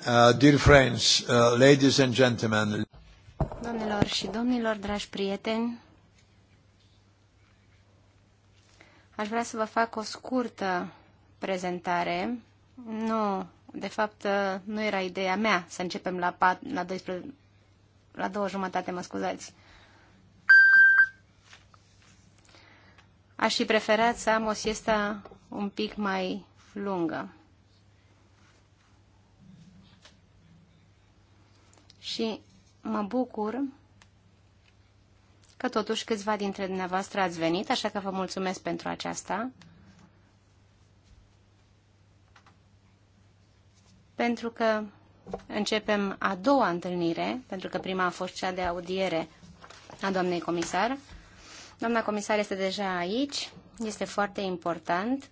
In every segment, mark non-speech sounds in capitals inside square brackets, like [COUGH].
Uh, dear friends, uh, ladies and gentlemen. Domnilor și domnilor, dragi prieteni, aș vrea să vă fac o scurtă prezentare. Nu, de fapt, uh, nu era ideea mea să începem la, pat, la, 12, la două jumătate, mă scuzați. Aș fi preferat să am o siestă un pic mai lungă. și mă bucur că totuși câțiva dintre dumneavoastră ați venit, așa că vă mulțumesc pentru aceasta. Pentru că începem a doua întâlnire, pentru că prima a fost cea de audiere a doamnei comisar. Doamna comisar este deja aici, este foarte important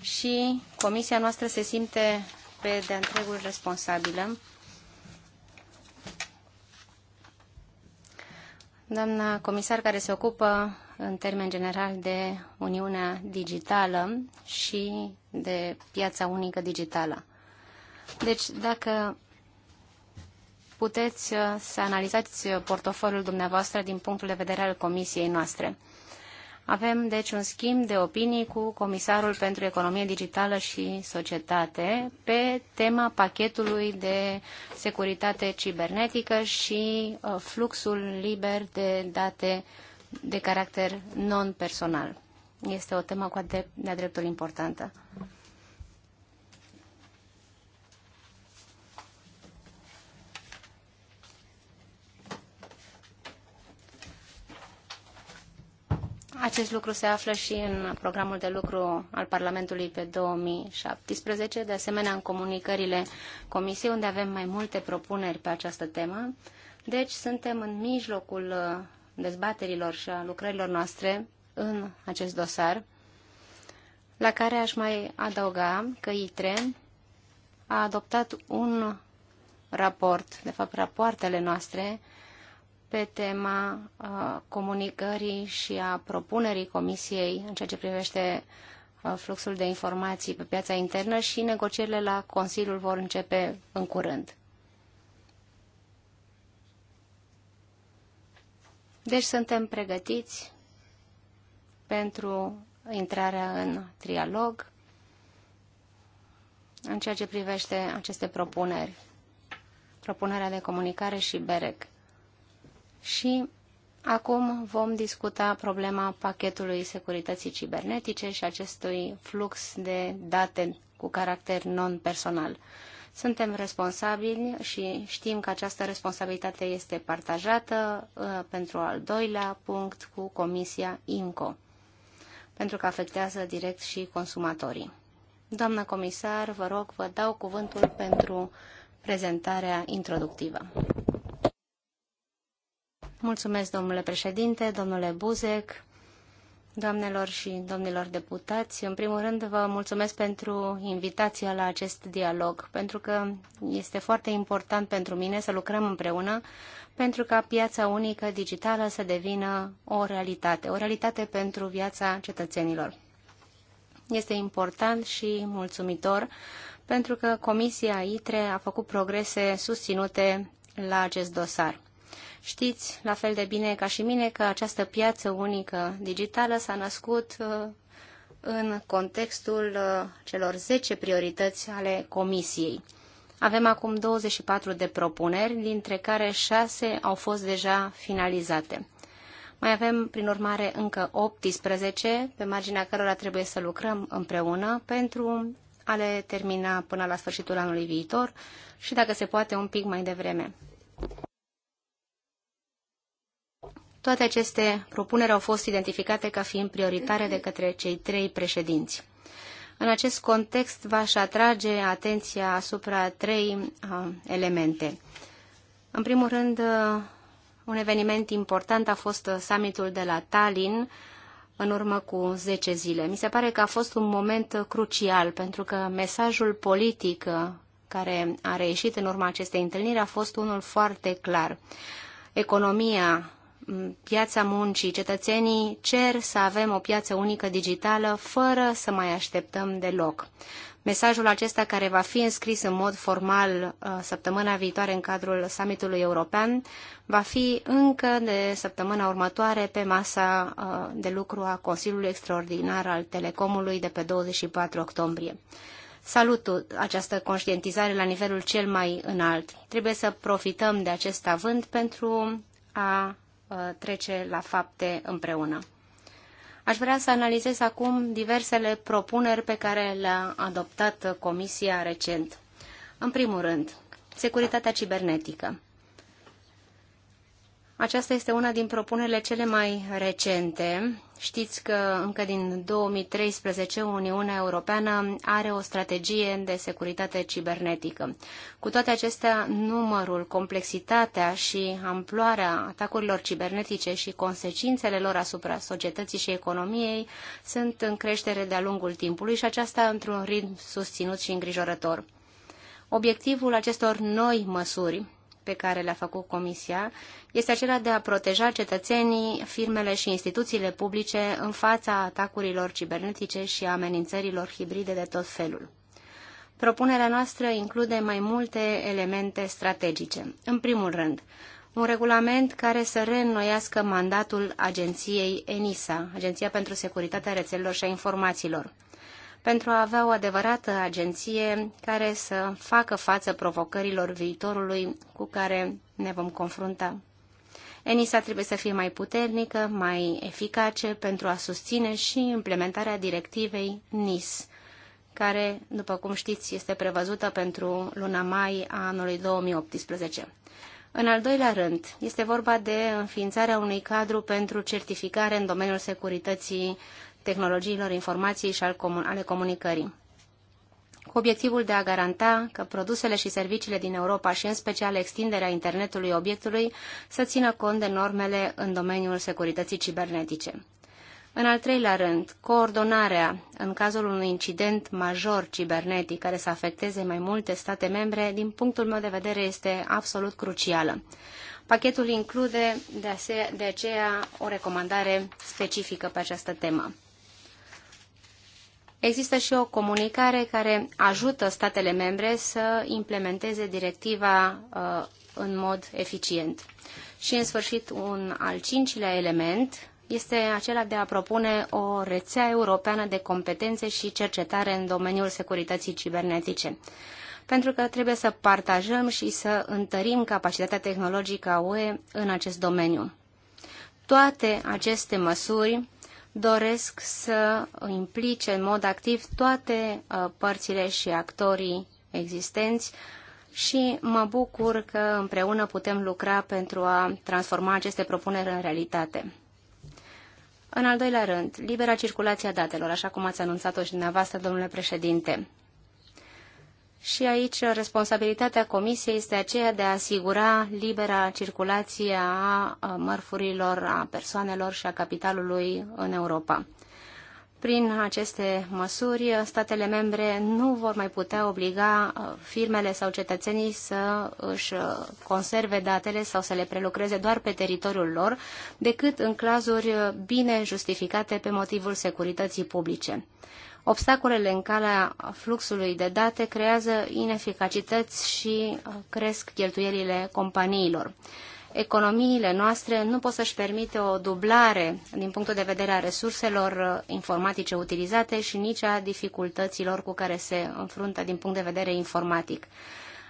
și comisia noastră se simte pe de întregul responsabilă doamna comisar care se ocupă în termen general de Uniunea Digitală și de piața unică digitală. Deci, dacă puteți să analizați portofoliul dumneavoastră din punctul de vedere al comisiei noastre. Avem deci un schimb de opinii cu Comisarul pentru Economie Digitală și Societate pe tema pachetului de securitate cibernetică și uh, fluxul liber de date de caracter non-personal. Este o temă cu de-a dreptul importantă. Acest lucru se află și în programul de lucru al Parlamentului pe 2017, de asemenea în comunicările Comisiei, unde avem mai multe propuneri pe această temă. Deci suntem în mijlocul uh, dezbaterilor și a lucrărilor noastre în acest dosar, la care aș mai adăuga că ITRE a adoptat un raport, de fapt rapoartele noastre, pe tema uh, comunicării și a propunerii Comisiei în ceea ce privește uh, fluxul de informații pe piața internă și negocierile la Consiliul vor începe în curând. Deci suntem pregătiți pentru intrarea în trialog în ceea ce privește aceste propuneri, propunerea de comunicare și BEREC și acum vom discuta problema pachetului securității cibernetice și acestui flux de date cu caracter non-personal. Suntem responsabili și știm că această responsabilitate este partajată uh, pentru al doilea punct cu Comisia INCO, pentru că afectează direct și consumatorii. Doamna comisar, vă rog, vă dau cuvântul pentru prezentarea introductivă. Mulțumesc, domnule președinte, domnule Buzec, doamnelor și domnilor deputați. În primul rând, vă mulțumesc pentru invitația la acest dialog, pentru că este foarte important pentru mine să lucrăm împreună pentru ca piața unică digitală să devină o realitate, o realitate pentru viața cetățenilor. Este important și mulțumitor pentru că Comisia ITRE a făcut progrese susținute la acest dosar. Știți la fel de bine ca și mine că această piață unică digitală s-a născut uh, în contextul uh, celor 10 priorități ale Comisiei. Avem acum 24 de propuneri, dintre care 6 au fost deja finalizate. Mai avem, prin urmare, încă 18, pe marginea cărora trebuie să lucrăm împreună pentru a le termina până la sfârșitul anului viitor și, dacă se poate, un pic mai devreme. Toate aceste propuneri au fost identificate ca fiind prioritare de către cei trei președinți. În acest context v-aș atrage atenția asupra trei a, elemente. În primul rând, un eveniment important a fost summitul de la Tallinn în urmă cu 10 zile. Mi se pare că a fost un moment crucial pentru că mesajul politic care a reieșit în urma acestei întâlniri a fost unul foarte clar. Economia piața muncii, cetățenii cer să avem o piață unică digitală fără să mai așteptăm deloc. Mesajul acesta care va fi înscris în mod formal uh, săptămâna viitoare în cadrul summitului european va fi încă de săptămâna următoare pe masa uh, de lucru a Consiliului Extraordinar al Telecomului de pe 24 octombrie. Salut uh, această conștientizare la nivelul cel mai înalt. Trebuie să profităm de acest avânt pentru a Uh, trece la fapte împreună. Aș vrea să analizez acum diversele propuneri pe care le-a adoptat Comisia recent. În primul rând, securitatea cibernetică. Aceasta este una din propunerile cele mai recente. Știți că încă din 2013 Uniunea Europeană are o strategie de securitate cibernetică. Cu toate acestea, numărul, complexitatea și amploarea atacurilor cibernetice și consecințele lor asupra societății și economiei sunt în creștere de-a lungul timpului și aceasta într-un ritm susținut și îngrijorător. Obiectivul acestor noi măsuri pe care le-a făcut Comisia este acela de a proteja cetățenii, firmele și instituțiile publice în fața atacurilor cibernetice și amenințărilor hibride de tot felul. Propunerea noastră include mai multe elemente strategice. În primul rând, un regulament care să reînnoiască mandatul agenției ENISA, Agenția pentru Securitatea Rețelelor și a Informațiilor pentru a avea o adevărată agenție care să facă față provocărilor viitorului cu care ne vom confrunta. ENISA trebuie să fie mai puternică, mai eficace pentru a susține și implementarea directivei NIS, care, după cum știți, este prevăzută pentru luna mai a anului 2018. În al doilea rând, este vorba de înființarea unui cadru pentru certificare în domeniul securității tehnologiilor informației și ale comunicării cu obiectivul de a garanta că produsele și serviciile din Europa și în special extinderea internetului obiectului să țină cont de normele în domeniul securității cibernetice. În al treilea rând, coordonarea în cazul unui incident major cibernetic care să afecteze mai multe state membre, din punctul meu de vedere, este absolut crucială. Pachetul include de, de aceea o recomandare specifică pe această temă. Există și o comunicare care ajută statele membre să implementeze directiva uh, în mod eficient. Și, în sfârșit, un al cincilea element este acela de a propune o rețea europeană de competențe și cercetare în domeniul securității cibernetice. Pentru că trebuie să partajăm și să întărim capacitatea tehnologică a UE în acest domeniu. Toate aceste măsuri doresc să implice în mod activ toate uh, părțile și actorii existenți și mă bucur că împreună putem lucra pentru a transforma aceste propuneri în realitate. În al doilea rând, libera circulație a datelor, așa cum ați anunțat-o și dumneavoastră, domnule președinte. Și aici responsabilitatea Comisiei este aceea de a asigura libera circulație a mărfurilor, a persoanelor și a capitalului în Europa. Prin aceste măsuri, statele membre nu vor mai putea obliga firmele sau cetățenii să își conserve datele sau să le prelucreze doar pe teritoriul lor, decât în cazuri bine justificate pe motivul securității publice. Obstacolele în calea fluxului de date creează ineficacități și uh, cresc cheltuielile companiilor. Economiile noastre nu pot să-și permite o dublare din punctul de vedere a resurselor uh, informatice utilizate și nici a dificultăților cu care se înfruntă din punct de vedere informatic.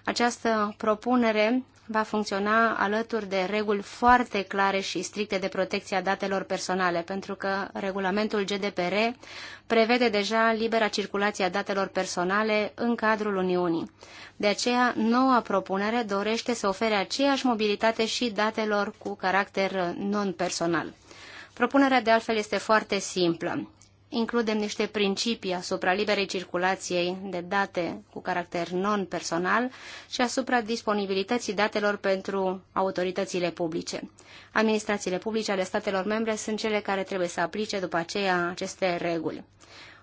Această propunere va funcționa alături de reguli foarte clare și stricte de protecție a datelor personale, pentru că regulamentul GDPR prevede deja libera circulație a datelor personale în cadrul Uniunii. De aceea, noua propunere dorește să ofere aceeași mobilitate și datelor cu caracter non-personal. Propunerea de altfel este foarte simplă includem niște principii asupra liberei circulației de date cu caracter non-personal și asupra disponibilității datelor pentru autoritățile publice. Administrațiile publice ale statelor membre sunt cele care trebuie să aplice după aceea aceste reguli.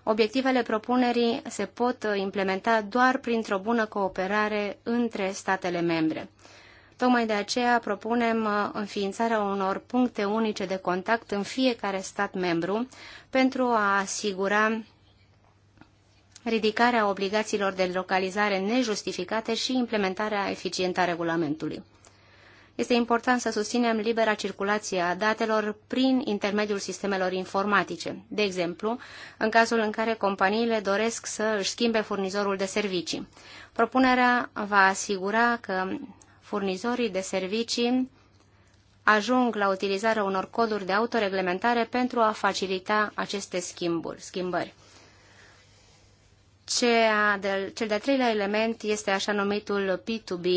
Obiectivele propunerii se pot implementa doar printr-o bună cooperare între statele membre. Tocmai de aceea propunem uh, înființarea unor puncte unice de contact în fiecare stat membru pentru a asigura ridicarea obligațiilor de localizare nejustificate și implementarea eficientă a regulamentului. Este important să susținem libera circulație a datelor prin intermediul sistemelor informatice, de exemplu, în cazul în care companiile doresc să își schimbe furnizorul de servicii. Propunerea va asigura că furnizorii de servicii ajung la utilizarea unor coduri de autoreglementare pentru a facilita aceste schimburi, schimbări. Cea de, cel de-al treilea element este așa numitul P2B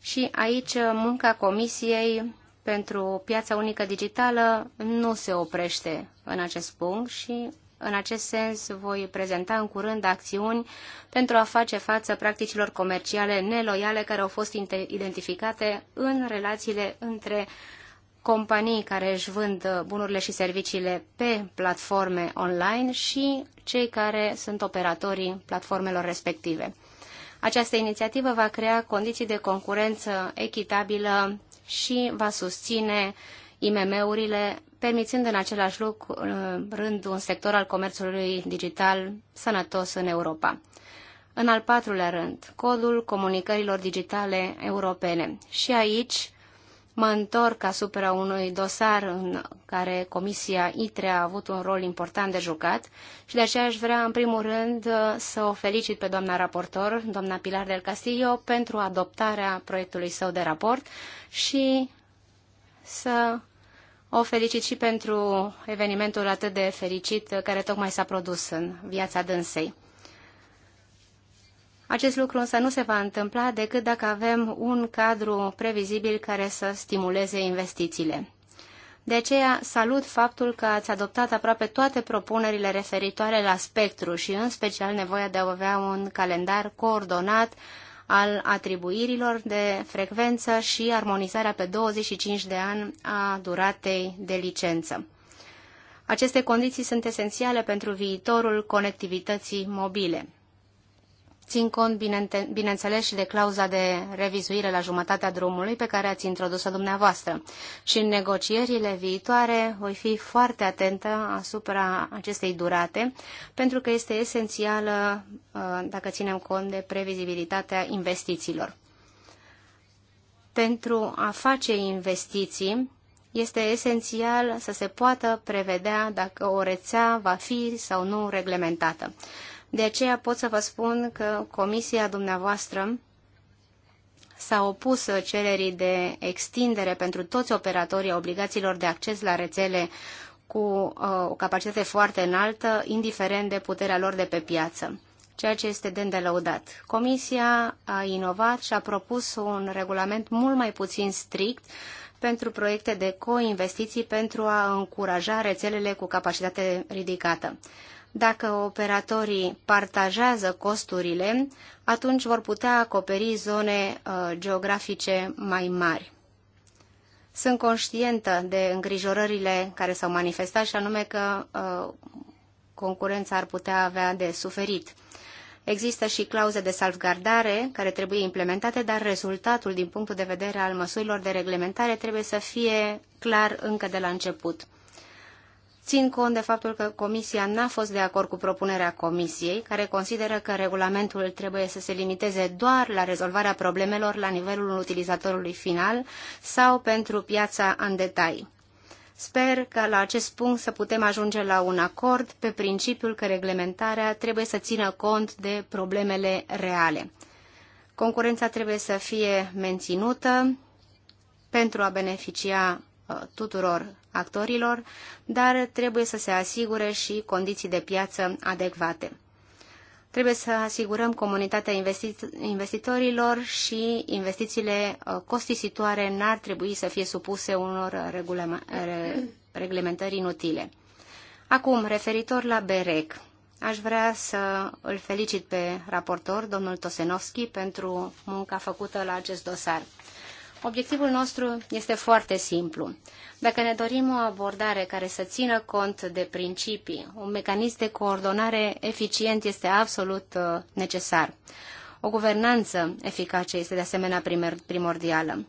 și aici munca Comisiei pentru piața unică digitală nu se oprește în acest punct și în acest sens, voi prezenta în curând acțiuni pentru a face față practicilor comerciale neloiale care au fost identificate în relațiile între companii care își vând bunurile și serviciile pe platforme online și cei care sunt operatorii platformelor respective. Această inițiativă va crea condiții de concurență echitabilă și va susține IMM-urile permițând în același loc, uh, rând un sector al comerțului digital sănătos în Europa. În al patrulea rând, codul comunicărilor digitale europene. Și aici mă întorc asupra unui dosar în care Comisia ITRE a avut un rol important de jucat și de aceea aș vrea în primul rând uh, să o felicit pe doamna raportor, doamna Pilar del Castillo, pentru adoptarea proiectului său de raport și să o felicit și pentru evenimentul atât de fericit care tocmai s-a produs în viața dânsei. Acest lucru însă nu se va întâmpla decât dacă avem un cadru previzibil care să stimuleze investițiile. De aceea salut faptul că ați adoptat aproape toate propunerile referitoare la spectru și în special nevoia de a avea un calendar coordonat al atribuirilor de frecvență și armonizarea pe 25 de ani a duratei de licență. Aceste condiții sunt esențiale pentru viitorul conectivității mobile țin cont, bineînțeles, și de clauza de revizuire la jumătatea drumului pe care ați introdus-o dumneavoastră. Și în negocierile viitoare voi fi foarte atentă asupra acestei durate, pentru că este esențială uh, dacă ținem cont de previzibilitatea investițiilor. Pentru a face investiții, este esențial să se poată prevedea dacă o rețea va fi sau nu reglementată. De aceea pot să vă spun că comisia dumneavoastră s-a opus cererii de extindere pentru toți operatorii obligațiilor de acces la rețele cu uh, o capacitate foarte înaltă, indiferent de puterea lor de pe piață ceea ce este de îndelăudat. Comisia a inovat și a propus un regulament mult mai puțin strict pentru proiecte de coinvestiții pentru a încuraja rețelele cu capacitate ridicată. Dacă operatorii partajează costurile, atunci vor putea acoperi zone uh, geografice mai mari. Sunt conștientă de îngrijorările care s-au manifestat și anume că uh, concurența ar putea avea de suferit. Există și clauze de salvgardare care trebuie implementate, dar rezultatul din punctul de vedere al măsurilor de reglementare trebuie să fie clar încă de la început țin cont de faptul că Comisia n-a fost de acord cu propunerea Comisiei, care consideră că regulamentul trebuie să se limiteze doar la rezolvarea problemelor la nivelul utilizatorului final sau pentru piața în detai. Sper că la acest punct să putem ajunge la un acord pe principiul că reglementarea trebuie să țină cont de problemele reale. Concurența trebuie să fie menținută pentru a beneficia uh, tuturor actorilor, dar trebuie să se asigure și condiții de piață adecvate. Trebuie să asigurăm comunitatea investi investitorilor și investițiile uh, costisitoare n-ar trebui să fie supuse unor reglementări inutile. Acum, referitor la BEREC, aș vrea să îl felicit pe raportor, domnul Tosenovski, pentru munca făcută la acest dosar. Obiectivul nostru este foarte simplu. Dacă ne dorim o abordare care să țină cont de principii, un mecanism de coordonare eficient este absolut uh, necesar. O guvernanță eficace este de asemenea primordială.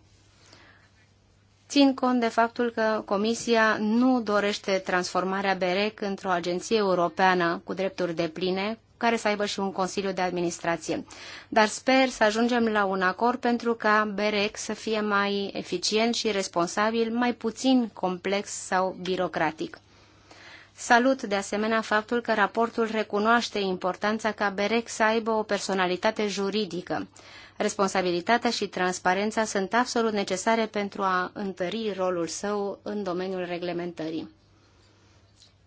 Țin cont de faptul că Comisia nu dorește transformarea BEREC într-o agenție europeană cu drepturi de pline, care să aibă și un Consiliu de Administrație. Dar sper să ajungem la un acord pentru ca BEREC să fie mai eficient și responsabil, mai puțin complex sau birocratic. Salut de asemenea faptul că raportul recunoaște importanța ca BEREC să aibă o personalitate juridică. Responsabilitatea și transparența sunt absolut necesare pentru a întări rolul său în domeniul reglementării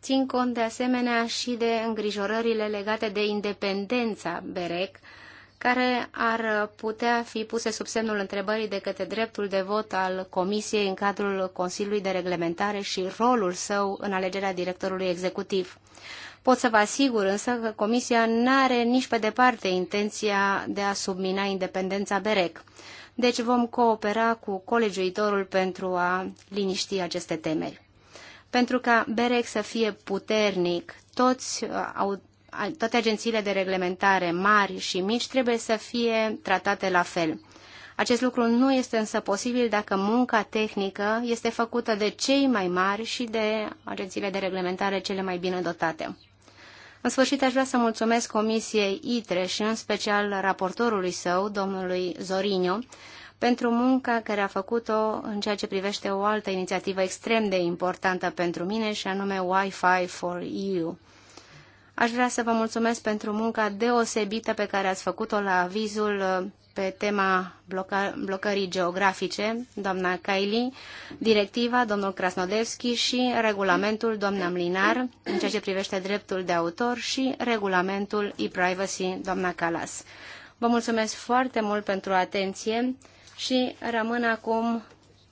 țin cont de asemenea și de îngrijorările legate de independența BEREC, care ar putea fi puse sub semnul întrebării de către dreptul de vot al Comisiei în cadrul Consiliului de Reglementare și rolul său în alegerea directorului executiv. Pot să vă asigur însă că Comisia nu are nici pe departe intenția de a submina independența BEREC. Deci vom coopera cu colegiuitorul pentru a liniști aceste temeri pentru ca BEREC să fie puternic. Toți uh, au, toate agențiile de reglementare mari și mici trebuie să fie tratate la fel. Acest lucru nu este însă posibil dacă munca tehnică este făcută de cei mai mari și de agențiile de reglementare cele mai bine dotate. În sfârșit, aș vrea să mulțumesc Comisiei ITRE și în special raportorului său, domnului Zorinio, pentru munca care a făcut-o în ceea ce privește o altă inițiativă extrem de importantă pentru mine și anume Wi-Fi for You, Aș vrea să vă mulțumesc pentru munca deosebită pe care ați făcut-o la avizul uh, pe tema bloca blocării geografice, doamna Kaili, directiva, domnul Krasnodevski și regulamentul, doamna Mlinar, în ceea ce privește dreptul de autor și regulamentul e-privacy, doamna Calas. Vă mulțumesc foarte mult pentru atenție și rămân acum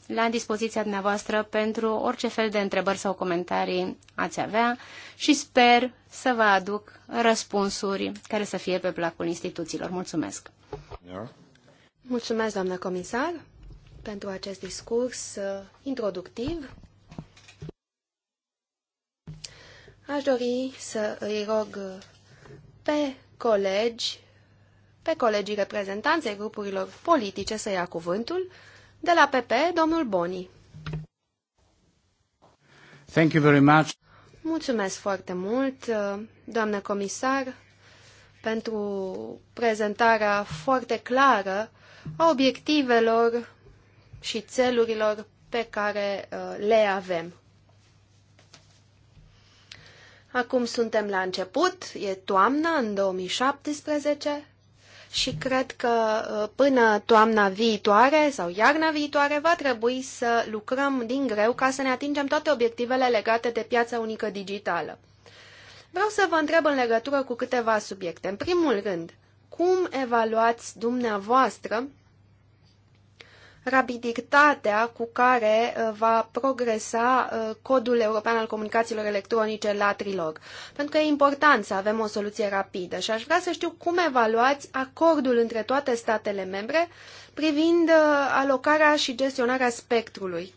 la dispoziția dumneavoastră pentru orice fel de întrebări sau comentarii ați avea și sper să vă aduc răspunsuri care să fie pe placul instituțiilor. Mulțumesc! Mulțumesc, doamnă comisar, pentru acest discurs uh, introductiv. Aș dori să îi rog pe colegi pe colegii reprezentanței grupurilor politice să ia cuvântul. De la PP, domnul Boni. Thank you very much. Mulțumesc foarte mult, doamnă comisar, pentru prezentarea foarte clară a obiectivelor și țelurilor pe care uh, le avem. Acum suntem la început, e toamna în 2017, și cred că uh, până toamna viitoare sau iarna viitoare va trebui să lucrăm din greu ca să ne atingem toate obiectivele legate de piața unică digitală. Vreau să vă întreb în legătură cu câteva subiecte. În primul rând, cum evaluați dumneavoastră rapiditatea cu care uh, va progresa uh, codul european al comunicațiilor electronice la trilog. Pentru că e important să avem o soluție rapidă și aș vrea să știu cum evaluați acordul între toate statele membre privind uh, alocarea și gestionarea spectrului.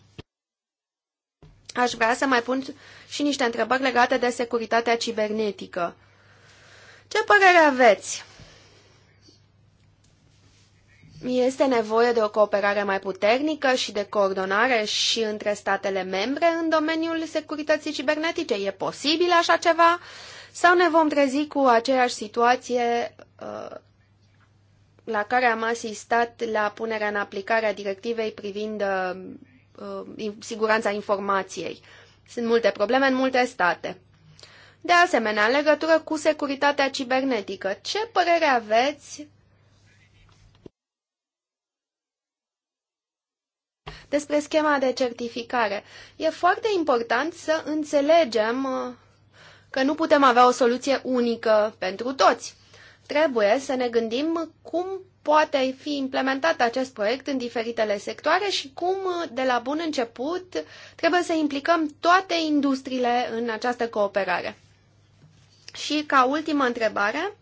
Aș vrea să mai pun și niște întrebări legate de securitatea cibernetică. Ce părere aveți? Este nevoie de o cooperare mai puternică și de coordonare și între statele membre în domeniul securității cibernetice. E posibil așa ceva? Sau ne vom trezi cu aceeași situație uh, la care am asistat la punerea în aplicare a directivei privind uh, uh siguranța informației? Sunt multe probleme în multe state. De asemenea, în legătură cu securitatea cibernetică, ce părere aveți despre schema de certificare. E foarte important să înțelegem uh, că nu putem avea o soluție unică pentru toți. Trebuie să ne gândim cum poate fi implementat acest proiect în diferitele sectoare și cum, uh, de la bun început, trebuie să implicăm toate industriile în această cooperare. Și, ca ultimă întrebare,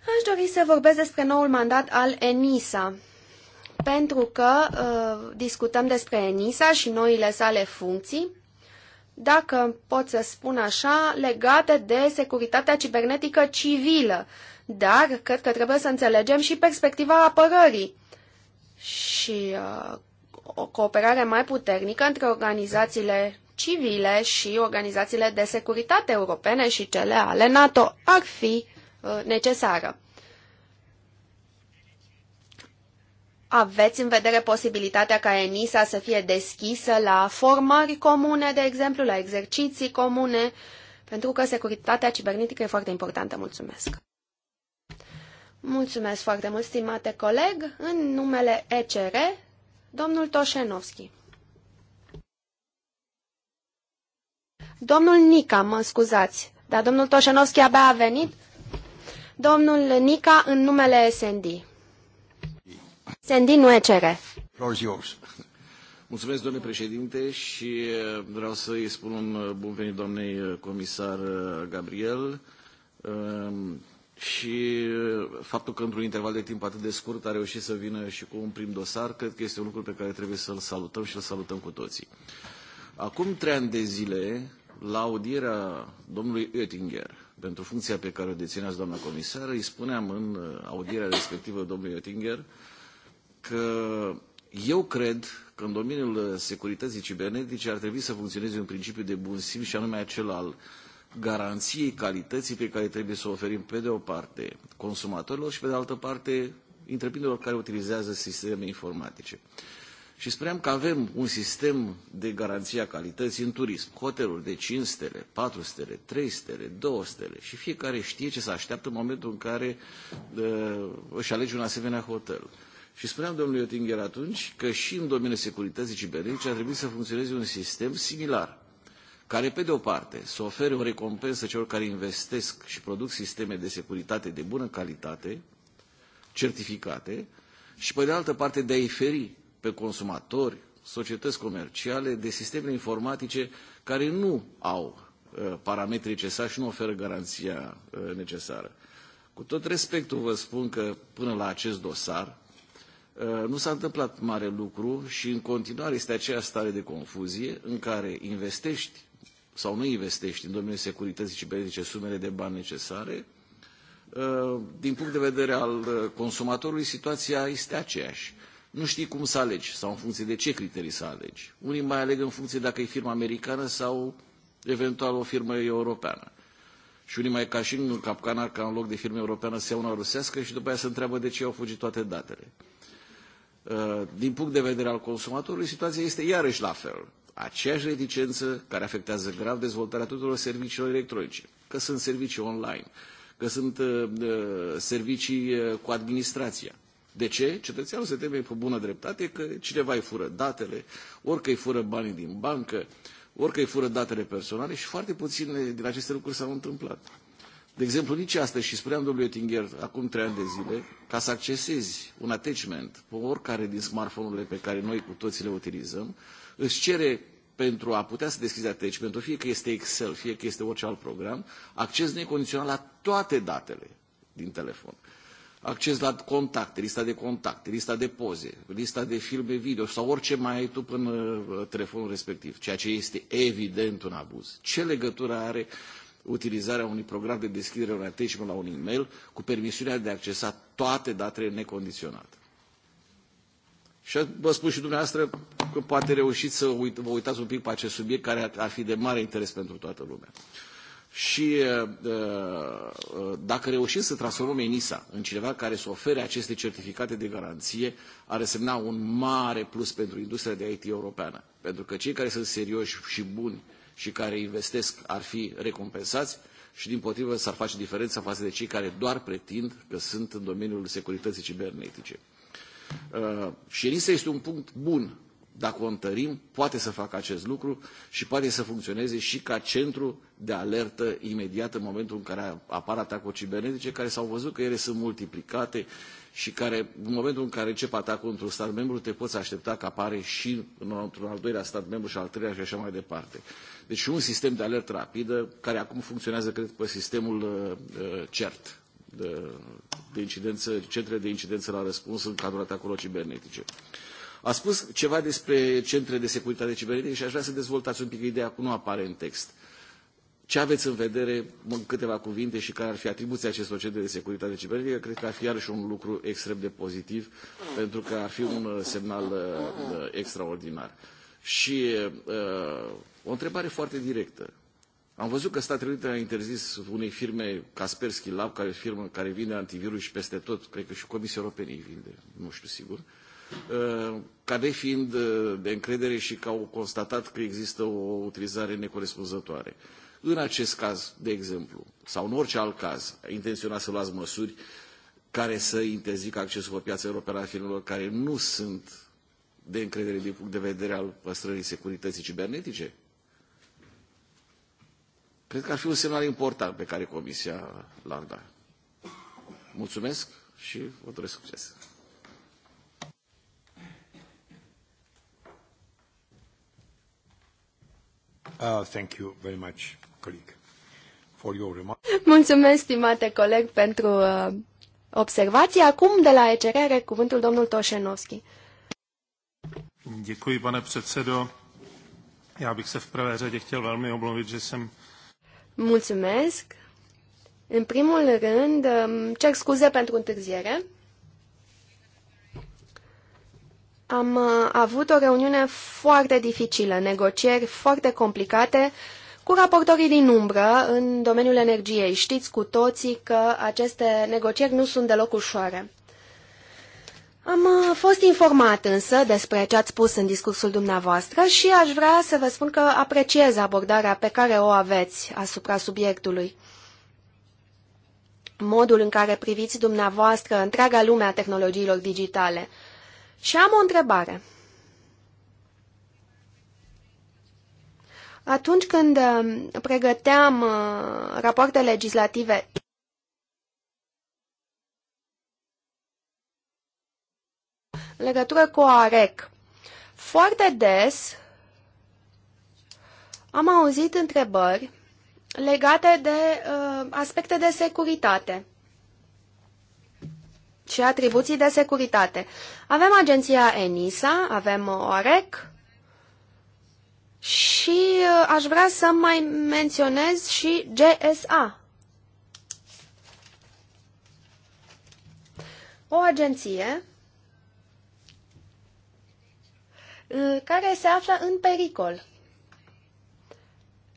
aș dori să vorbesc despre noul mandat al ENISA pentru că uh, discutăm despre ENISA și noile sale funcții, dacă pot să spun așa, legate de securitatea cibernetică civilă. Dar cred că trebuie să înțelegem și perspectiva apărării și uh, o cooperare mai puternică între organizațiile civile și organizațiile de securitate europene și cele ale NATO ar fi uh, necesară. Aveți în vedere posibilitatea ca ENISA să fie deschisă la formări comune, de exemplu, la exerciții comune, pentru că securitatea cibernetică e foarte importantă. Mulțumesc! Mulțumesc foarte mult, stimate coleg. În numele ECR, domnul Toșenovski. Domnul Nica, mă scuzați, dar domnul Toșenovski abia a venit. Domnul Nica, în numele SND nu e Mulțumesc, domnule președinte, și uh, vreau să îi spun un uh, bun venit doamnei uh, comisar Gabriel um, și faptul că într-un interval de timp atât de scurt a reușit să vină și cu un prim dosar, cred că este un lucru pe care trebuie să-l salutăm și să-l salutăm cu toții. Acum trei ani de zile, la audierea domnului Oettinger pentru funcția pe care o dețineați, doamna comisară, îi spuneam în audierea respectivă domnului Oettinger că eu cred că în domeniul uh, securității cibernetice ar trebui să funcționeze un principiu de bun simț și anume acel al garanției calității pe care trebuie să o oferim pe de o parte consumatorilor și pe de altă parte întreprinderilor care utilizează sisteme informatice. Și spuneam că avem un sistem de garanție a calității în turism. Hoteluri de 5 stele, 4 stele, 3 stele, 2 stele și fiecare știe ce să așteaptă în momentul în care uh, își alege un asemenea hotel. Uh, și spuneam domnului Oettinger atunci că și în domeniul securității cibernetice ar trebui să funcționeze un sistem similar, care, pe de o parte, să ofere o recompensă celor care investesc și produc sisteme de securitate de bună calitate, certificate, și, pe de altă parte, de a-i feri pe consumatori, societăți comerciale, de sisteme informatice care nu au uh, parametrii necesari și nu oferă garanția uh, necesară. Cu tot respectul vă spun că până la acest dosar, Uh, nu s-a întâmplat mare lucru și în continuare este aceeași stare de confuzie în care investești sau nu investești în domeniul securității cibernetice sumele de bani necesare, uh, din punct de vedere al uh, consumatorului, situația este aceeași. Nu știi cum să alegi sau în funcție de ce criterii să alegi. Unii mai aleg în funcție dacă e firma americană sau eventual o firmă europeană. Și unii mai ca și în capcana ca în loc de firmă europeană se ia una rusească și după aceea se întreabă de ce au fugit toate datele. Uh, din punct de vedere al consumatorului, situația este iarăși la fel. Aceeași reticență care afectează grav dezvoltarea tuturor serviciilor electronice, că sunt servicii online, că sunt uh, uh servicii uh, cu administrația. De ce? Cetățeanul se teme pe bună dreptate că cineva îi fură datele, orică îi fură banii din bancă, orică îi fură datele personale și foarte puține din aceste lucruri s-au întâmplat. De exemplu, nici astăzi, și spuneam domnului Oettinger acum trei ani de zile, ca să accesezi un attachment pe oricare din smartphone-urile pe care noi cu toții le utilizăm, îți cere pentru a putea să deschizi attachment-ul, fie că este Excel, fie că este orice alt program, acces necondiționat la toate datele din telefon. Acces la contacte, lista de contacte, lista de poze, lista de filme video sau orice mai ai tu până uh, telefonul respectiv, ceea ce este evident un abuz. Ce legătură are uh, utilizarea unui program de deschidere automatismă la un e-mail cu permisiunea de a accesa toate datele necondiționate. Și vă spun și dumneavoastră că poate reușiți să vă uitați un pic pe acest subiect care ar fi de mare interes pentru toată lumea. Și uh, uh, dacă reușim să transformăm ENISA în cineva care să ofere aceste certificate de garanție, ar însemna un mare plus pentru industria de IT europeană. Pentru că cei care sunt serioși și buni și care investesc ar fi recompensați și din potrivă s-ar face diferența față de cei care doar pretind că sunt în domeniul securității cibernetice. Uh, și ENISA este un punct bun dacă o întărim, poate să facă acest lucru și poate să funcționeze și ca centru de alertă imediată în momentul în care apar atacuri cibernetice, care s-au văzut că ele sunt multiplicate, și care, în momentul în care încep atacul într-un stat membru, te poți aștepta că apare și într-un al doilea stat membru și al treilea și așa mai departe. Deci un sistem de alertă rapidă, care acum funcționează, cred, pe sistemul uh, uh CERT, de, de incidență, centre de incidență la răspuns în cadrul atacurilor cibernetice. A spus ceva despre centre de securitate cibernetică și aș vrea să dezvoltați un pic ideea, că nu apare în text. Ce aveți în vedere, în câteva cuvinte, și care ar fi atribuția acestor centre de securitate cibernetică? Cred că ar fi iarăși un lucru extrem de pozitiv, pentru că ar fi un uh, semnal uh, uh, extraordinar. Și uh, o întrebare foarte directă. Am văzut că Statele Unite a interzis unei firme, Kaspersky Lab, care firmă care vinde antivirus și peste tot, cred că și Comisia Europeană îi vinde, nu știu sigur, uh, ca de fiind de încredere și că au constatat că există o utilizare necorespunzătoare. În acest caz, de exemplu, sau în orice alt caz, intenționați să luați măsuri care să interzică accesul pe piața europeană a firmelor care nu sunt de încredere din punct de vedere al păstrării securității cibernetice? Cred că ar fi un semnal important pe care Comisia l-ar da. Mulțumesc și vă doresc succes! Uh, thank you very much colleague, for your remark. Mulțumesc, stimate coleg, pentru uh, observații. Acum, de la ECR, are cuvântul domnul Toșenovski. Děkuji, pane předsedo. Já bych se v prvé řadě chtěl velmi omluvit, že jsem... Mulțumesc. În primul rând, um, cer scuze pentru întârziere. Am uh, avut o reuniune foarte dificilă, negocieri foarte complicate cu raportorii din umbră în domeniul energiei. Știți cu toții că aceste negocieri nu sunt deloc ușoare. Am uh, fost informat însă despre ce ați spus în discursul dumneavoastră și aș vrea să vă spun că apreciez abordarea pe care o aveți asupra subiectului. Modul în care priviți dumneavoastră întreaga lume a tehnologiilor digitale. Și am o întrebare. Atunci când um, pregăteam uh, rapoarte legislative în legătură cu AREC, foarte des am auzit întrebări legate de uh, aspecte de securitate și atribuții de securitate. Avem agenția ENISA, avem OREC și uh, aș vrea să mai menționez și GSA. O agenție uh, care se află în pericol.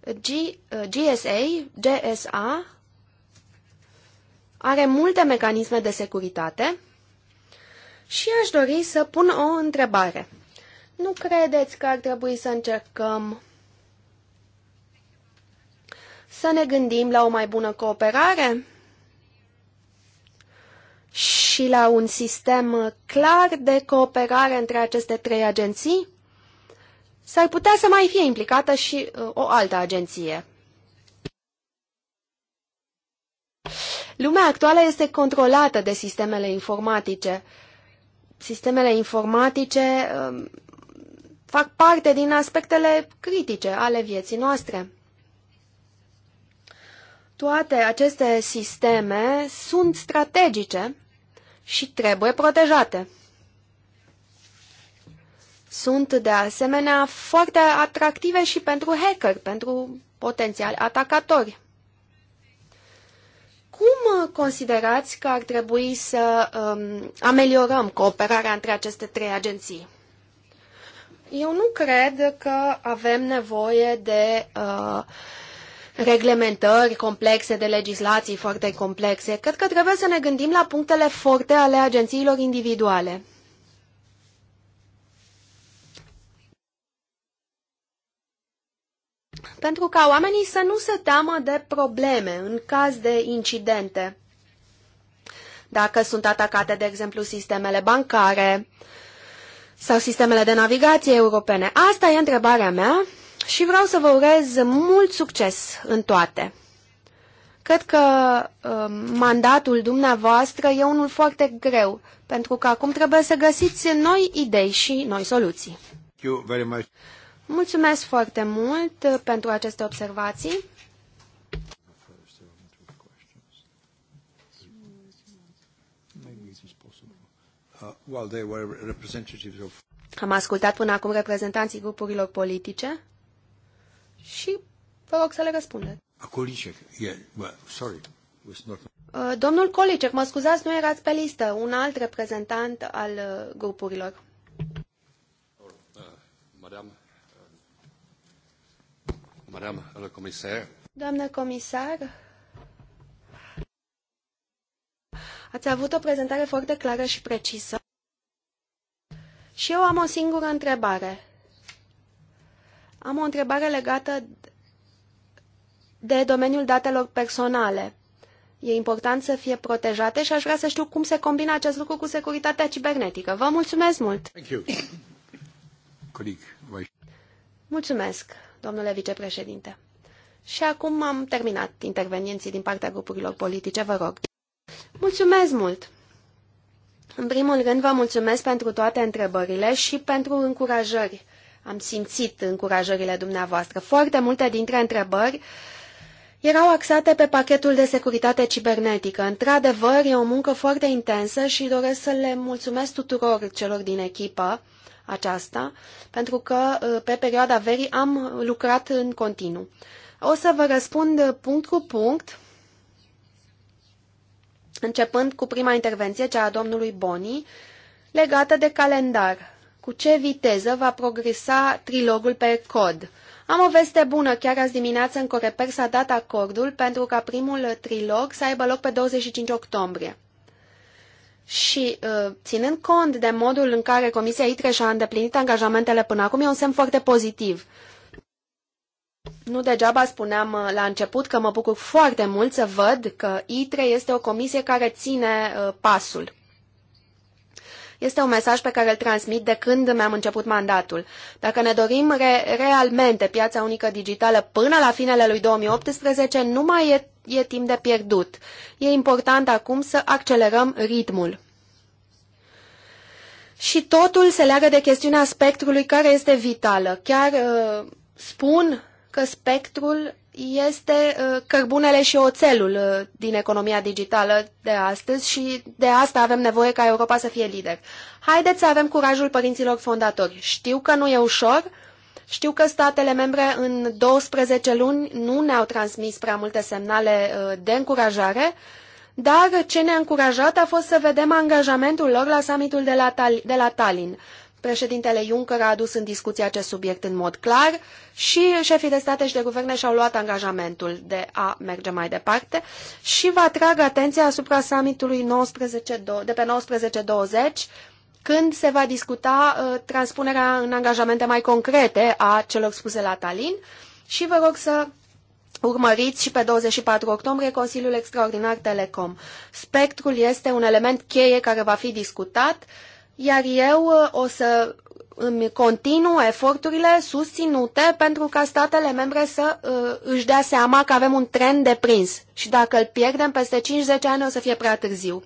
G, uh, GSA, GSA are multe mecanisme de securitate și aș dori să pun o întrebare. Nu credeți că ar trebui să încercăm să ne gândim la o mai bună cooperare și la un sistem clar de cooperare între aceste trei agenții? S-ar putea să mai fie implicată și uh, o altă agenție. Lumea actuală este controlată de sistemele informatice. Sistemele informatice uh, fac parte din aspectele critice ale vieții noastre. Toate aceste sisteme sunt strategice și trebuie protejate. Sunt de asemenea foarte atractive și pentru hacker, pentru potențiali atacatori. Cum considerați că ar trebui să um, ameliorăm cooperarea între aceste trei agenții? Eu nu cred că avem nevoie de uh, reglementări complexe, de legislații foarte complexe. Cred că trebuie să ne gândim la punctele forte ale agențiilor individuale. Pentru ca oamenii să nu se teamă de probleme în caz de incidente. Dacă sunt atacate, de exemplu, sistemele bancare, uh, sau sistemele de navigație europene. Asta e întrebarea mea și vreau să vă urez mult succes în toate. Cred că uh, mandatul dumneavoastră e unul foarte greu, pentru că acum trebuie să găsiți noi idei și noi soluții. Mulțumesc foarte mult uh, pentru aceste observații. Well, they were representatives of... Am ascultat până acum reprezentanții grupurilor politice și vă rog să le răspundeți. Kolicek, yeah, well, sorry, was not... Uh, domnul Kolicek, mă scuzați, nu erați pe listă, un alt reprezentant al uh, grupurilor. Uh, comisar. Doamnă comisar, ați avut o prezentare foarte clară și precisă. Și eu am o singură întrebare. Am o întrebare legată de domeniul datelor personale. E important să fie protejate și aș vrea să știu cum se combina acest lucru cu securitatea cibernetică. Vă mulțumesc mult! Mulțumesc, domnule vicepreședinte. Și acum am terminat intervenienții din partea grupurilor politice, vă rog. Mulțumesc mult! În primul rând, vă mulțumesc pentru toate întrebările și pentru încurajări. Am simțit încurajările dumneavoastră. Foarte multe dintre întrebări erau axate pe pachetul de securitate cibernetică. Într-adevăr, e o muncă foarte intensă și doresc să le mulțumesc tuturor celor din echipă aceasta, pentru că ă, pe perioada verii am lucrat în continuu. O să vă răspund punct cu punct începând cu prima intervenție, cea a domnului Boni, legată de calendar. Cu ce viteză va progresa trilogul pe cod? Am o veste bună, chiar azi dimineață în Coreper s-a dat acordul pentru ca primul trilog să aibă loc pe 25 octombrie. Și uh, ținând cont de modul în care Comisia ITRE și-a îndeplinit angajamentele până acum, e un semn foarte pozitiv. Nu degeaba spuneam uh, la început că mă bucur foarte mult să văd că ITRE este o comisie care ține uh, pasul. Este un mesaj pe care îl transmit de când mi-am început mandatul. Dacă ne dorim re realmente piața unică digitală până la finele lui 2018, nu mai e, e timp de pierdut. E important acum să accelerăm ritmul. Și totul se leagă de chestiunea spectrului care este vitală. Chiar uh, spun că spectrul este uh, cărbunele și oțelul uh, din economia digitală de astăzi și de asta avem nevoie ca Europa să fie lider. Haideți să avem curajul părinților fondatori. Știu că nu e ușor, știu că statele membre în 12 luni nu ne-au transmis prea multe semnale uh, de încurajare, dar ce ne-a încurajat a fost să vedem angajamentul lor la summitul de la, Tal- de la Tallinn. Președintele Juncker a adus în discuție acest subiect în mod clar și șefii de state și de guverne și-au luat angajamentul de a merge mai departe și vă atrag atenția asupra summitului 19, de pe 19-20 când se va discuta uh, transpunerea în angajamente mai concrete a celor spuse la Tallinn și vă rog să urmăriți și pe 24 octombrie Consiliul Extraordinar Telecom. Spectrul este un element cheie care va fi discutat uh, iar eu uh, o să îmi continuă eforturile susținute pentru ca statele membre să uh, își dea seama că avem un tren de prins și dacă îl pierdem peste 5-10 ani o să fie prea târziu.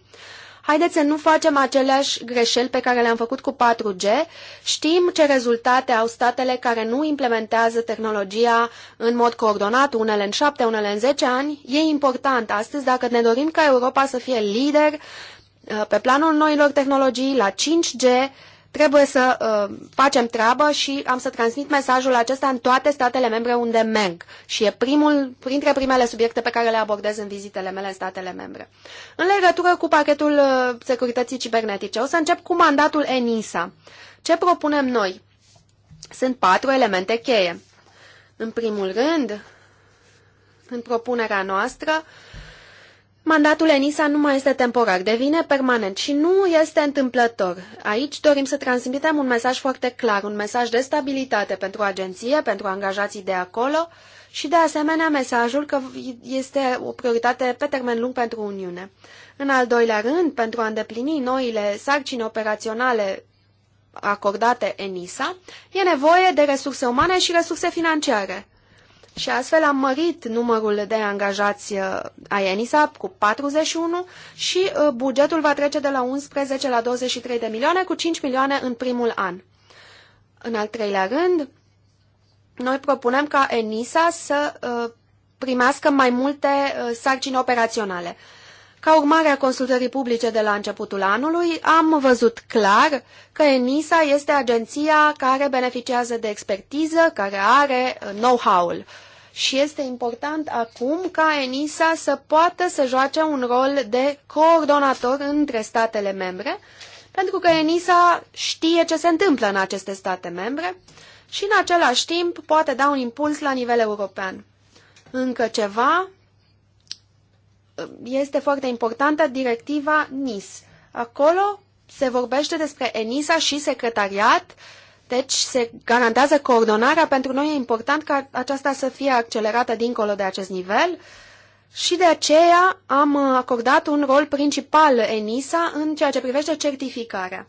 Haideți să nu facem aceleași greșeli pe care le-am făcut cu 4G. Știm ce rezultate au statele care nu implementează tehnologia în mod coordonat, unele în 7, unele în 10 ani. E important astăzi, dacă ne dorim ca Europa să fie lider Uh, pe planul noilor tehnologii, la 5G, trebuie să uh, facem treabă și am să transmit mesajul acesta în toate statele membre unde merg și e primul, printre primele subiecte pe care le abordez în vizitele mele în statele membre. În legătură cu pachetul uh, securității cibernetice, o să încep cu mandatul ENISA. Ce propunem noi? Sunt patru elemente cheie. În primul rând, în propunerea noastră, uh, Mandatul ENISA nu mai este temporar, devine permanent și nu este întâmplător. Aici dorim să transmitem un mesaj foarte clar, un mesaj de stabilitate pentru agenție, pentru angajații de acolo și de asemenea mesajul că este o prioritate pe termen lung pentru Uniune. În al doilea rând, pentru a îndeplini noile sarcini operaționale acordate ENISA, e nevoie de resurse umane și resurse financiare și astfel am mărit numărul de angajați uh, a ENISAP cu 41 și uh, bugetul va trece de la 11 la 23 de milioane cu 5 milioane în primul an. În al treilea rând, noi propunem ca ENISA să uh, primească mai multe sarcini operaționale. Ca urmare a consultării publice de la începutul anului, am văzut clar că ENISA este agenția care beneficiază de expertiză, care are know-how-ul și este important acum ca ENISA să poată să joace un rol de coordonator între statele membre, pentru că ENISA știe ce se întâmplă în aceste state membre și în același timp poate da un impuls la nivel european. Încă ceva este foarte importantă directiva NIS. Acolo se vorbește despre ENISA și secretariat uh, deci se garantează coordonarea. Pentru noi e important ca aceasta să fie accelerată dincolo de acest nivel și de aceea am acordat un rol principal ENISA în ceea ce privește certificarea.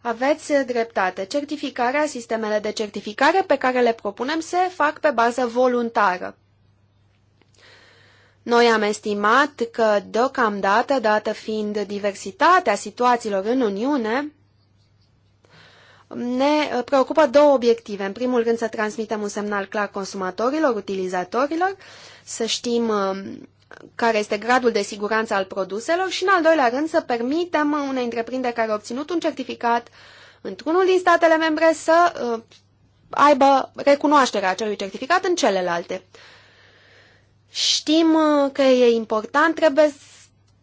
Aveți dreptate. Certificarea, sistemele de certificare pe care le propunem se fac pe bază voluntară. Noi am estimat că, deocamdată, dată fiind diversitatea situațiilor în Uniune, ne preocupă două obiective. În primul rând să transmitem un semnal clar consumatorilor, utilizatorilor, să știm um, care este gradul de siguranță al produselor și, în al doilea rând, să permitem unei întreprinderi care a obținut un certificat într-unul din statele membre să uh, aibă recunoașterea acelui certificat în celelalte. Știm uh, că e important, trebuie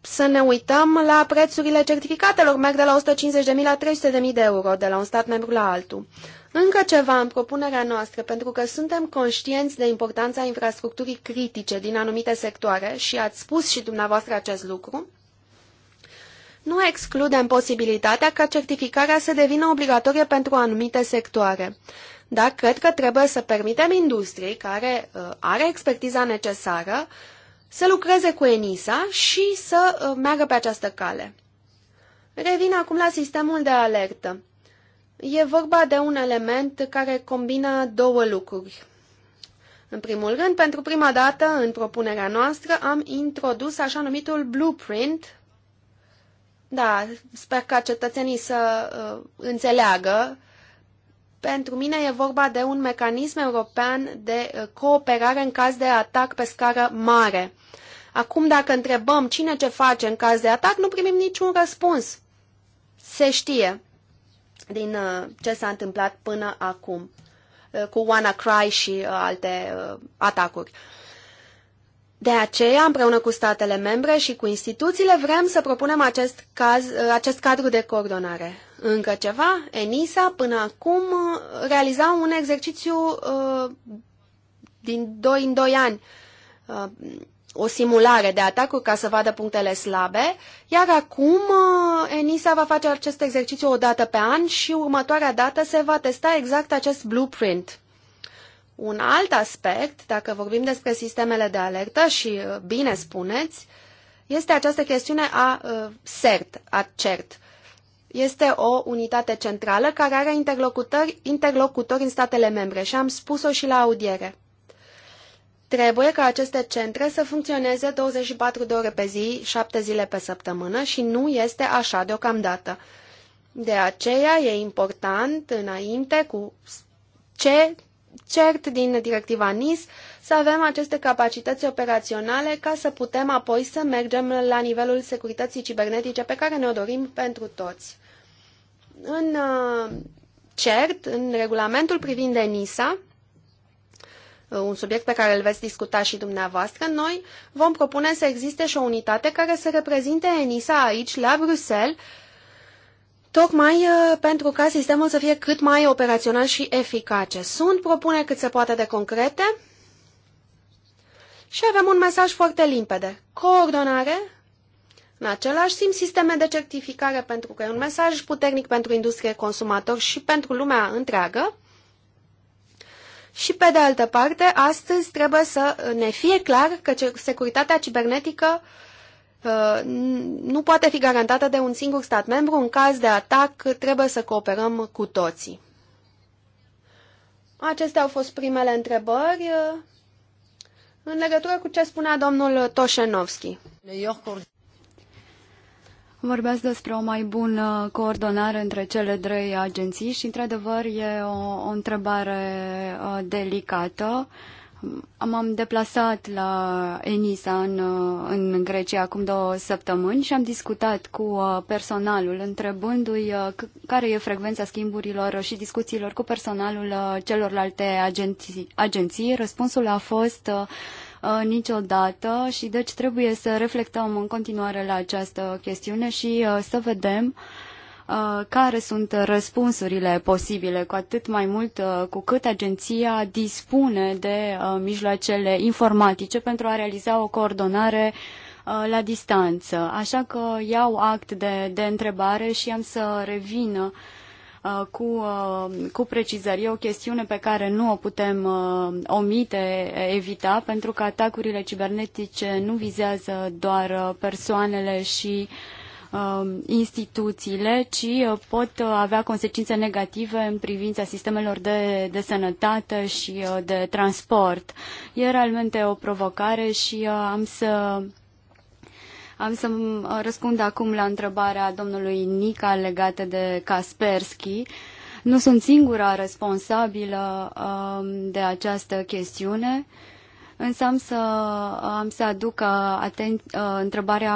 să ne uităm la prețurile certificatelor, merg de la 150.000 la 300.000 de euro, de la un stat membru la altul. Încă ceva în propunerea noastră, pentru că suntem conștienți de importanța infrastructurii critice din anumite sectoare și ați spus și dumneavoastră acest lucru, nu excludem posibilitatea ca certificarea să devină obligatorie pentru anumite sectoare. Dar cred că trebuie să permitem industriei care uh, are expertiza necesară să lucreze cu ENISA și să uh, meargă pe această cale. Revin acum la sistemul de alertă. E vorba de un element care combină două lucruri. În primul rând, pentru prima dată în propunerea noastră am introdus așa numitul blueprint. Da, sper ca cetățenii să uh, înțeleagă uh, pentru mine e vorba de un mecanism european de uh, cooperare în caz de atac pe scară mare. Acum, dacă întrebăm cine ce face în caz de atac, nu primim niciun răspuns. Se știe din uh, ce s-a întâmplat până acum uh, cu WannaCry și alte atacuri. De aceea, împreună cu statele membre și cu instituțiile, vrem să propunem acest, caz, acest cadru de coordonare încă ceva. ENISA până acum realiza un exercițiu uh, din 2 în 2 ani, uh, o simulare de atacuri ca să vadă punctele slabe, iar acum uh, ENISA va face acest exercițiu o dată pe an și următoarea dată se va testa exact acest blueprint. Un alt aspect, dacă vorbim despre sistemele de alertă și uh, bine spuneți, este această chestiune a uh, CERT, a CERT este o unitate centrală care are interlocutori, interlocutori în statele membre și am spus-o și la audiere. Trebuie ca aceste centre să funcționeze 24 de ore pe zi, 7 zile pe săptămână și nu este așa deocamdată. De aceea e important înainte cu ce cert din directiva NIS să avem aceste capacități operaționale ca să putem apoi să mergem la nivelul securității cibernetice pe care ne-o dorim pentru toți. În uh, CERT, în regulamentul privind ENISA, uh, un subiect pe care îl veți discuta și dumneavoastră, noi vom propune să existe și o unitate care să reprezinte ENISA aici, la Bruxelles, tocmai uh, pentru ca sistemul să fie cât mai operațional și eficace. Sunt propune cât se poate de concrete și avem un mesaj foarte limpede. Coordonare, în același timp, sisteme de certificare, pentru că e un mesaj puternic pentru industrie, consumator și pentru lumea întreagă. Și pe de altă parte, astăzi trebuie să ne fie clar că securitatea cibernetică uh, nu poate fi garantată de un singur stat membru. În caz de atac, trebuie să cooperăm cu toții. Acestea au fost primele întrebări uh, în legătură cu ce spunea domnul Toșenovski. Vorbeați despre o mai bună coordonare între cele trei agenții și, într-adevăr, e o, o întrebare uh, delicată. M-am deplasat la Enisa în, uh, în Grecia acum două săptămâni și am discutat cu uh, personalul, întrebându-i uh, care e frecvența schimburilor și discuțiilor cu personalul celorlalte agenții. agenții. Răspunsul a fost uh, Uh, niciodată și deci trebuie să reflectăm în continuare la această chestiune și uh, să vedem uh, care sunt răspunsurile posibile, cu atât mai mult uh, cu cât agenția dispune de mijloacele informatice pentru a realiza o coordonare la distanță. Așa că iau act de, de întrebare și am să revină Uh, cu, uh, cu precizări. E o chestiune pe care nu o putem uh, omite, evita, pentru că atacurile cibernetice nu vizează doar persoanele și instituțiile, ci pot avea consecințe negative în privința sistemelor de, de sănătate și de transport. E realmente o provocare și am să am să uh, răspund acum la întrebarea domnului Nica legată de Kaspersky. Nu sunt singura responsabilă um, de această chestiune, însă am să, uh, am să aduc uh, aten, întrebarea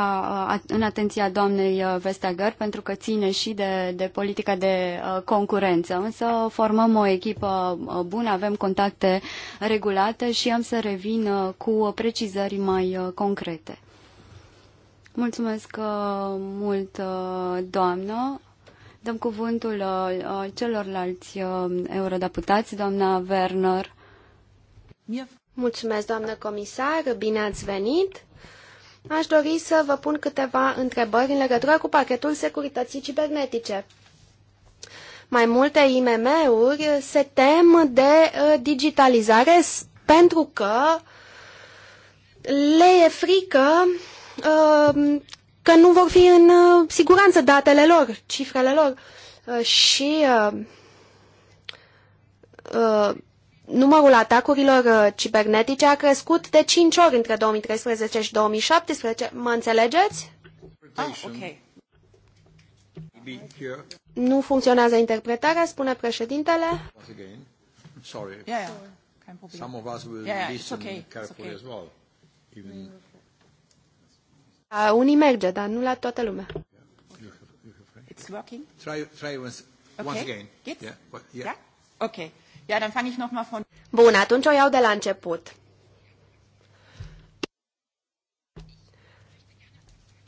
în atenția doamnei Vestager, pentru că ține și de, de politica de concurență. Însă formăm o echipă bună, avem contacte regulate și am să revin cu precizări mai concrete. Mulțumesc uh, mult, uh, doamnă. Dăm cuvântul uh, celorlalți eurodeputați, doamna Werner. Mulțumesc, doamnă comisar, bine ați venit. Aș dori să vă pun câteva întrebări în legătură cu pachetul securității cibernetice. Mai multe IMM-uri se tem de digitalizare pentru că le e frică Uh, că nu vor fi în uh, siguranță datele lor, cifrele lor. Uh, și numărul atacurilor cibernetice a crescut de 5 ori între 2013 și 2017. Mă înțelegeți? Ah, okay. Nu funcționează interpretarea, spune președintele. Sorry. Yeah, yeah. Some of us will yeah, listen okay. carefully okay. as well. Even la unii merge, dar nu la toată lumea. It's working? Try, try once, once again. Yeah. yeah. yeah? Okay. Yeah, dann fange ich noch mal von... Bun, atunci o iau de la început.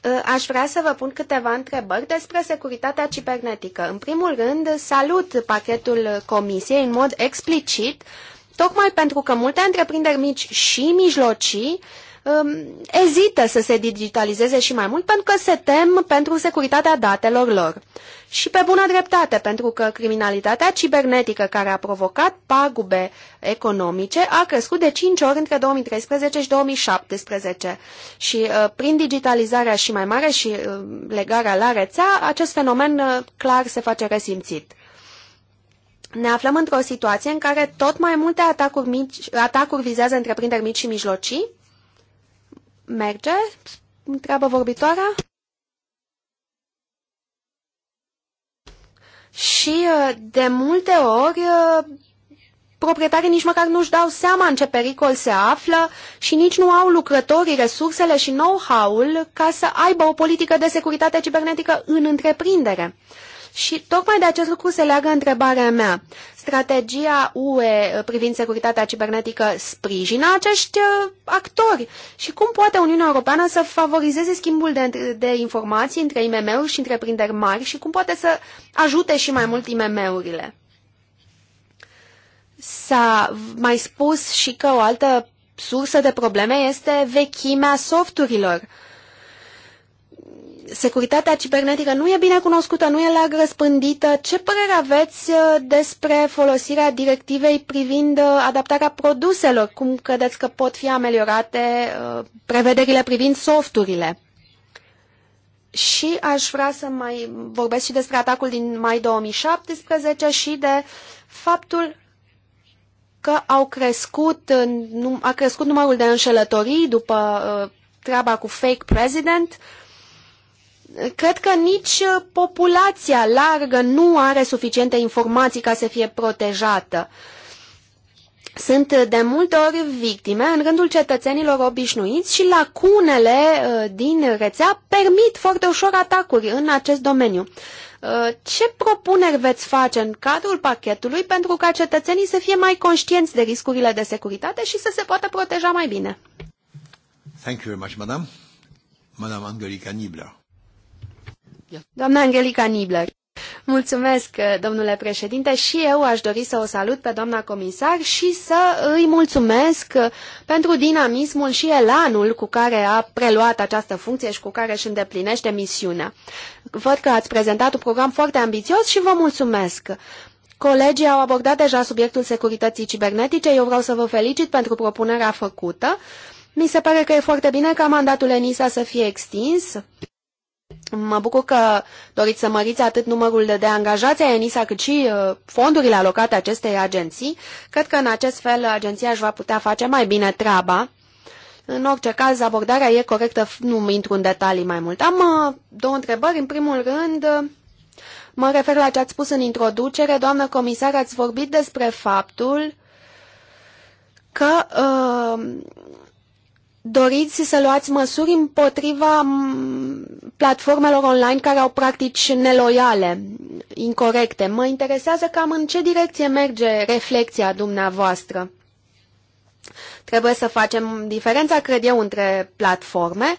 Ă, aș vrea să vă pun câteva întrebări despre securitatea cibernetică. În primul rând, salut pachetul Comisiei în mod explicit, tocmai pentru că multe întreprinderi mici și mijlocii uh, Um, ezită să se digitalizeze și mai mult pentru că se tem pentru securitatea datelor lor. Și pe bună dreptate, pentru că criminalitatea cibernetică care a provocat pagube economice a crescut de 5 ori între 2013 și 2017. Și uh, prin digitalizarea și mai mare și uh, legarea la rețea, acest fenomen uh, clar se face resimțit. Ne aflăm într-o situație în care tot mai multe atacuri, mici, atacuri vizează întreprinderi mici și mijlocii Merge? Întreabă vorbitoarea. Și uh, de multe ori uh, proprietarii nici măcar nu-și dau seama în ce pericol se află și nici nu au lucrătorii, resursele și know-how-ul ca să aibă o politică de securitate cibernetică în întreprindere. Și tocmai de acest lucru se leagă întrebarea mea. Strategia UE privind securitatea cibernetică sprijină acești uh, actori și cum poate Uniunea Europeană să favorizeze schimbul de, de informații între IMM-uri și întreprinderi mari și cum poate să ajute și mai mult IMM-urile? S-a mai spus și că o altă sursă de probleme este vechimea softurilor. Uh, securitatea cibernetică nu e bine cunoscută, nu e larg răspândită. Ce părere aveți uh, despre folosirea directivei privind uh, adaptarea produselor? Cum credeți că pot fi ameliorate uh, prevederile privind softurile? Și aș vrea să mai vorbesc și despre atacul din mai 2017 și de faptul că au crescut, a crescut numărul de înșelătorii după treaba cu fake president cred că nici uh, populația largă nu are suficiente informații ca să fie protejată. Sunt uh, de multe ori victime în rândul cetățenilor obișnuiți și lacunele uh, din rețea permit foarte ușor atacuri în acest domeniu. Ce propuneri veți face în cadrul pachetului pentru ca cetățenii să fie mai conștienți de riscurile de securitate și să se poată proteja mai bine? Thank you very much, madam. Madame Angelica Nibler. Doamna Angelica Nibler. Mulțumesc, domnule președinte, și eu aș dori să o salut pe doamna comisar și să îi mulțumesc pentru dinamismul și elanul cu care a preluat această funcție și cu care își îndeplinește misiunea. Văd că ați prezentat un program foarte ambițios și vă mulțumesc. Colegii au abordat deja subiectul securității cibernetice, eu vreau să vă felicit pentru propunerea făcută. Mi se pare că e foarte bine ca mandatul ENISA să fie extins Mă bucur că doriți să măriți atât numărul de, de angajați ai ENISA, cât și uh, fondurile alocate acestei agenții. Cred că în acest fel agenția își va putea face mai bine treaba. În orice caz, abordarea e corectă, nu intru în detalii mai mult. Am uh, două întrebări. În primul rând, uh, mă refer la ce ați spus în introducere. Doamnă comisar, ați vorbit despre faptul că uh, doriți să luați măsuri împotriva platformelor online care au practici neloiale, incorrecte. Mă interesează cam în ce direcție merge reflexia dumneavoastră. Trebuie să facem diferența, cred eu, între platforme,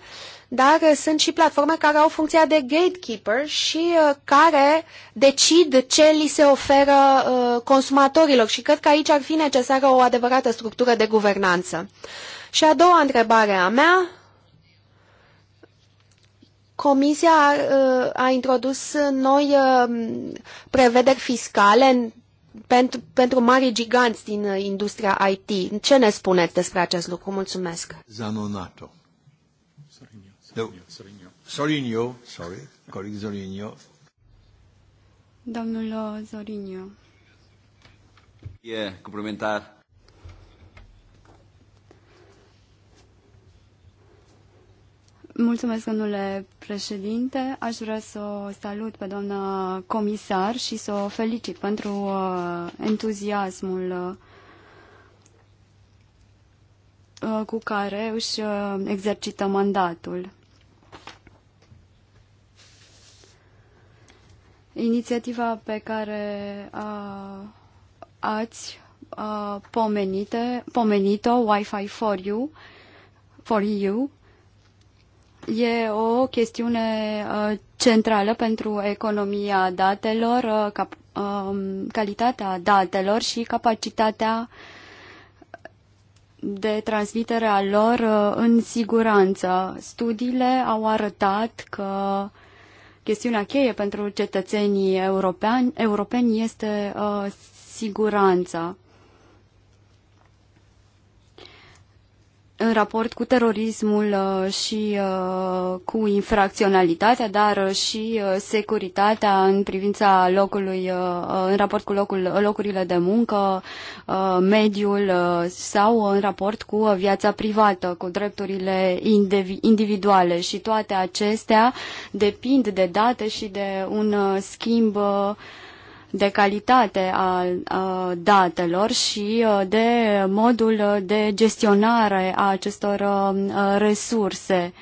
dar sunt și platforme care au funcția de gatekeeper și uh, care decid ce li se oferă uh, consumatorilor și cred că aici ar fi necesară o adevărată structură de guvernanță. Și a doua întrebare a mea, Comisia a, uh, a introdus noi uh, prevederi fiscale în, pentru, pentru mari giganți din uh, industria IT. Ce ne spuneți despre acest lucru? Mulțumesc. Zanonato. Sorinio, sorry, coleg Sorinio. Domnul Zorinio. E complementar Mulțumesc, domnule președinte. Aș vrea să o salut pe doamna comisar și să o felicit pentru uh, entuziasmul uh, cu care își uh, exercită mandatul. Inițiativa pe care a, ați a, pomenit-o, Wi-Fi for You, for EU, e o chestiune uh, centrală pentru economia datelor, uh, cap, um, calitatea datelor și capacitatea de transmitere a lor uh, în siguranță. Studiile au arătat că chestiunea cheie pentru cetățenii europeni este siguranța. în raport cu terorismul uh, și uh, cu infracționalitatea, dar uh, și securitatea în privința locului, în raport cu locul, locurile de muncă, mediul sau în raport cu viața privată, cu drepturile individuale și toate acestea depind de date și de un schimb de calitate a, a datelor și de modul de gestionare a acestor resurse.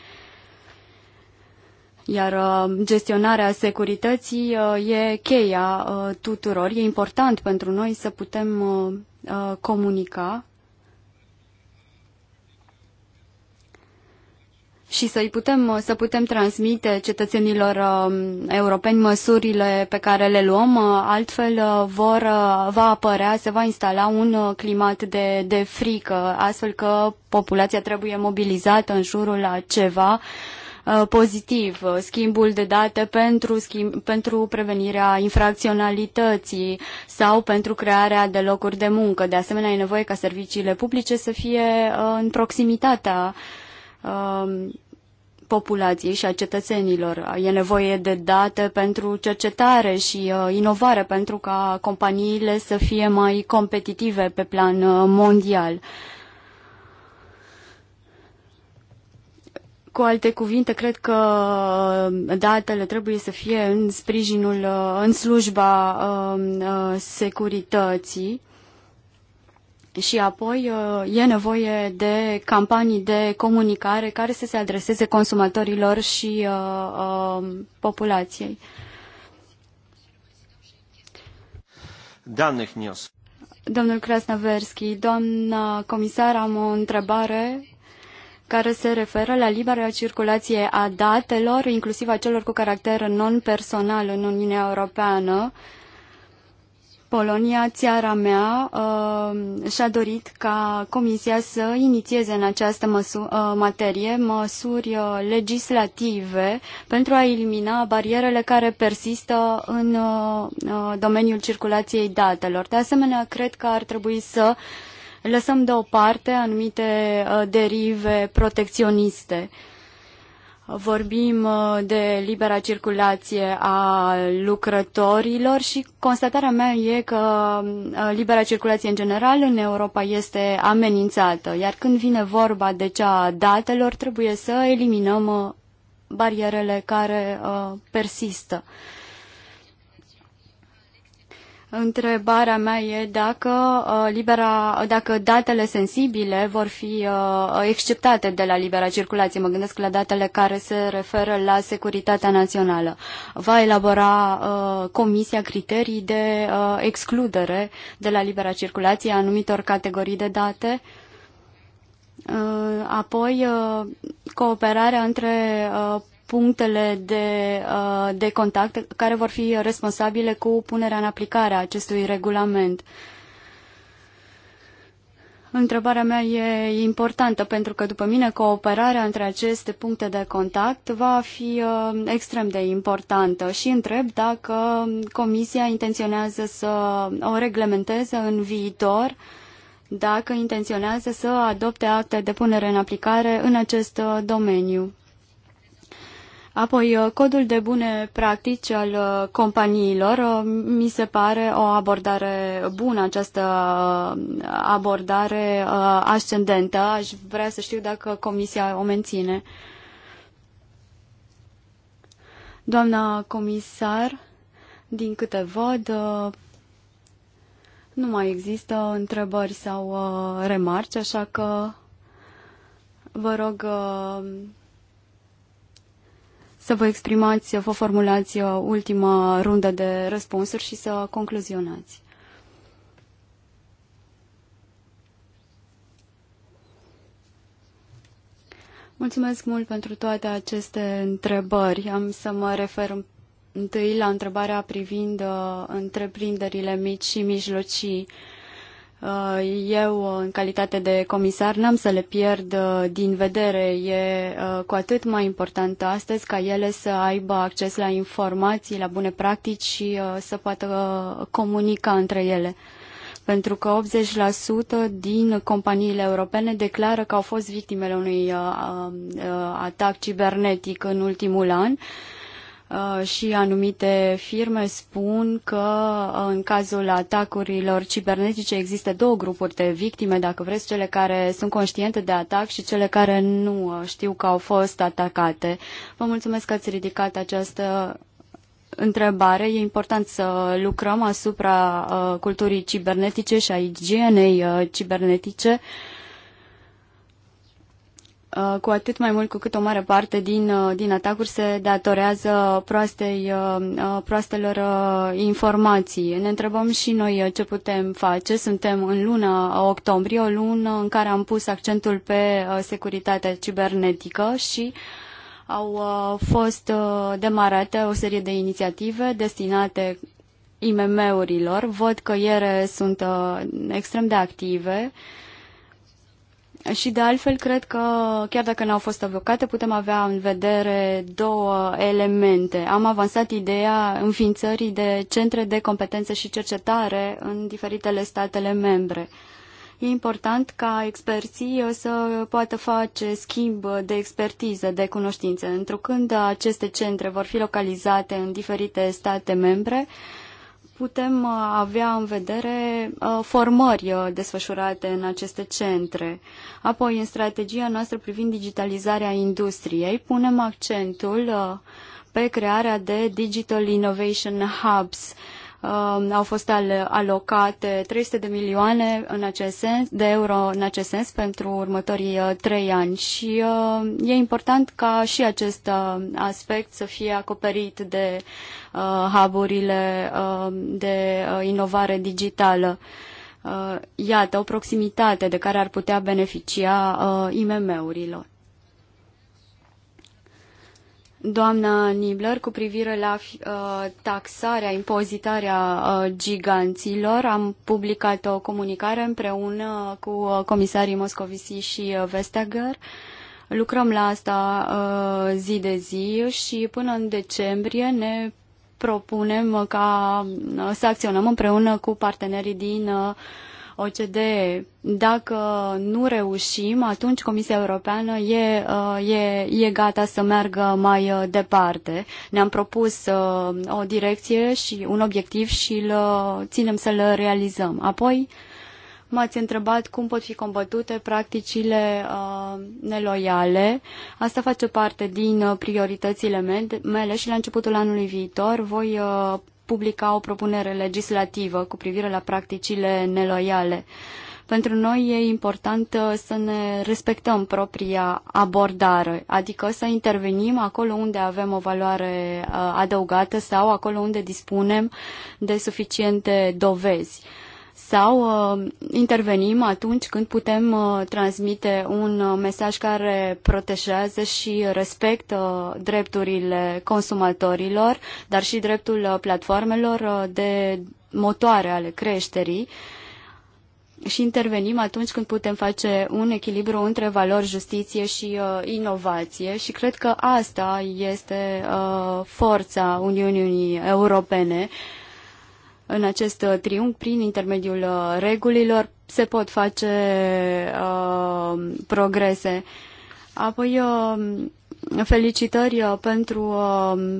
Iar gestionarea securității e cheia tuturor. E important pentru noi să putem comunica și să putem, să putem transmite cetățenilor um, europeni măsurile pe care le luăm, uh, altfel uh, vor, uh, va apărea, se va instala un climat de, de frică, astfel că populația trebuie mobilizată în jurul a ceva pozitiv, schimbul de date pentru, schimb, pentru prevenirea infracționalității sau pentru crearea de locuri de muncă. De asemenea, e nevoie ca serviciile publice să fie în proximitatea uh, Um, populației și a cetățenilor. E nevoie de date pentru cercetare și uh, inovare pentru ca companiile să fie mai competitive pe plan uh, mondial. Cu alte cuvinte, cred că uh, datele trebuie să fie în sprijinul, în slujba um, securității și apoi uh, e nevoie de campanii de comunicare care să se adreseze consumatorilor și uh, uh, populației. Danych nios. Domnul Krasnaverski, doamna comisar, am o întrebare care se referă la libera circulație a datelor, inclusiv a celor cu caracter non-personal în Uniunea Europeană. Uh, Polonia, țara mea, uh, și-a dorit ca Comisia să inițieze în această măsu uh, materie măsuri uh, legislative pentru a elimina barierele care persistă în domeniul circulației datelor. De asemenea, cred că ar trebui să lăsăm deoparte anumite derive protecționiste vorbim uh, de libera circulație a lucrătorilor și constatarea mea e că uh, libera circulație în general în Europa este amenințată, iar când vine vorba de cea a datelor, trebuie să eliminăm uh, barierele care persistă. Întrebarea mea e dacă, uh, libera, dacă datele sensibile vor fi uh, exceptate de la libera circulație. Mă gândesc la datele care se referă la securitatea națională. Va elabora uh, Comisia criterii de excludere de la libera circulație a anumitor categorii de date? Apoi, cooperarea între punctele de, uh, de contact care vor fi responsabile cu punerea în aplicare a acestui regulament. Întrebarea mea e importantă pentru că, după mine, cooperarea între aceste puncte de contact va fi uh, extrem de importantă și întreb dacă Comisia intenționează să o reglementeze în viitor, dacă intenționează să adopte acte de punere în aplicare în acest uh, domeniu. Apoi, uh, codul de bune practici al uh, companiilor, uh, mi se pare o abordare bună, această abordare ascendentă. Aș vrea să știu dacă Comisia o menține. Doamna comisar, din câte văd, nu mai există întrebări sau remarci, așa că vă rog să vă exprimați, să vă formulați uh, ultima rundă de răspunsuri și să concluzionați. Mulțumesc mult pentru toate aceste întrebări. Am să mă refer întâi la întrebarea privind uh, întreprinderile mici și mijlocii. Uh, Uh, eu, în calitate de comisar, n-am să le pierd uh, din vedere. E uh, cu atât mai important astăzi ca ele să aibă acces la informații, la bune practici și să poată comunica între ele. Pentru că 80% din companiile europene declară că au fost victimele unui atac cibernetic în ultimul an. Uh, și anumite firme spun că uh, în cazul atacurilor cibernetice există două grupuri de victime, dacă vreți, cele care sunt conștiente de atac și cele care nu uh, știu că au fost atacate. Vă mulțumesc că ați ridicat această întrebare. E important să lucrăm asupra culturii cibernetice și a igienei cibernetice. Uh, cu atât mai mult cu cât o mare parte din, uh, din atacuri se datorează proastei, uh, proastelor informații. Ne întrebăm și noi ce putem face. Suntem în luna octombrie, o lună în care am pus accentul pe securitatea cibernetică și au fost demarate o serie de inițiative destinate IMM-urilor. Văd că ele sunt extrem de active. Și de altfel, cred că chiar dacă n-au fost avocate, putem avea în vedere două elemente. Am avansat ideea înființării de centre de competențe și cercetare în diferitele statele membre. E important ca experții să poată face schimb de expertiză, de cunoștințe, întrucând aceste centre vor fi localizate în diferite state membre, putem uh, avea în vedere uh, formări uh, desfășurate în aceste centre. Apoi, în strategia noastră privind digitalizarea industriei, punem accentul pe crearea de Digital Innovation Hubs, Um, au fost alocate 300 de milioane în acest sens, de euro în acest sens pentru următorii uh, trei ani și uh, e important ca și acest uh, aspect să fie acoperit de haburile de inovare digitală. Iată, o proximitate de care ar putea beneficia IMM-urilor doamna Nibler cu privire la uh, taxarea, impozitarea uh, giganților. Am publicat o comunicare împreună cu uh, comisarii Moscovici și uh, Vestager. Lucrăm la asta uh, zi de zi și până în decembrie ne propunem ca uh, să acționăm împreună cu partenerii din uh, OCDE. Dacă nu reușim, atunci Comisia Europeană e, uh, e, e gata să meargă mai uh, departe. Ne-am propus uh, o direcție și un obiectiv și îl ținem să-l realizăm. Apoi, m-ați întrebat cum pot fi combătute practicile uh, neloiale. Asta face parte din prioritățile mele și la începutul anului viitor voi uh, publica o propunere legislativă cu privire la practicile neloiale. Pentru noi e important uh, să ne respectăm propria abordare, adică să intervenim acolo unde avem o valoare uh, adăugată sau acolo unde dispunem de suficiente dovezi sau uh, intervenim atunci când putem uh, transmite un uh, mesaj care protejează și respectă drepturile consumatorilor, dar și dreptul uh, platformelor uh, de motoare ale creșterii și intervenim atunci când putem face un echilibru între valori, justiție și uh, inovație și cred că asta este uh, forța Uniunii Europene uh, în acest uh, triunghi, prin intermediul uh, regulilor, se pot face uh, progrese. Apoi, uh, felicitări uh, pentru uh,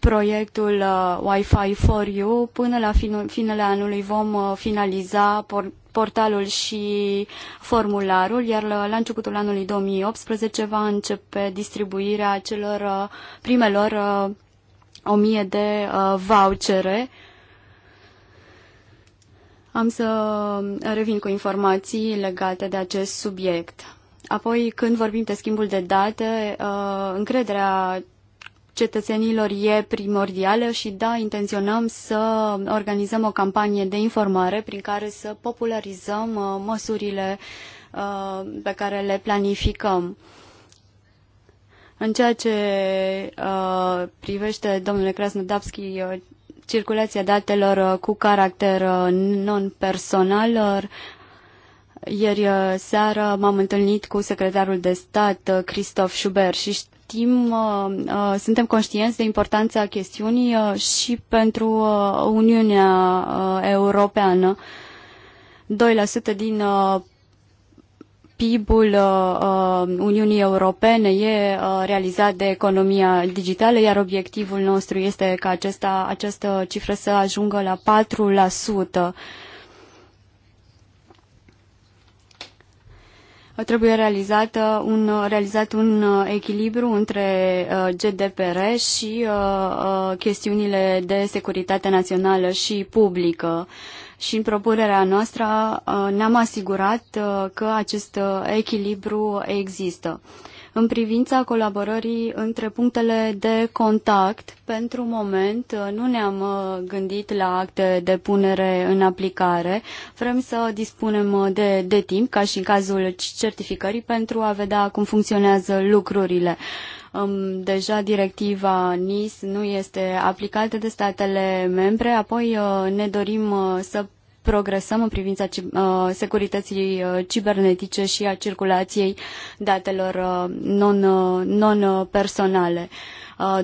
proiectul uh, Wi-Fi for You. Până la fin finele anului vom uh, finaliza por portalul și formularul, iar la, la începutul anului 2018 va începe distribuirea celor uh, primelor uh, 1000 de uh, vouchere uh, am să revin cu informații legate de acest subiect. Apoi, când vorbim de schimbul de date, uh, încrederea cetățenilor e primordială și da, intenționăm să organizăm o campanie de informare prin care să popularizăm uh, măsurile uh, pe care le planificăm. În ceea ce uh, privește, domnule Krasnodabski, circulația datelor uh, cu caracter uh, non-personal. Uh, ieri seară m-am întâlnit cu secretarul de stat, Christoph Schubert, și știm, suntem conștienți de importanța chestiunii și pentru Uniunea Europeană. 2% din PIB-ul uh, uh, Uniunii Europene e uh, realizat de economia digitală, iar obiectivul nostru este ca acesta, această cifră să ajungă la 4%. Trebuie realizat un, realizat un uh, echilibru între uh, GDPR și uh, chestiunile de securitate națională și publică. Uh, și în propunerea noastră uh, ne-am asigurat uh, că acest uh, echilibru există. În privința colaborării între punctele de contact, pentru moment nu ne-am gândit la acte de punere în aplicare. Vrem să dispunem de, de timp, ca și în cazul certificării, pentru a vedea cum funcționează lucrurile. Uh, deja directiva NIS nu este aplicată de statele membre, apoi uh, ne dorim uh, să progresăm în privința uh, securității cibernetice și a circulației datelor non-personale.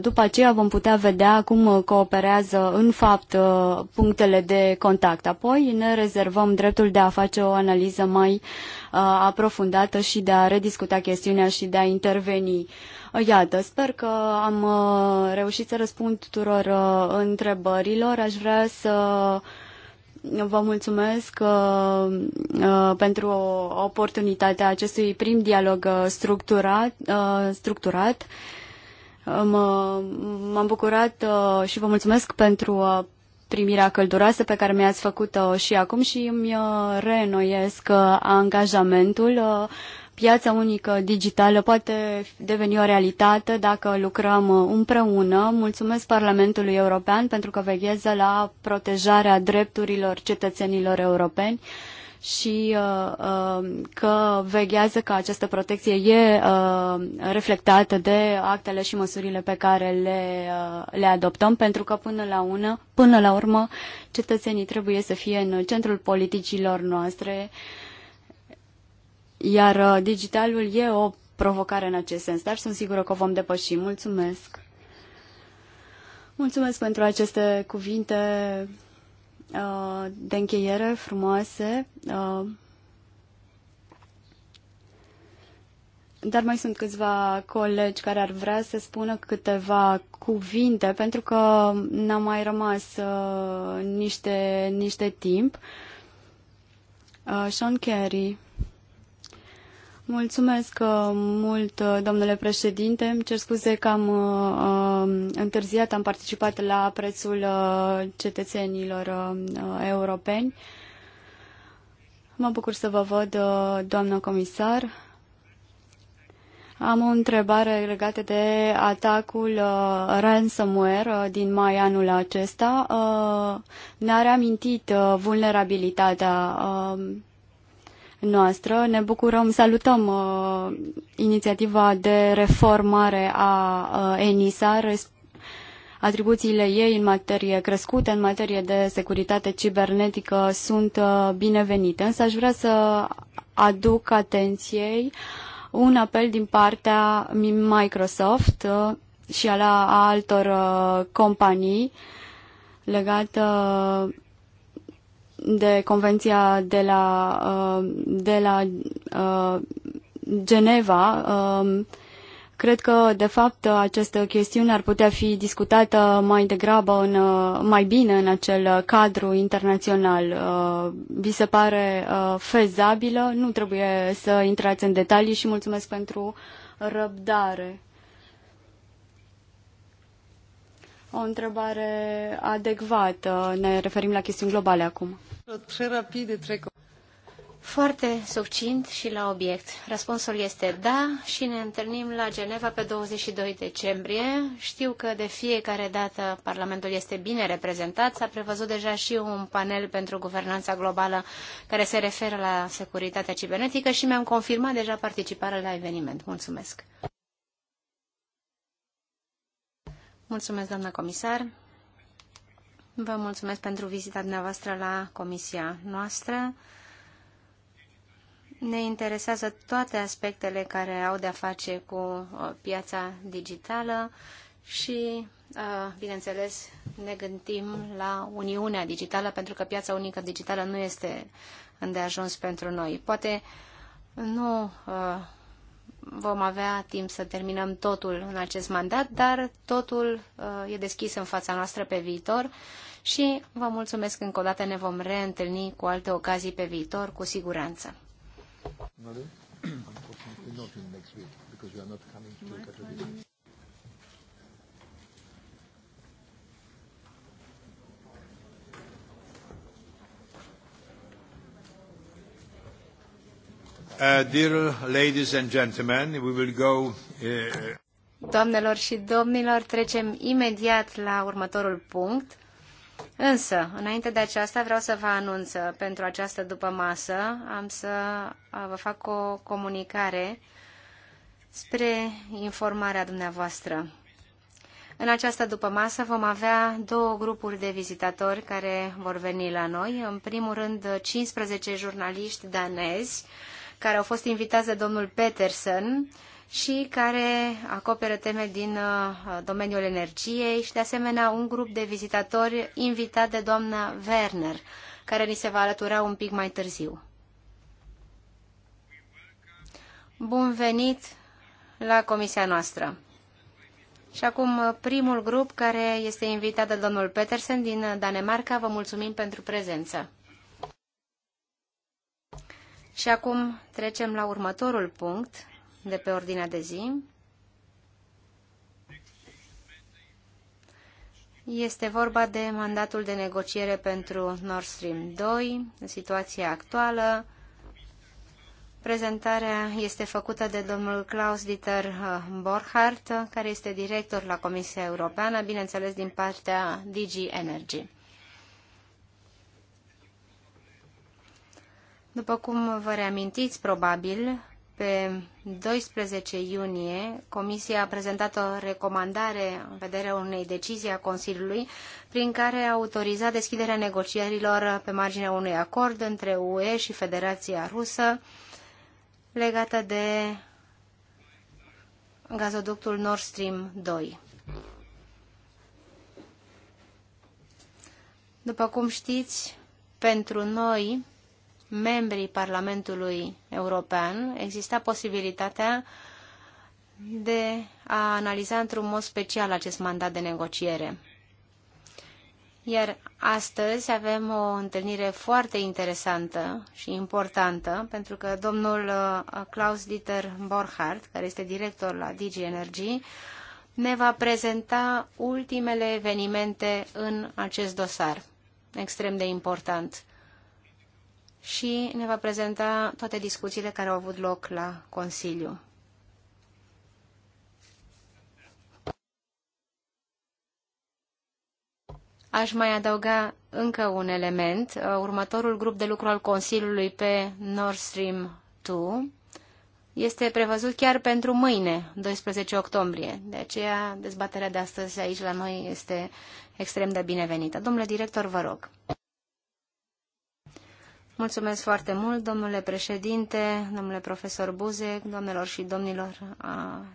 după aceea vom putea vedea cum cooperează în fapt punctele de contact. Apoi ne rezervăm dreptul de a face o analiză mai aprofundată și de a rediscuta chestiunea și de a interveni. Uh, iată, sper că am uh, reușit să răspund tuturor uh, întrebărilor. Aș vrea să vă mulțumesc pentru oportunitatea acestui prim dialog structurat. structurat. M-am bucurat și vă mulțumesc pentru primirea călduroasă pe care mi-ați făcut-o și acum și îmi reînnoiesc angajamentul Piața unică digitală poate deveni o realitate dacă lucrăm uh, împreună. Mulțumesc Parlamentului European pentru că veghează la protejarea drepturilor cetățenilor europeni și uh, uh, că veghează că această protecție e uh, reflectată de actele și măsurile pe care le, uh, le adoptăm, pentru că până la, una, până la urmă cetățenii trebuie să fie în centrul politicilor noastre uh, iar uh, digitalul e o provocare în acest sens, dar sunt sigură că o vom depăși. Mulțumesc! Mulțumesc pentru aceste cuvinte uh, de încheiere frumoase. Uh, dar mai sunt câțiva colegi care ar vrea să spună câteva cuvinte, pentru că n-a mai rămas uh, niște, niște timp. Uh, Sean Carey. Mulțumesc uh, mult, uh, domnule președinte. Îmi cer scuze că am uh, uh întârziat, am participat la prețul uh, cetățenilor uh, europeni. Mă bucur să vă văd, uh, doamnă comisar. Am o întrebare legată de atacul uh, ransomware uh, din mai anul acesta. Uh, ne-a reamintit uh, vulnerabilitatea uh, noastră. Ne bucurăm, salutăm uh, inițiativa de reformare a uh, ENISA, atribuțiile ei în materie crescute, în materie de securitate cibernetică sunt uh, binevenite. Însă aș vrea să aduc atenției un apel din partea Microsoft uh, și a, altor uh, companii legată de Convenția de la, uh, de la uh, Geneva, um, cred că, de fapt, această chestiune ar putea fi discutată mai degrabă, în, uh, mai bine în acel cadru internațional. Vi se pare fezabilă? Nu trebuie să intrați în detalii și mulțumesc pentru răbdare. o întrebare adecvată. Ne referim la chestiuni globale acum. Foarte subcint și la obiect. Răspunsul este da și ne întâlnim la Geneva pe 22 decembrie. Știu că de fiecare dată Parlamentul este bine reprezentat. S-a prevăzut deja și un panel pentru guvernanța globală care se referă la securitatea cibernetică și mi-am confirmat deja participarea la eveniment. Mulțumesc! Mulțumesc, doamna comisar. Vă mulțumesc pentru vizita dumneavoastră la comisia noastră. Ne interesează toate aspectele care au de-a face cu uh, piața digitală și, uh, bineînțeles, ne gândim la Uniunea Digitală, pentru că piața unică digitală nu este îndeajuns pentru noi. Poate nu uh, vom avea timp să terminăm totul în acest mandat, dar totul uh, e deschis în fața noastră pe viitor și vă mulțumesc încă o dată, ne vom reîntâlni cu alte ocazii pe viitor, cu siguranță. [CLEARS THROAT] Not in next week because are not coming to Katowice. Uh, dear ladies and gentlemen, we will go... Uh, Doamnelor și domnilor, trecem imediat la următorul punct. Însă, înainte de aceasta, vreau să vă anunț uh, pentru această după masă. Am să vă fac o comunicare spre informarea dumneavoastră. În această dupămasă vom avea două grupuri de vizitatori care vor veni la noi. În primul rând, 15 jurnaliști danezi care au fost invitați de domnul Peterson și care acoperă teme din uh, domeniul energiei și, de asemenea, un grup de vizitatori invitat de doamna Werner, care ni se va alătura un pic mai târziu. Bun venit la comisia noastră! Și acum uh, primul grup care este invitat de domnul Petersen din uh, Danemarca. Vă mulțumim pentru prezență. Și acum trecem la următorul punct de pe ordinea de zi. Este vorba de mandatul de negociere pentru Nord Stream 2, situația actuală. Prezentarea este făcută de domnul Klaus-Dieter uh, Borchardt, care este director la Comisia Europeană, bineînțeles din partea DG Energy. După cum vă reamintiți, probabil, pe 12 iunie, Comisia a prezentat o recomandare în vederea unei decizii a Consiliului prin care a autorizat deschiderea negocierilor pe marginea unui acord între UE și Federația Rusă legată de gazoductul Nord Stream 2. După cum știți, pentru noi, membrii Parlamentului European exista posibilitatea de a analiza într-un mod special acest mandat de negociere. Iar astăzi avem o întâlnire foarte interesantă și importantă, pentru că domnul uh, Klaus-Dieter Borchardt, care este director la DG Energy, ne va prezenta ultimele evenimente în acest dosar, extrem de important și ne va prezenta toate discuțiile care au avut loc la Consiliu. Aș mai adăuga încă un element. Uh, următorul grup de lucru al Consiliului pe Nord Stream 2 este prevăzut chiar pentru mâine, 12 octombrie. De aceea, dezbaterea de astăzi aici la noi este extrem de binevenită. Domnule director, vă rog. Mulțumesc foarte mult, domnule președinte, domnule profesor Buzek, domnilor și domnilor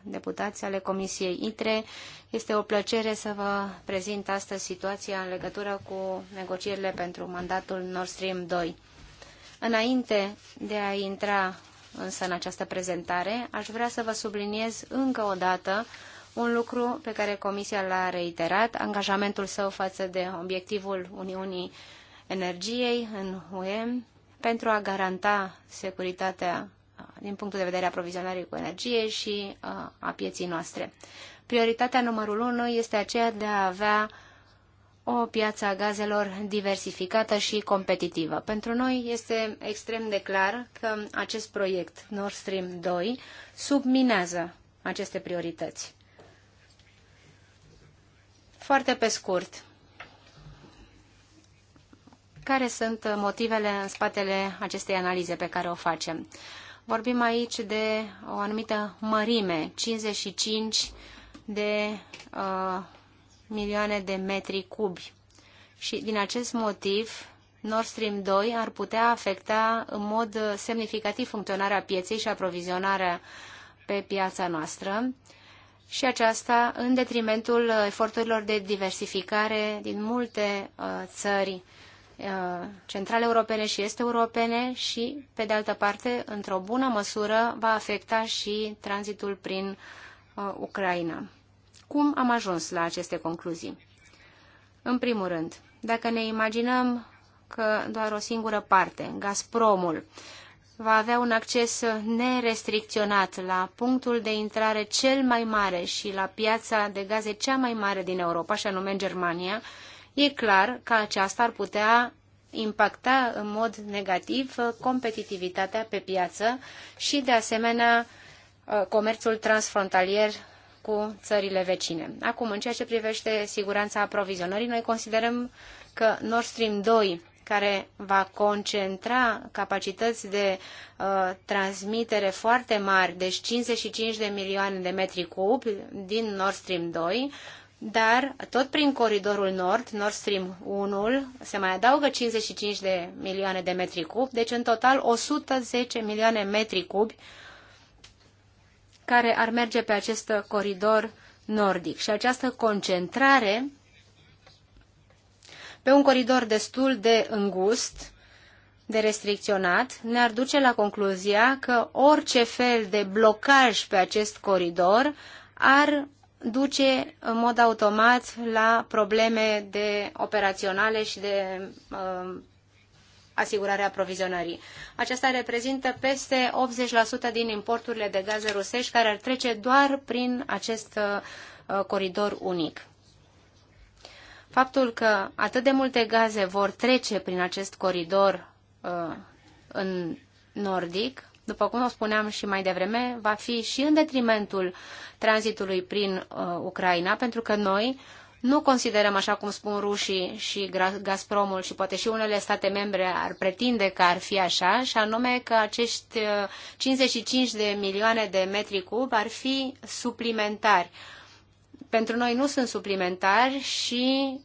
deputați ale Comisiei ITRE. Este o plăcere să vă prezint astăzi situația în legătură cu negocierile pentru mandatul Nord Stream 2. Înainte de a intra însă în această prezentare, aș vrea să vă subliniez încă o dată un lucru pe care Comisia l-a reiterat, angajamentul său față de obiectivul Uniunii Energiei în UE pentru a garanta securitatea uh, din punctul de vedere a aprovizionării cu energie și uh, a pieții noastre. Prioritatea numărul 1 este aceea de a avea o piață a gazelor diversificată și competitivă. Pentru noi este extrem de clar că acest proiect Nord Stream 2 subminează aceste priorități. Foarte pe scurt, care sunt motivele în spatele acestei analize pe care o facem. Vorbim aici de o anumită mărime, 55 de uh, milioane de metri cubi. Și din acest motiv, Nord Stream 2 ar putea afecta în mod semnificativ funcționarea pieței și aprovizionarea pe piața noastră și aceasta în detrimentul eforturilor de diversificare din multe uh, țări Uh, centrale europene și este europene și, pe de altă parte, într-o bună măsură, va afecta și tranzitul prin uh, Ucraina. Cum am ajuns la aceste concluzii? În primul rând, dacă ne imaginăm că doar o singură parte, Gazpromul, va avea un acces nerestricționat la punctul de intrare cel mai mare și la piața de gaze cea mai mare din Europa, și anume Germania, E clar că aceasta ar putea impacta în mod negativ uh, competitivitatea pe piață și, de asemenea, uh, comerțul transfrontalier cu țările vecine. Acum, în ceea ce privește siguranța aprovizionării, noi considerăm că Nord Stream 2 care va concentra capacități de uh, transmitere foarte mari, deci 55 de milioane de metri cubi din Nord Stream 2, dar tot prin coridorul nord, Nord Stream 1, se mai adaugă 55 de milioane de metri cubi deci în total 110 milioane metri cubi care ar merge pe acest coridor nordic. Și această concentrare pe un coridor destul de îngust, de restricționat, ne-ar duce la concluzia că orice fel de blocaj pe acest coridor ar duce în mod automat la probleme de operaționale și de uh, um, asigurarea aprovizionării. Aceasta reprezintă peste 80% din importurile de gaze rusești care ar trece doar prin acest uh, coridor unic. Faptul că atât de multe gaze vor trece prin acest coridor uh, în nordic după cum o spuneam și mai devreme, va fi și în detrimentul tranzitului prin uh, Ucraina, pentru că noi nu considerăm, așa cum spun rușii și Gazpromul și poate și unele state membre ar pretinde că ar fi așa, și anume că acești 55 uh, de milioane de metri cub ar fi suplimentari. Uh, pentru noi nu sunt suplimentari și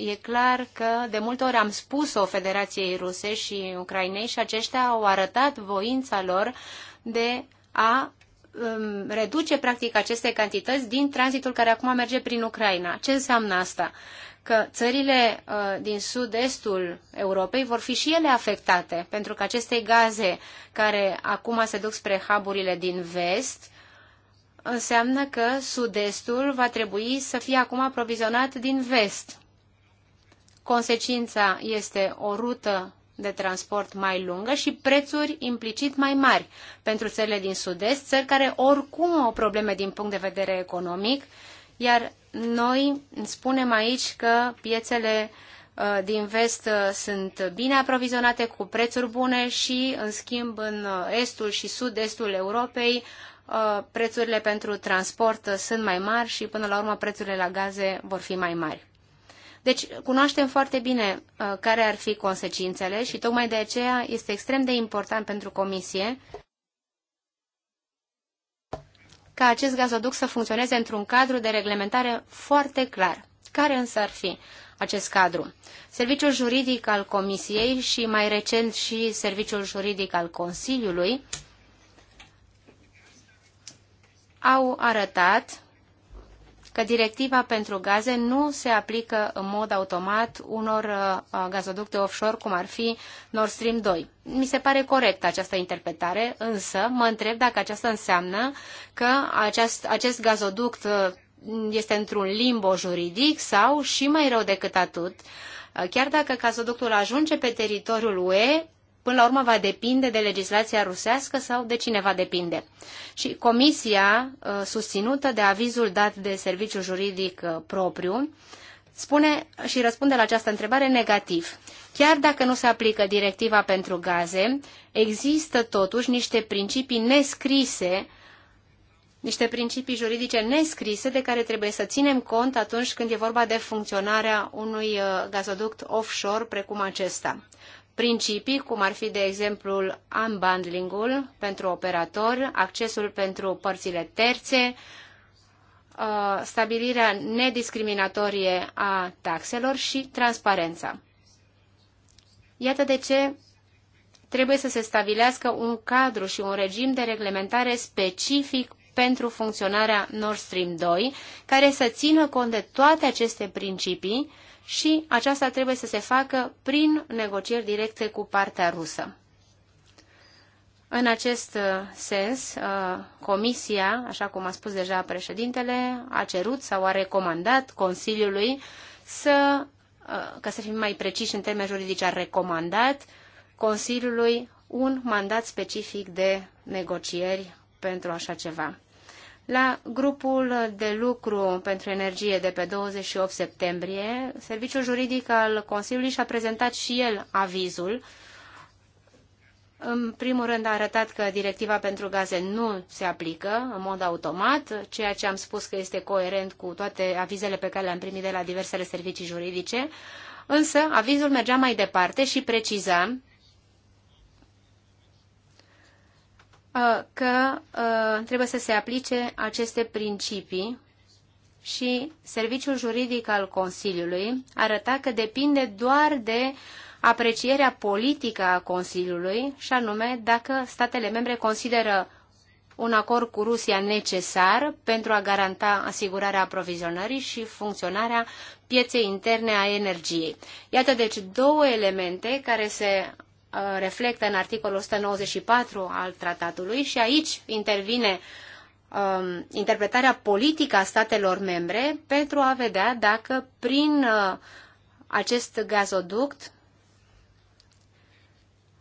uh, e clar că de multe ori am spus-o Federației Ruse și Ucrainei și aceștia au arătat voința lor de a um, reduce practic aceste cantități din tranzitul care acum merge prin Ucraina. Ce înseamnă asta? Că țările uh, din sud-estul Europei vor fi și ele afectate, pentru că aceste gaze care acum se duc spre haburile din vest înseamnă că sud-estul va trebui să fie acum aprovizionat din vest. Consecința este o rută de transport mai lungă și prețuri implicit mai mari pentru țările din sud-est, țări care oricum au probleme din punct de vedere economic, iar noi spunem aici că piețele uh, Uh, din vest uh, sunt bine aprovizionate cu prețuri bune și, în schimb, în uh, estul și sud-estul Europei, prețurile pentru transport sunt mai mari și, până la urmă, prețurile la gaze vor fi mai mari. Deci, cunoaștem foarte bine care ar fi consecințele și tocmai de aceea este extrem de important pentru Comisie ca acest gazoduct să funcționeze într-un cadru de reglementare foarte clar. Care însă ar fi? acest cadru. Serviciul juridic al Comisiei și mai recent și Serviciul juridic al Consiliului au arătat că directiva pentru gaze nu se aplică în mod automat unor uh, gazoducte offshore, cum ar fi Nord Stream 2. Mi se pare corectă această interpretare, însă mă întreb dacă aceasta înseamnă că acest, acest gazoduct uh, este într-un limbo juridic sau, și mai rău decât atât, uh, chiar dacă gazoductul ajunge pe teritoriul UE, până la urmă va depinde de legislația rusească sau de cine va depinde. Și comisia, uh, susținută de avizul dat de serviciul juridic uh, propriu, spune și răspunde la această întrebare negativ. Chiar dacă nu se aplică directiva pentru gaze, există totuși niște principii nescrise niște principii juridice nescrise de care trebuie să ținem cont atunci când e vorba de funcționarea unui uh, gazoduct offshore precum acesta. Principii, cum ar fi, de exemplu, unbundling-ul pentru operator, accesul pentru părțile terțe, uh, stabilirea nediscriminatorie a taxelor și transparența. Iată de ce trebuie să se stabilească un cadru și un regim de reglementare specific pentru funcționarea Nord Stream 2, care să țină cont de toate aceste principii și aceasta trebuie să se facă prin negocieri directe cu partea rusă. În acest uh, sens, uh, Comisia, așa cum a spus deja președintele, a cerut sau a recomandat Consiliului să, uh, ca să fim mai preciși în termeni juridici, a recomandat Consiliului un mandat specific de negocieri pentru așa ceva. La grupul de lucru pentru energie de pe 28 septembrie, Serviciul Juridic al Consiliului și-a prezentat și el avizul. În primul rând a arătat că directiva pentru gaze nu se aplică în mod automat, ceea ce am spus că este coerent cu toate avizele pe care le-am primit de la diversele servicii juridice, însă avizul mergea mai departe și preciza Uh, că uh, trebuie să se aplice aceste principii și serviciul juridic al Consiliului arăta că depinde doar de aprecierea politică a Consiliului și anume dacă statele membre consideră un acord cu Rusia necesar pentru a garanta asigurarea aprovizionării și funcționarea pieței interne a energiei. Iată deci două elemente care se Uh, reflectă în articolul 194 al tratatului și aici intervine um, interpretarea politică a statelor membre pentru a vedea dacă prin uh, acest gazoduct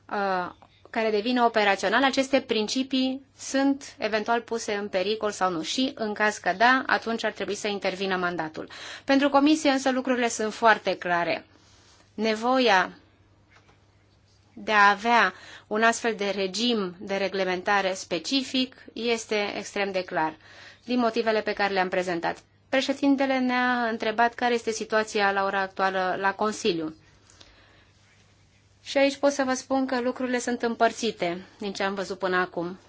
uh, care devine operațional, aceste principii sunt eventual puse în pericol sau nu și, în caz că da, atunci ar trebui să intervină mandatul. Pentru comisie însă lucrurile sunt foarte clare. Nevoia de a avea un astfel de regim de reglementare specific este extrem de clar, din motivele pe care le-am prezentat. Președintele ne-a întrebat care este situația la ora actuală la Consiliu. Și aici pot să vă spun că lucrurile sunt împărțite din ce am văzut până acum.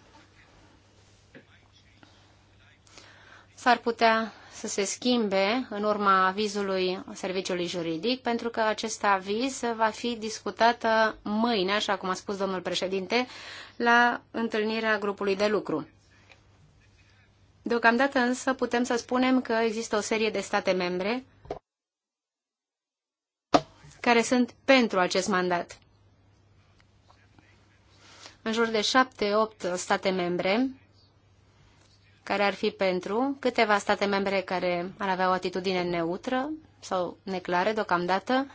S-ar putea să se schimbe în urma avizului serviciului juridic, pentru că acest aviz va fi discutată uh, mâine, așa cum a spus domnul președinte, la întâlnirea grupului de lucru. Deocamdată însă putem să spunem că există o serie de state membre care sunt pentru acest mandat. În jur de șapte opt state membre care ar fi pentru câteva state membre care ar avea o atitudine neutră sau neclare deocamdată,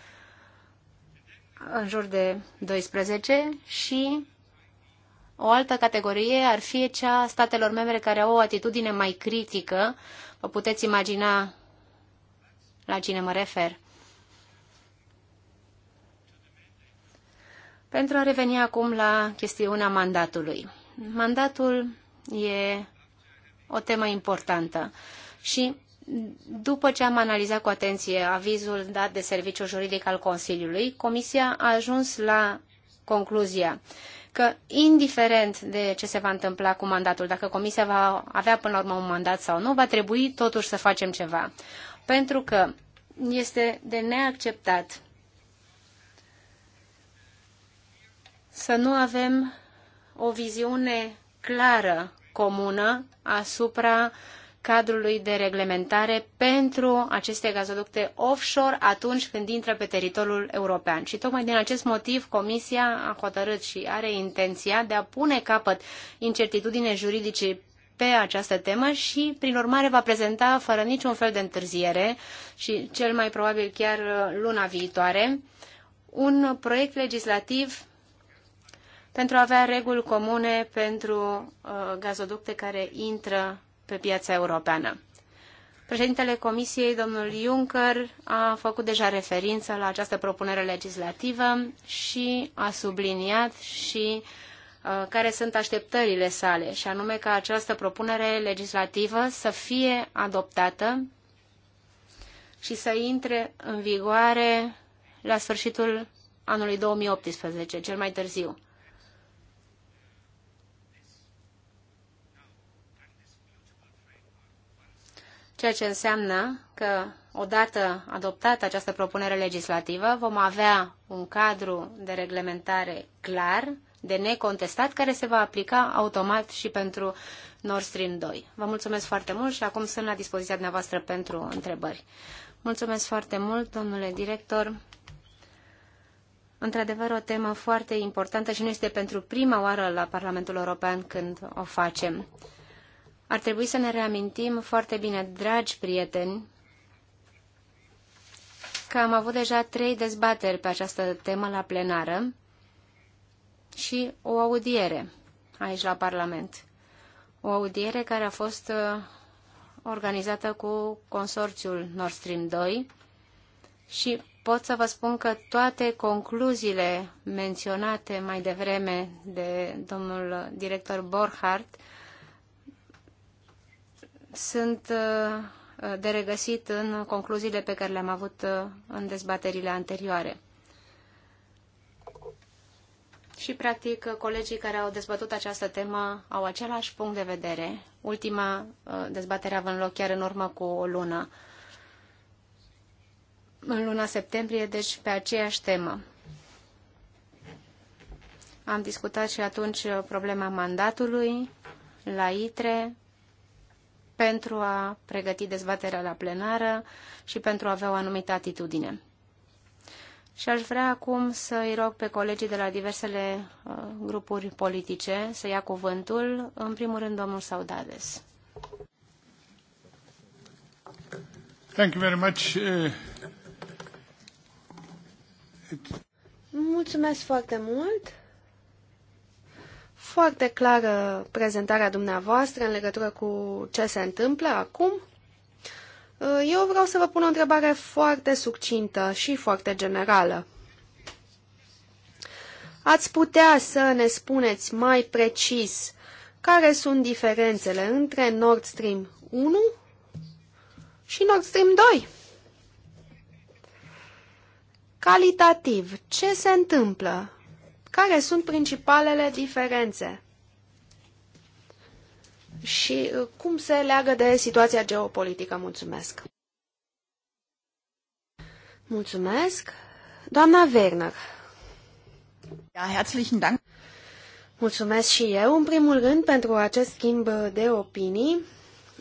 în jur de 12, și o altă categorie ar fi cea statelor membre care au o atitudine mai critică. Vă puteți imagina la cine mă refer. Pentru a reveni acum la chestiunea mandatului. Mandatul e o temă importantă. Și după ce am analizat cu atenție avizul dat de Serviciul Juridic al Consiliului, Comisia a ajuns la concluzia că, indiferent de ce se va întâmpla cu mandatul, dacă Comisia va avea până la urmă un mandat sau nu, va trebui totuși să facem ceva. Pentru că este de neacceptat să nu avem o viziune clară comună asupra cadrului de reglementare pentru aceste gazoducte offshore atunci când intră pe teritoriul european. Și tocmai din acest motiv Comisia a hotărât și are intenția de a pune capăt incertitudine juridice pe această temă și, prin urmare, va prezenta fără niciun fel de întârziere și cel mai probabil chiar luna viitoare un proiect legislativ pentru a avea reguli comune pentru uh, gazoducte care intră pe piața europeană. Președintele Comisiei, domnul Juncker, a făcut deja referință la această propunere legislativă și a subliniat și uh, care sunt așteptările sale, și anume ca această propunere legislativă să fie adoptată și să intre în vigoare la sfârșitul anului 2018, cel mai târziu. ceea ce înseamnă că odată adoptată această propunere legislativă vom avea un cadru de reglementare clar, de necontestat, care se va aplica automat și pentru Nord Stream 2. Vă mulțumesc foarte mult și acum sunt la dispoziția dumneavoastră pentru întrebări. Mulțumesc foarte mult, domnule director. Într-adevăr, o temă foarte importantă și nu este pentru prima oară la Parlamentul European când o facem. Ar trebui să ne reamintim foarte bine, dragi prieteni, că am avut deja trei dezbateri pe această temă la plenară și o audiere aici la Parlament. O audiere care a fost uh, organizată cu consorțiul Nord Stream 2 și pot să vă spun că toate concluziile menționate mai devreme de domnul director Borhardt sunt uh, de regăsit în concluziile pe care le-am avut uh, în dezbaterile anterioare. Și, practic, colegii care au dezbătut această temă au același punct de vedere. Ultima uh, dezbatere a avut loc chiar în urmă cu o lună, în luna septembrie, deci pe aceeași temă. Am discutat și atunci problema mandatului la ITRE, pentru a pregăti dezbaterea la plenară și pentru a avea o anumită atitudine. Și aș vrea acum să-i rog pe colegii de la diversele uh, grupuri politice să ia cuvântul, în primul rând domnul Saudades. Thank you very much. Uh, Mulțumesc foarte mult foarte clară prezentarea dumneavoastră în legătură cu ce se întâmplă acum. Uh, eu vreau să vă pun o întrebare foarte succintă și foarte generală. Ați putea să ne spuneți mai precis care sunt diferențele între Nord Stream 1 și Nord Stream 2? Calitativ, ce se întâmplă? Care sunt principalele diferențe? Și uh, cum se leagă de situația geopolitică? Mulțumesc! Mulțumesc! Doamna Werner! Ja, herzlichen Dank! Mulțumesc și eu, în primul rând, pentru acest schimb de opinii.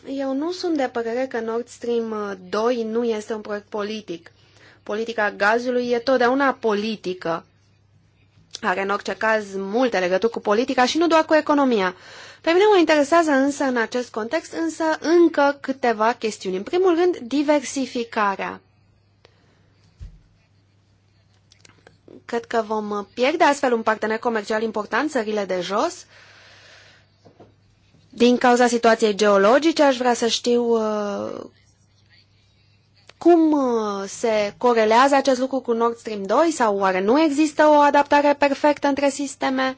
Eu nu sunt de părere că Nord Stream 2 nu este un proiect politic. Politica gazului e totdeauna politică are în orice caz multe legături cu politica și nu doar cu economia. Pe mine mă interesează însă în acest context însă încă câteva chestiuni. În primul rând, diversificarea. Cred că vom pierde astfel un partener comercial important, țările de jos. Din cauza situației geologice, aș vrea să știu uh, cum uh, se corelează acest lucru cu Nord Stream 2 sau oare nu există o adaptare perfectă între sisteme?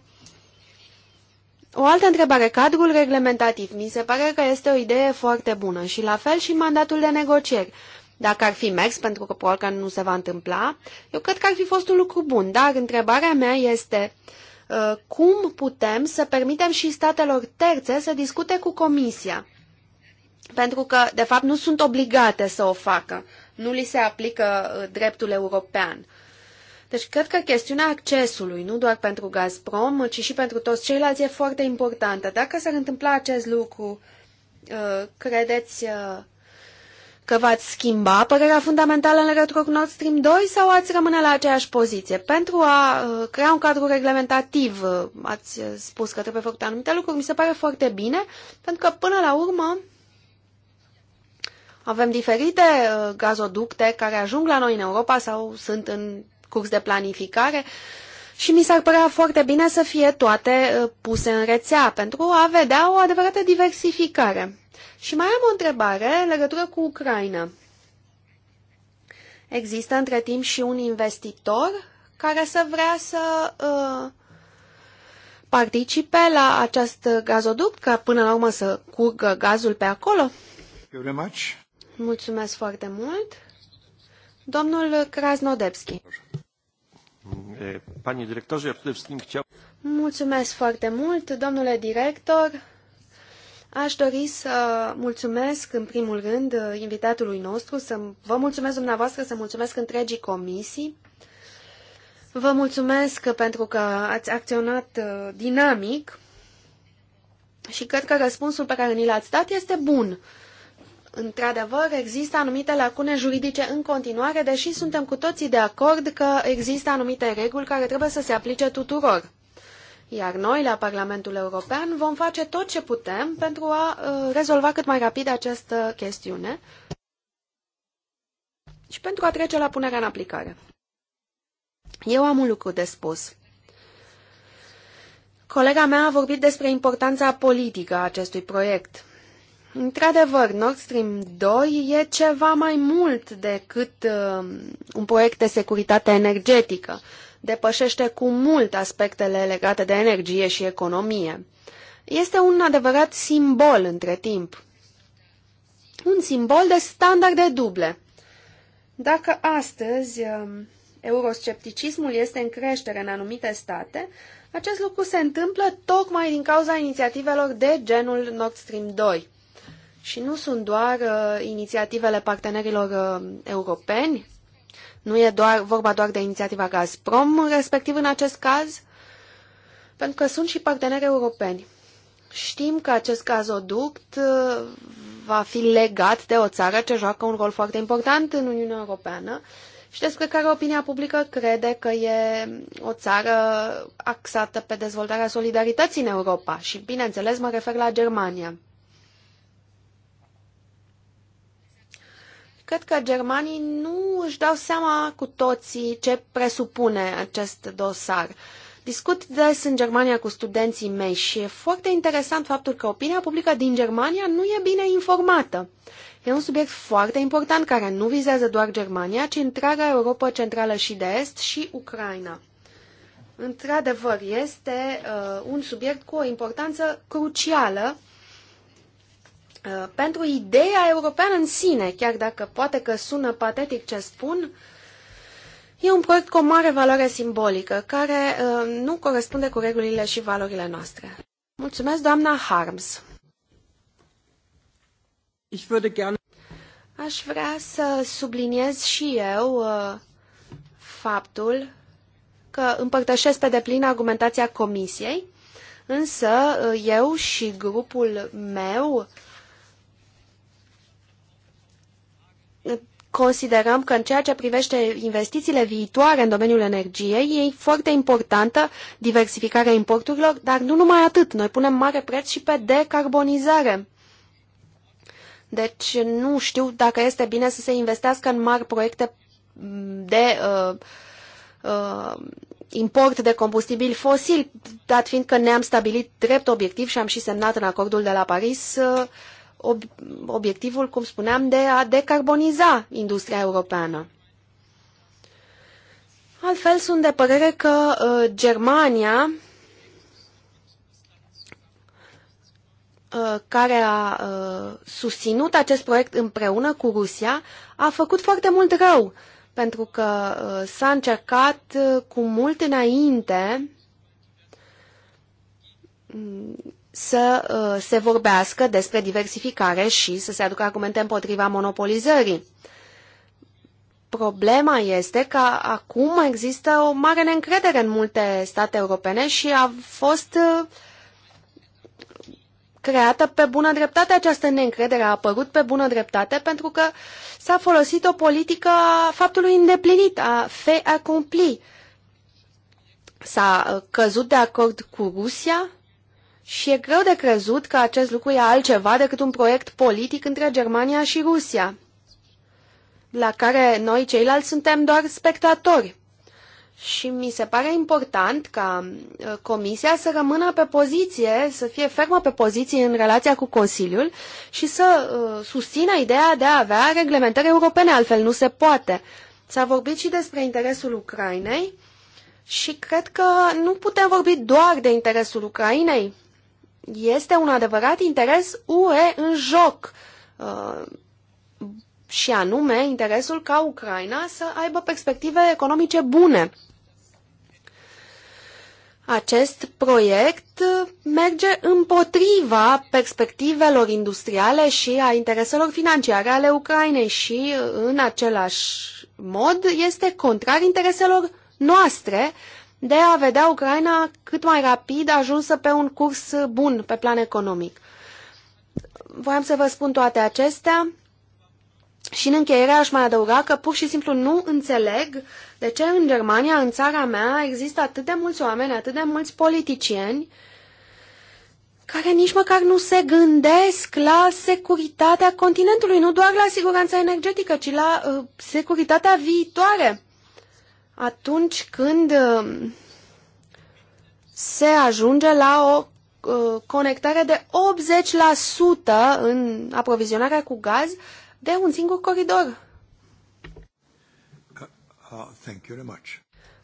O altă întrebare, cadrul reglementativ. Mi se pare că este o idee foarte bună și la fel și mandatul de negocieri. Dacă ar fi mers, pentru că probabil că nu se va întâmpla, eu cred că ar fi fost un lucru bun, dar întrebarea mea este uh, cum putem să permitem și statelor terțe să discute cu Comisia? pentru că, de fapt, nu sunt obligate să o facă. Nu li se aplică uh, dreptul european. Deci, cred că chestiunea accesului, nu doar pentru Gazprom, ci și pentru toți ceilalți, e foarte importantă. Dacă s-ar întâmpla acest lucru, uh, credeți uh, că v-ați schimba părerea fundamentală în legătură cu Nord Stream 2 sau ați rămâne la aceeași poziție? Pentru a crea un cadru reglementativ, ați spus că trebuie făcut anumite lucruri, mi se pare foarte bine, pentru că până la urmă avem diferite uh, gazoducte care ajung la noi în Europa sau sunt în curs de planificare și mi s-ar părea foarte bine să fie toate uh, puse în rețea pentru a vedea o adevărată diversificare. Și mai am o întrebare în legătură cu Ucraina. Există între timp și un investitor care să vrea să uh, participe la acest gazoduct, ca până la urmă să curgă gazul pe acolo? Very much. Mulțumesc foarte mult. Domnul Krasnodebski. Panie dyrektorze, przede wszystkim Mulțumesc foarte mult, domnule director. Aș dori să mulțumesc în primul rând invitatului nostru, să vă mulțumesc dumneavoastră, să mulțumesc întregii comisii. Vă mulțumesc pentru că ați acționat uh, dinamic și cred că răspunsul pe care ni l-ați dat este bun într-adevăr, există anumite lacune juridice în continuare, deși suntem cu toții de acord că există anumite reguli care trebuie să se aplice tuturor. Iar noi, la Parlamentul European, vom face tot ce putem pentru a uh, rezolva cât mai rapid această chestiune și pentru a trece la punerea în aplicare. Eu am un lucru de spus. Colega mea a vorbit despre importanța politică a acestui proiect. Într-adevăr, Nord Stream 2 e ceva mai mult decât uh, un proiect de securitate energetică. Depășește cu mult aspectele legate de energie și economie. Este un adevărat simbol între timp. Un simbol de standarde duble. Dacă astăzi uh, euroscepticismul este în creștere în anumite state, acest lucru se întâmplă tocmai din cauza inițiativelor de genul Nord Stream 2. Și nu sunt doar uh, inițiativele partenerilor uh, europeni, nu e doar, vorba doar de inițiativa Gazprom, respectiv în acest caz, pentru că sunt și parteneri europeni. Știm că acest gazoduct uh, va fi legat de o țară ce joacă un rol foarte important în Uniunea Europeană și despre care opinia publică crede că e o țară axată pe dezvoltarea solidarității în Europa. Și, bineînțeles, mă refer la Germania. Cred că germanii nu își dau seama cu toții ce presupune acest dosar. Discut des în Germania cu studenții mei și e foarte interesant faptul că opinia publică din Germania nu e bine informată. E un subiect foarte important care nu vizează doar Germania, ci întreaga Europa Centrală și de Est și Ucraina. Într-adevăr, este uh, un subiect cu o importanță crucială Uh, pentru ideea europeană în sine, chiar dacă poate că sună patetic ce spun, e un proiect cu o mare valoare simbolică, care uh, nu corespunde cu regulile și valorile noastre. Mulțumesc, doamna Harms. Ich würde gerne... Aș vrea să subliniez și eu uh, faptul că împărtășesc pe deplin argumentația comisiei, însă eu și grupul meu considerăm că în ceea ce privește investițiile viitoare în domeniul energiei, e foarte importantă diversificarea importurilor, dar nu numai atât. Noi punem mare preț și pe decarbonizare. Deci nu știu dacă este bine să se investească în mari proiecte de uh, uh, import de combustibili fosili, dat fiind că ne-am stabilit drept obiectiv și am și semnat în acordul de la Paris uh, obiectivul, cum spuneam, de a decarboniza industria europeană. Altfel, sunt de părere că uh, Germania, uh, care a uh, susținut acest proiect împreună cu Rusia, a făcut foarte mult rău, pentru că uh, s-a încercat uh, cu mult înainte să uh, se vorbească despre diversificare și să se aducă argumente împotriva monopolizării. Problema este că acum există o mare neîncredere în multe state europene și a fost uh, creată pe bună dreptate această neîncredere, a apărut pe bună dreptate pentru că s-a folosit o politică a faptului îndeplinit, a fait accompli. S-a uh, căzut de acord cu Rusia, și e greu de crezut că acest lucru e altceva decât un proiect politic între Germania și Rusia, la care noi ceilalți suntem doar spectatori. Și mi se pare important ca uh, Comisia să rămână pe poziție, să fie fermă pe poziție în relația cu Consiliul și să uh, susțină ideea de a avea reglementări europene, altfel nu se poate. S-a vorbit și despre interesul Ucrainei și cred că nu putem vorbi doar de interesul Ucrainei este un adevărat interes UE în joc uh, și anume interesul ca Ucraina să aibă perspective economice bune. Acest proiect merge împotriva perspectivelor industriale și a intereselor financiare ale Ucrainei și, în același mod, este contrar intereselor noastre de a vedea Ucraina cât mai rapid ajunsă pe un curs bun pe plan economic. Vreau să vă spun toate acestea și în încheiere aș mai adăuga că pur și simplu nu înțeleg de ce în Germania, în țara mea, există atât de mulți oameni, atât de mulți politicieni care nici măcar nu se gândesc la securitatea continentului, nu doar la siguranța energetică, ci la uh, securitatea viitoare atunci când uh, se ajunge la o uh, conectare de 80% în aprovizionarea cu gaz de un singur coridor. Uh, uh, thank you very much.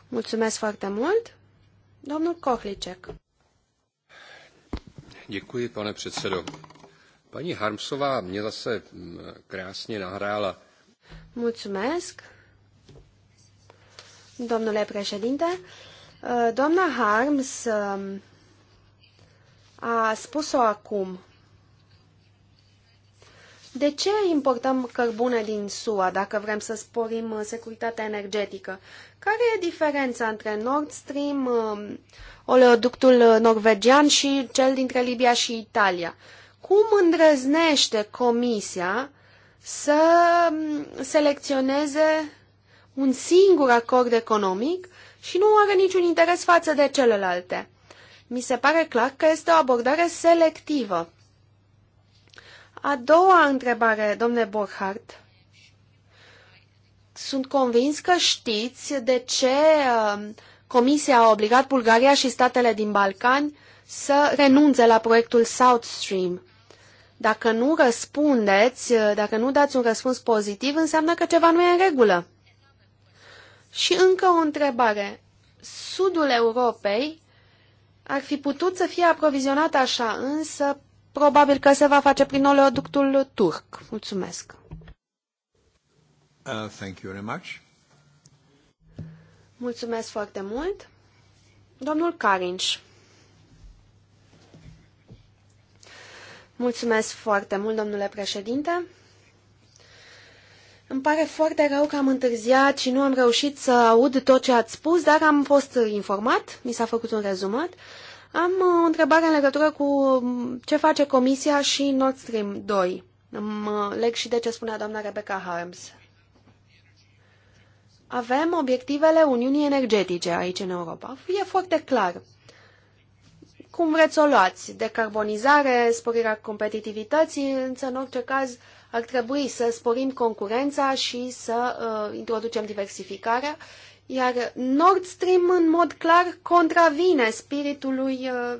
Mulțumesc foarte mult. Domnul Kohlicek. Děkuji, pane předsedo. Paní Harmsová mě zase mm, krásně nahrála. Mulțumesc domnule președinte. Uh, doamna Harms um, a spus-o acum. De ce importăm cărbune din SUA dacă vrem să sporim uh, securitatea energetică? Care e diferența între Nord Stream, um, oleoductul norvegian și cel dintre Libia și Italia? Cum îndrăznește Comisia să um, selecționeze un singur acord economic și nu are niciun interes față de celelalte. Mi se pare clar că este o abordare selectivă. A doua întrebare, domnule Borhardt. Sunt convins că știți de ce uh, Comisia a obligat Bulgaria și statele din Balcani să renunțe la proiectul South Stream. Dacă nu răspundeți, uh, dacă nu dați un răspuns pozitiv, înseamnă că ceva nu e în regulă. Și încă o întrebare. Sudul Europei ar fi putut să fie aprovizionat așa, însă probabil că se va face prin oleoductul turc. Mulțumesc. Uh, thank you very much. Mulțumesc foarte mult. Domnul Carinș. Mulțumesc foarte mult, domnule președinte. Îmi pare foarte rău că am întârziat și nu am reușit să aud tot ce ați spus, dar am fost informat, mi s-a făcut un rezumat. Am o întrebare în legătură cu ce face Comisia și Nord Stream 2. Îmi uh, leg și de ce spunea doamna Rebecca Harms. Avem obiectivele Uniunii Energetice aici în Europa. E foarte clar. Cum vreți să o luați? Decarbonizare, sporirea competitivității, însă în orice caz ar trebui să sporim concurența și să uh, introducem diversificarea, iar Nord Stream în mod clar contravine spiritului uh,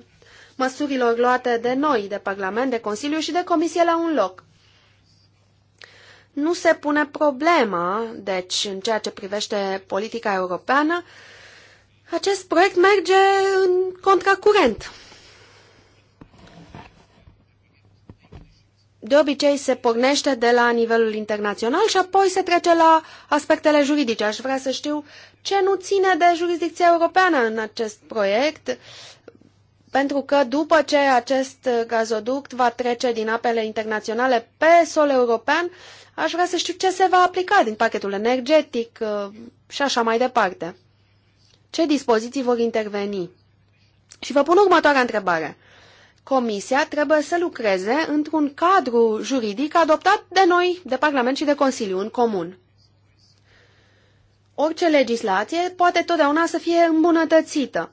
măsurilor luate de noi, de Parlament, de Consiliu și de Comisie la un loc. Nu se pune problema, deci, în ceea ce privește politica europeană, acest proiect merge în contracurent de obicei se pornește de la nivelul internațional și apoi se trece la aspectele juridice. Aș vrea să știu ce nu ține de jurisdicția europeană în acest proiect, pentru că după ce acest gazoduct va trece din apele internaționale pe sol european, aș vrea să știu ce se va aplica din pachetul energetic uh, și așa mai departe. Ce dispoziții vor interveni? Și vă pun următoarea întrebare. Comisia trebuie să lucreze într-un cadru juridic adoptat de noi, de Parlament și de Consiliu în comun. Orice legislație poate totdeauna să fie îmbunătățită.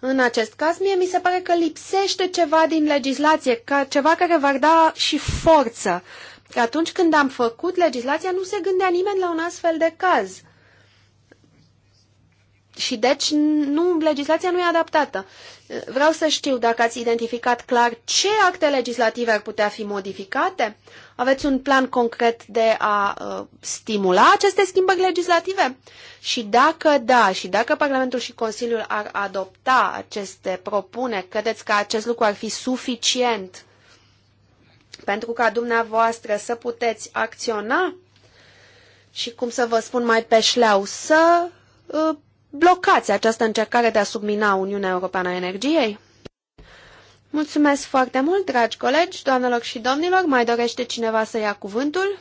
În acest caz, mie mi se pare că lipsește ceva din legislație, ca ceva care va da și forță. atunci când am făcut legislația, nu se gândea nimeni la un astfel de caz. Și deci nu, legislația nu e adaptată. Vreau să știu dacă ați identificat clar ce acte legislative ar putea fi modificate. Aveți un plan concret de a uh, stimula aceste schimbări legislative? Și dacă da, și dacă Parlamentul și Consiliul ar adopta aceste propuneri, credeți că acest lucru ar fi suficient pentru ca dumneavoastră să puteți acționa? Și cum să vă spun mai pe șleau, să uh, blocați această încercare de a submina Uniunea Europeană a Energiei? Mulțumesc foarte mult, dragi colegi, doamnelor și domnilor. Mai dorește cineva să ia cuvântul?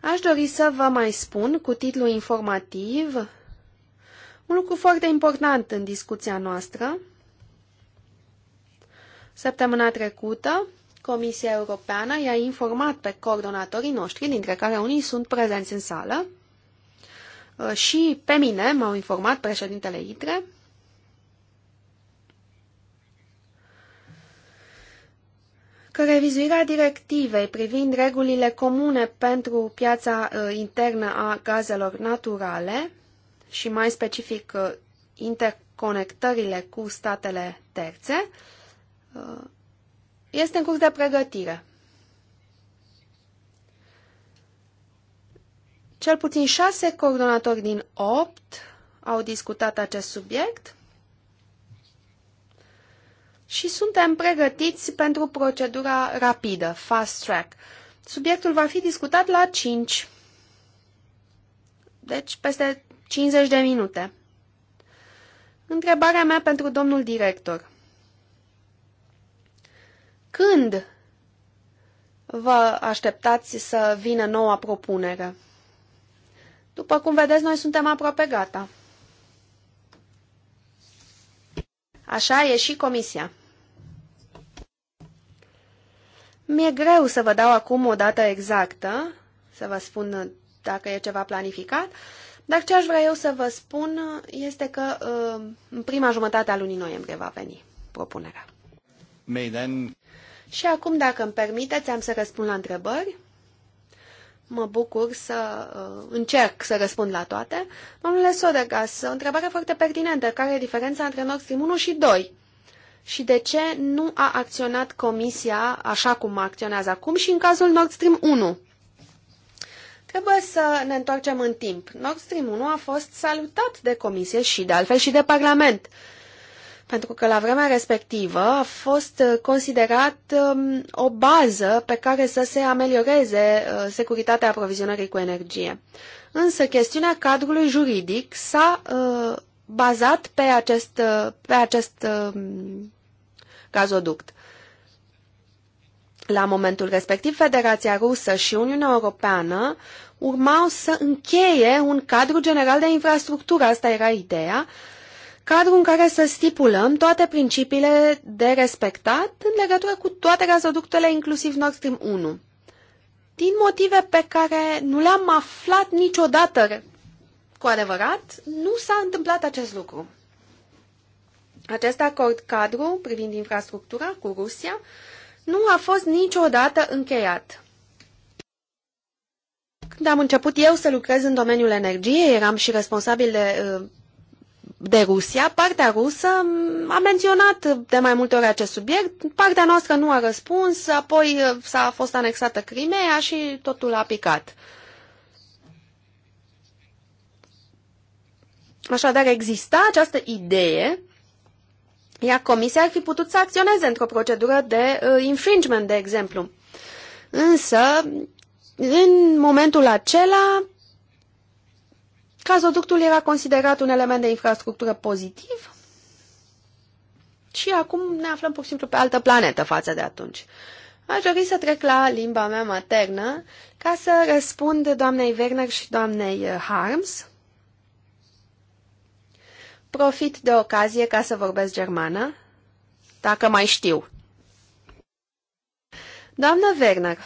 Aș dori să vă mai spun, cu titlu informativ, un lucru foarte important în discuția noastră. Săptămâna trecută, Comisia Europeană i-a informat pe coordonatorii noștri, dintre care unii sunt prezenți în sală, Uh, și pe mine m-au informat președintele ITRE că revizuirea directivei privind regulile comune pentru piața uh, internă a gazelor naturale și mai specific uh, interconectările cu statele terțe este în curs de pregătire. Cel puțin șase coordonatori din opt au discutat acest subiect și suntem pregătiți pentru procedura rapidă, fast track. Subiectul va fi discutat la 5, deci peste 50 de minute. Întrebarea mea pentru domnul director. Când vă așteptați să vină noua propunere? După cum vedeți, noi suntem aproape gata. Așa e și comisia. Mi-e greu să vă dau acum o dată exactă, să vă spun dacă e ceva planificat, dar ce aș vrea eu să vă spun este că uh, în prima jumătate a lunii noiembrie va veni propunerea. then... Și acum, dacă îmi permiteți, am să răspund la întrebări. Mă bucur să uh, încerc să răspund la toate. Domnule Sodegas, o întrebare foarte pertinentă. Care e diferența între Nord Stream 1 și 2? Și de ce nu a acționat Comisia așa cum acționează acum și în cazul Nord Stream 1? Trebuie să ne întoarcem în timp. Nord Stream 1 a fost salutat de Comisie și de altfel și de Parlament. Uh, pentru că la vremea respectivă a fost uh, considerat um, o bază pe care să se amelioreze uh, securitatea aprovizionării cu energie. Însă chestiunea cadrului juridic s-a uh, bazat pe acest, pe acest um, gazoduct. La momentul respectiv, Federația Rusă și Uniunea Europeană urmau să încheie un cadru general de infrastructură, asta era ideea, uh, cadru în care să stipulăm toate principiile de respectat în legătură cu toate gazoductele, inclusiv Nord Stream 1. Din motive pe care nu le-am aflat niciodată cu adevărat, nu s-a întâmplat acest lucru. Acest acord cadru privind infrastructura cu Rusia nu a fost niciodată încheiat. Când am început eu să lucrez în domeniul energiei, eram și responsabil de uh, de Rusia, partea rusă a menționat de mai multe ori acest subiect, partea noastră nu a răspuns, apoi uh, s-a fost anexată Crimea și totul a picat. Așadar, exista această idee, iar Comisia ar fi putut să acționeze într-o procedură de uh, infringement, de exemplu. Însă, în momentul acela, Cazoductul era considerat un element de infrastructură pozitiv și acum ne aflăm pur și simplu pe altă planetă față de atunci. Aș dori să trec la limba mea maternă ca să răspund doamnei Werner și doamnei eh, Harms. Profit de ocazie ca să vorbesc germană, dacă mai știu. Doamnă Werner,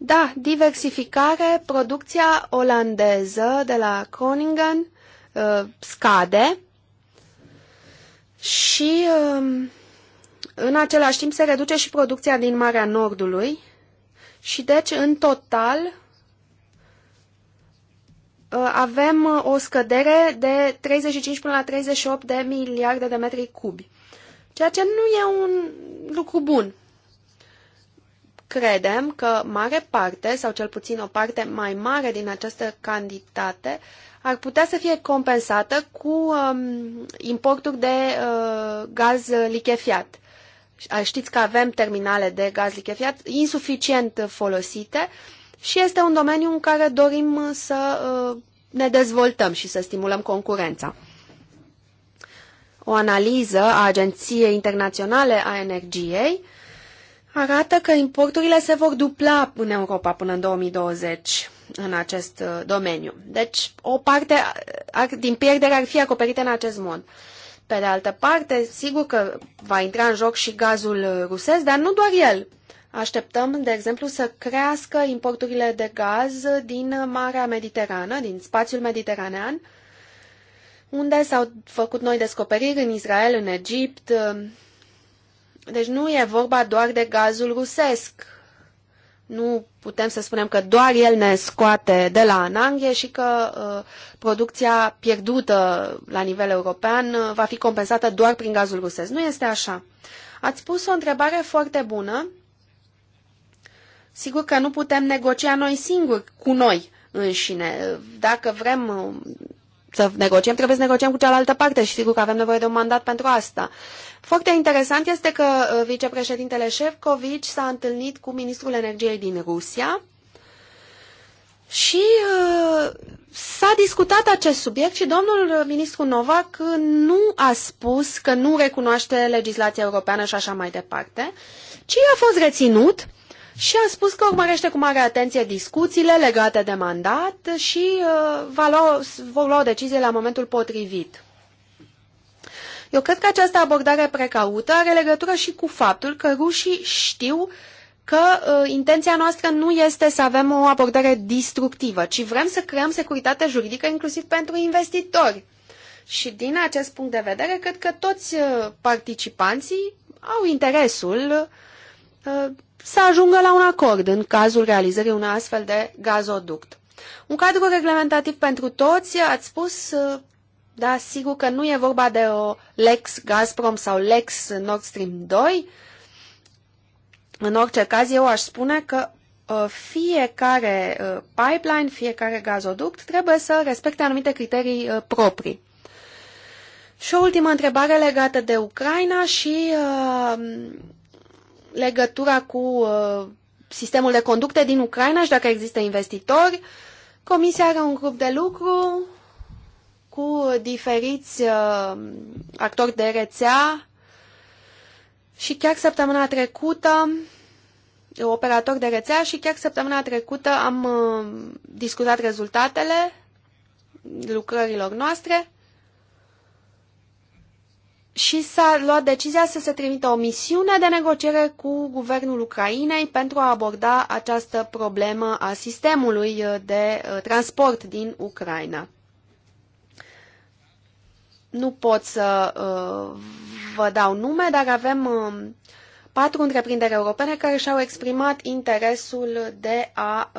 da, diversificare, producția olandeză de la Groningen uh, scade și um, în același timp se reduce și producția din Marea Nordului și deci în total uh, avem o scădere de 35 până la 38 de miliarde de metri cubi, ceea ce nu e un lucru bun. Credem că mare parte, sau cel puțin o parte mai mare din această cantitate, ar putea să fie compensată cu um, importuri de uh, gaz lichefiat. Știți că avem terminale de gaz lichefiat insuficient folosite și este un domeniu în care dorim să uh, ne dezvoltăm și să stimulăm concurența. O analiză a Agenției Internaționale a Energiei uh, arată că importurile se vor dupla în Europa până în 2020 în acest uh, domeniu. Deci, o parte ar, din pierdere ar fi acoperită în acest mod. Pe de altă parte, sigur că va intra în joc și gazul uh, rusesc, dar nu doar el. Așteptăm, de exemplu, să crească importurile de gaz din Marea Mediterană, din spațiul mediteranean, unde s-au făcut noi descoperiri în Israel, în Egipt, uh, deci nu e vorba doar de gazul rusesc. Nu putem să spunem că doar el ne scoate de la ananghe și că uh, producția pierdută la nivel european uh, va fi compensată doar prin gazul rusesc. Nu este așa. Ați pus o întrebare foarte bună. Sigur că nu putem negocia noi singuri cu noi înșine. Dacă vrem uh, să negociem, trebuie să negociem cu cealaltă parte și sigur că avem nevoie de un mandat pentru asta. Foarte interesant este că uh, vicepreședintele Șefcovic s-a întâlnit cu ministrul energiei din Rusia și uh, s-a discutat acest subiect și domnul ministru Novak nu a spus că nu recunoaște legislația europeană și așa mai departe, ci a fost reținut și a spus că urmărește cu mare atenție discuțiile legate de mandat și uh, va lua, vor lua o decizie la momentul potrivit. Eu cred că această abordare precaută are legătură și cu faptul că rușii știu că uh, intenția noastră nu este să avem o abordare distructivă, ci vrem să creăm securitate juridică inclusiv pentru investitori. Și din acest punct de vedere, cred că toți uh, participanții au interesul uh, să ajungă la un acord în cazul realizării unui astfel de gazoduct. Un cadru reglementativ pentru toți, ați spus, uh, da, sigur că nu e vorba de o Lex Gazprom sau Lex Nord Stream 2. În orice caz, eu aș spune că uh, fiecare uh, pipeline, fiecare gazoduct trebuie să respecte anumite criterii proprii. Și o ultimă întrebare legată de Ucraina și uh, legătura cu uh, sistemul de conducte din Ucraina și dacă există investitori. Comisia are un grup de lucru cu diferiți uh, actori de rețea și chiar săptămâna trecută operator de rețea și chiar săptămâna trecută am uh, discutat rezultatele lucrărilor noastre și s-a luat decizia să se trimită o misiune de negociere cu guvernul Ucrainei pentru a aborda această problemă a sistemului uh, de uh, transport din Ucraina. Nu pot să uh, vă dau nume, dar avem um, patru întreprinderi europene care și-au exprimat interesul de a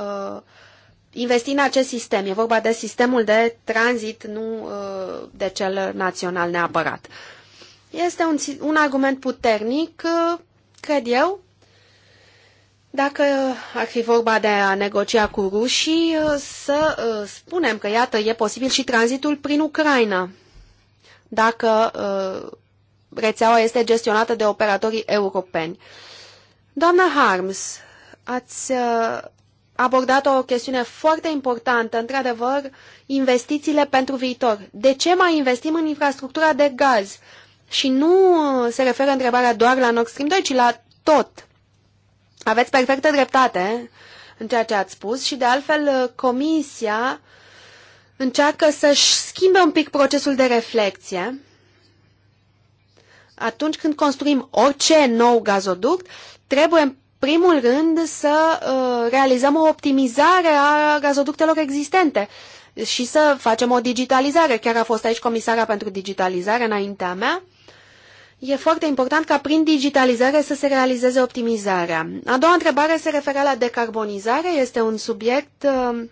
investi în acest sistem. E vorba de sistemul de tranzit, nu de cel național neapărat. Este un, un argument puternic, uh, cred eu. Dacă ar fi vorba de a negocia cu rușii, uh, să uh, spunem că, iată, e posibil și tranzitul prin Ucraina. Dacă rețeaua este gestionată de operatorii europeni. Doamna Harms, ați abordat o chestiune foarte importantă, într-adevăr, investițiile pentru viitor. De ce mai investim în infrastructura de gaz? și nu uh, se referă întrebarea doar la Nord Stream 2, ci la tot. Aveți perfectă dreptate în ceea ce ați spus și de altfel uh, Comisia încearcă să-și schimbe un pic procesul de reflexie. Atunci când construim orice nou gazoduct, trebuie în primul rând să uh, realizăm o optimizare a gazoductelor existente și să facem o digitalizare. Chiar a fost aici comisara pentru digitalizare înaintea mea E foarte important ca prin digitalizare să se realizeze optimizarea. A doua întrebare se referă la decarbonizare. Este un subiect uh,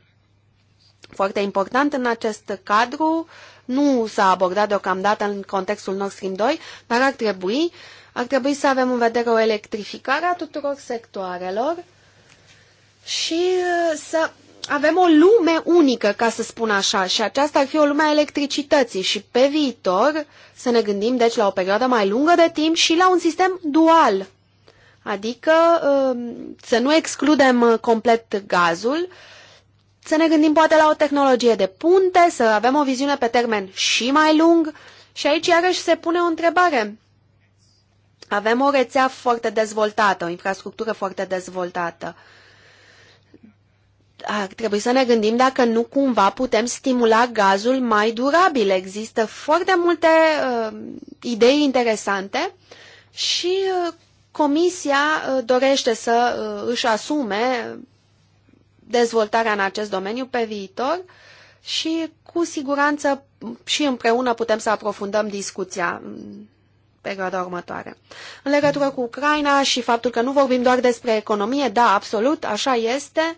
foarte important în acest cadru. Nu s-a abordat deocamdată în contextul Nord Stream 2, dar ar trebui, ar trebui să avem în vedere o electrificare a tuturor sectoarelor și uh, să avem o lume unică, ca să spun așa, și aceasta ar fi o lume a electricității și pe viitor să ne gândim deci la o perioadă mai lungă de timp și la un sistem dual, adică um, să nu excludem uh, complet gazul, să ne gândim poate la o tehnologie de punte, să avem o viziune pe termen și mai lung și aici iarăși se pune o întrebare. Avem o rețea foarte dezvoltată, o infrastructură foarte dezvoltată. Uh, ar ah, trebui să ne gândim dacă nu cumva putem stimula gazul mai durabil. Există foarte multe uh, idei interesante și uh, Comisia uh, dorește să uh, își asume dezvoltarea în acest domeniu pe viitor și cu siguranță și împreună putem să aprofundăm discuția perioada următoare. În legătură cu Ucraina și faptul că nu vorbim doar despre economie, da, absolut, așa este, uh,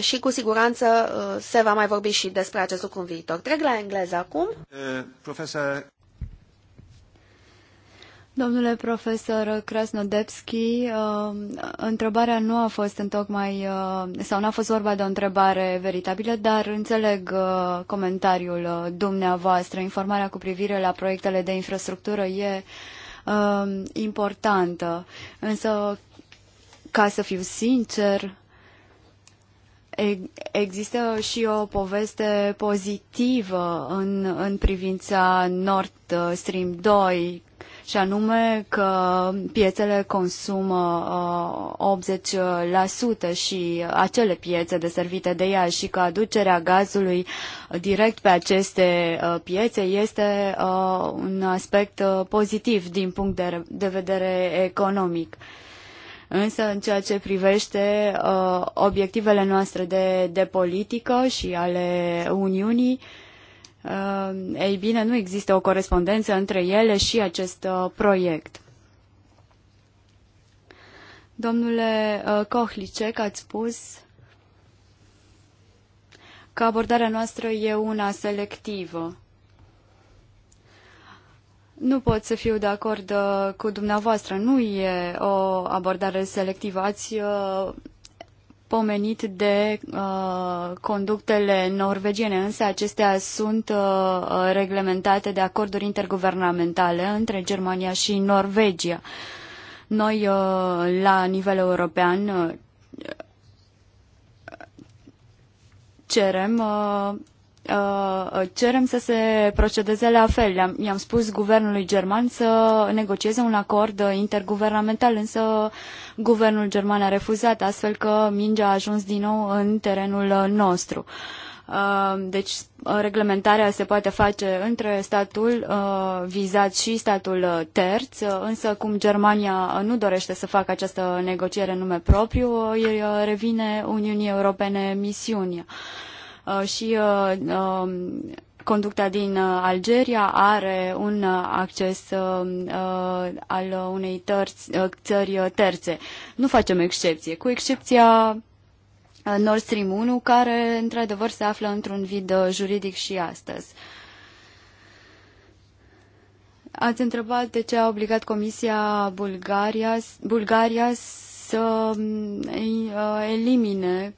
și cu siguranță uh, se va mai vorbi și despre acest lucru în viitor. Trec la engleză acum. Uh, profesor... Domnule profesor Krasnodebski, um, întrebarea nu a fost întocmai, uh, sau nu a fost vorba de o întrebare veritabilă, dar înțeleg uh, comentariul dumneavoastră. Informarea cu privire la proiectele de infrastructură e um, importantă, însă, ca să fiu sincer, Există și o poveste pozitivă în, în privința Nord Stream 2, și anume că piețele consumă uh, 80% și acele piețe deservite de ea și că aducerea gazului direct pe aceste uh, piețe este uh, un aspect uh, pozitiv din punct de, de vedere economic. Însă, în ceea ce privește uh, obiectivele noastre de, de politică și ale Uniunii, uh, ei bine, nu există o corespondență între ele și acest uh, proiect. Domnule uh, Kohlicek, ați spus că abordarea noastră e una selectivă. Nu pot să fiu de acord uh, cu dumneavoastră. Nu e o abordare selectivă. Ați uh, pomenit de uh, conductele norvegiene, însă acestea sunt uh, reglementate de acorduri interguvernamentale între Germania și Norvegia. Noi, uh, la nivel european, uh, cerem Uh, uh, cerem să se procedeze la fel. I-am spus guvernului german să negocieze un acord interguvernamental, însă guvernul german a refuzat, astfel că mingea a ajuns din nou în terenul nostru. Uh, deci reglementarea se poate face între statul vizat și statul terț, însă cum Germania nu dorește să facă această negociere în nume propriu, îi revine Uniunii Europene misiunea. Uh, și uh, um, conducta din uh, Algeria are un acces al unei tărți, țări terțe. Nu facem excepție, cu excepția Nord Stream 1, care într-adevăr se află într-un vid juridic și astăzi. Ați întrebat de ce a obligat Comisia Bulgaria, Bulgaria să mm, elimine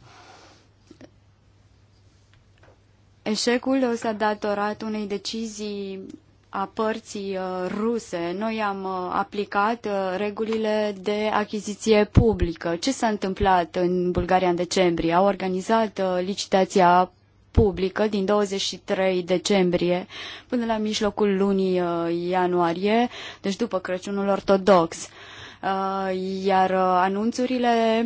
Eșecul s-a datorat unei decizii a părții uh, ruse. Noi am uh, aplicat uh, regulile de achiziție publică. Ce s-a întâmplat în Bulgaria în decembrie? Au organizat licitația publică din 23 decembrie până la mijlocul lunii ianuarie, deci după Crăciunul ortodox. Iar anunțurile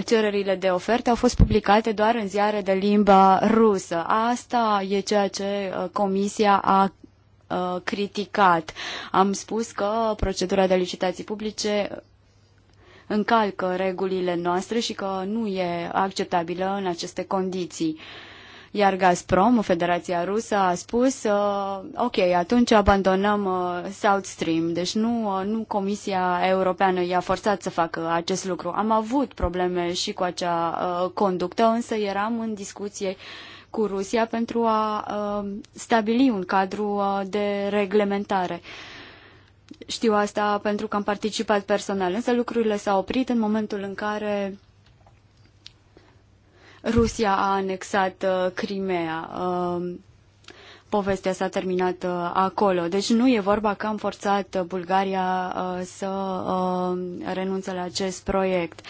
cererile de oferte au fost publicate doar în ziare de limba rusă. Asta e ceea ce uh, comisia a uh, criticat. Am spus că procedura de licitații publice încalcă regulile noastre și că nu e acceptabilă în aceste condiții. Uh, iar Gazprom, Federația Rusă, a spus, uh, ok, atunci abandonăm uh, South Stream. Deci nu, uh, nu Comisia Europeană i-a forțat să facă acest lucru. Am avut probleme și cu acea uh, conductă, însă eram în discuție cu Rusia pentru a uh, stabili un cadru uh, de reglementare. Știu asta pentru că am participat personal, însă lucrurile s-au oprit în momentul în care Rusia a anexat uh, Crimea. Um, povestea s-a terminat uh, acolo. Deci nu e vorba că am forțat uh, Bulgaria să um, renunțe la acest proiect.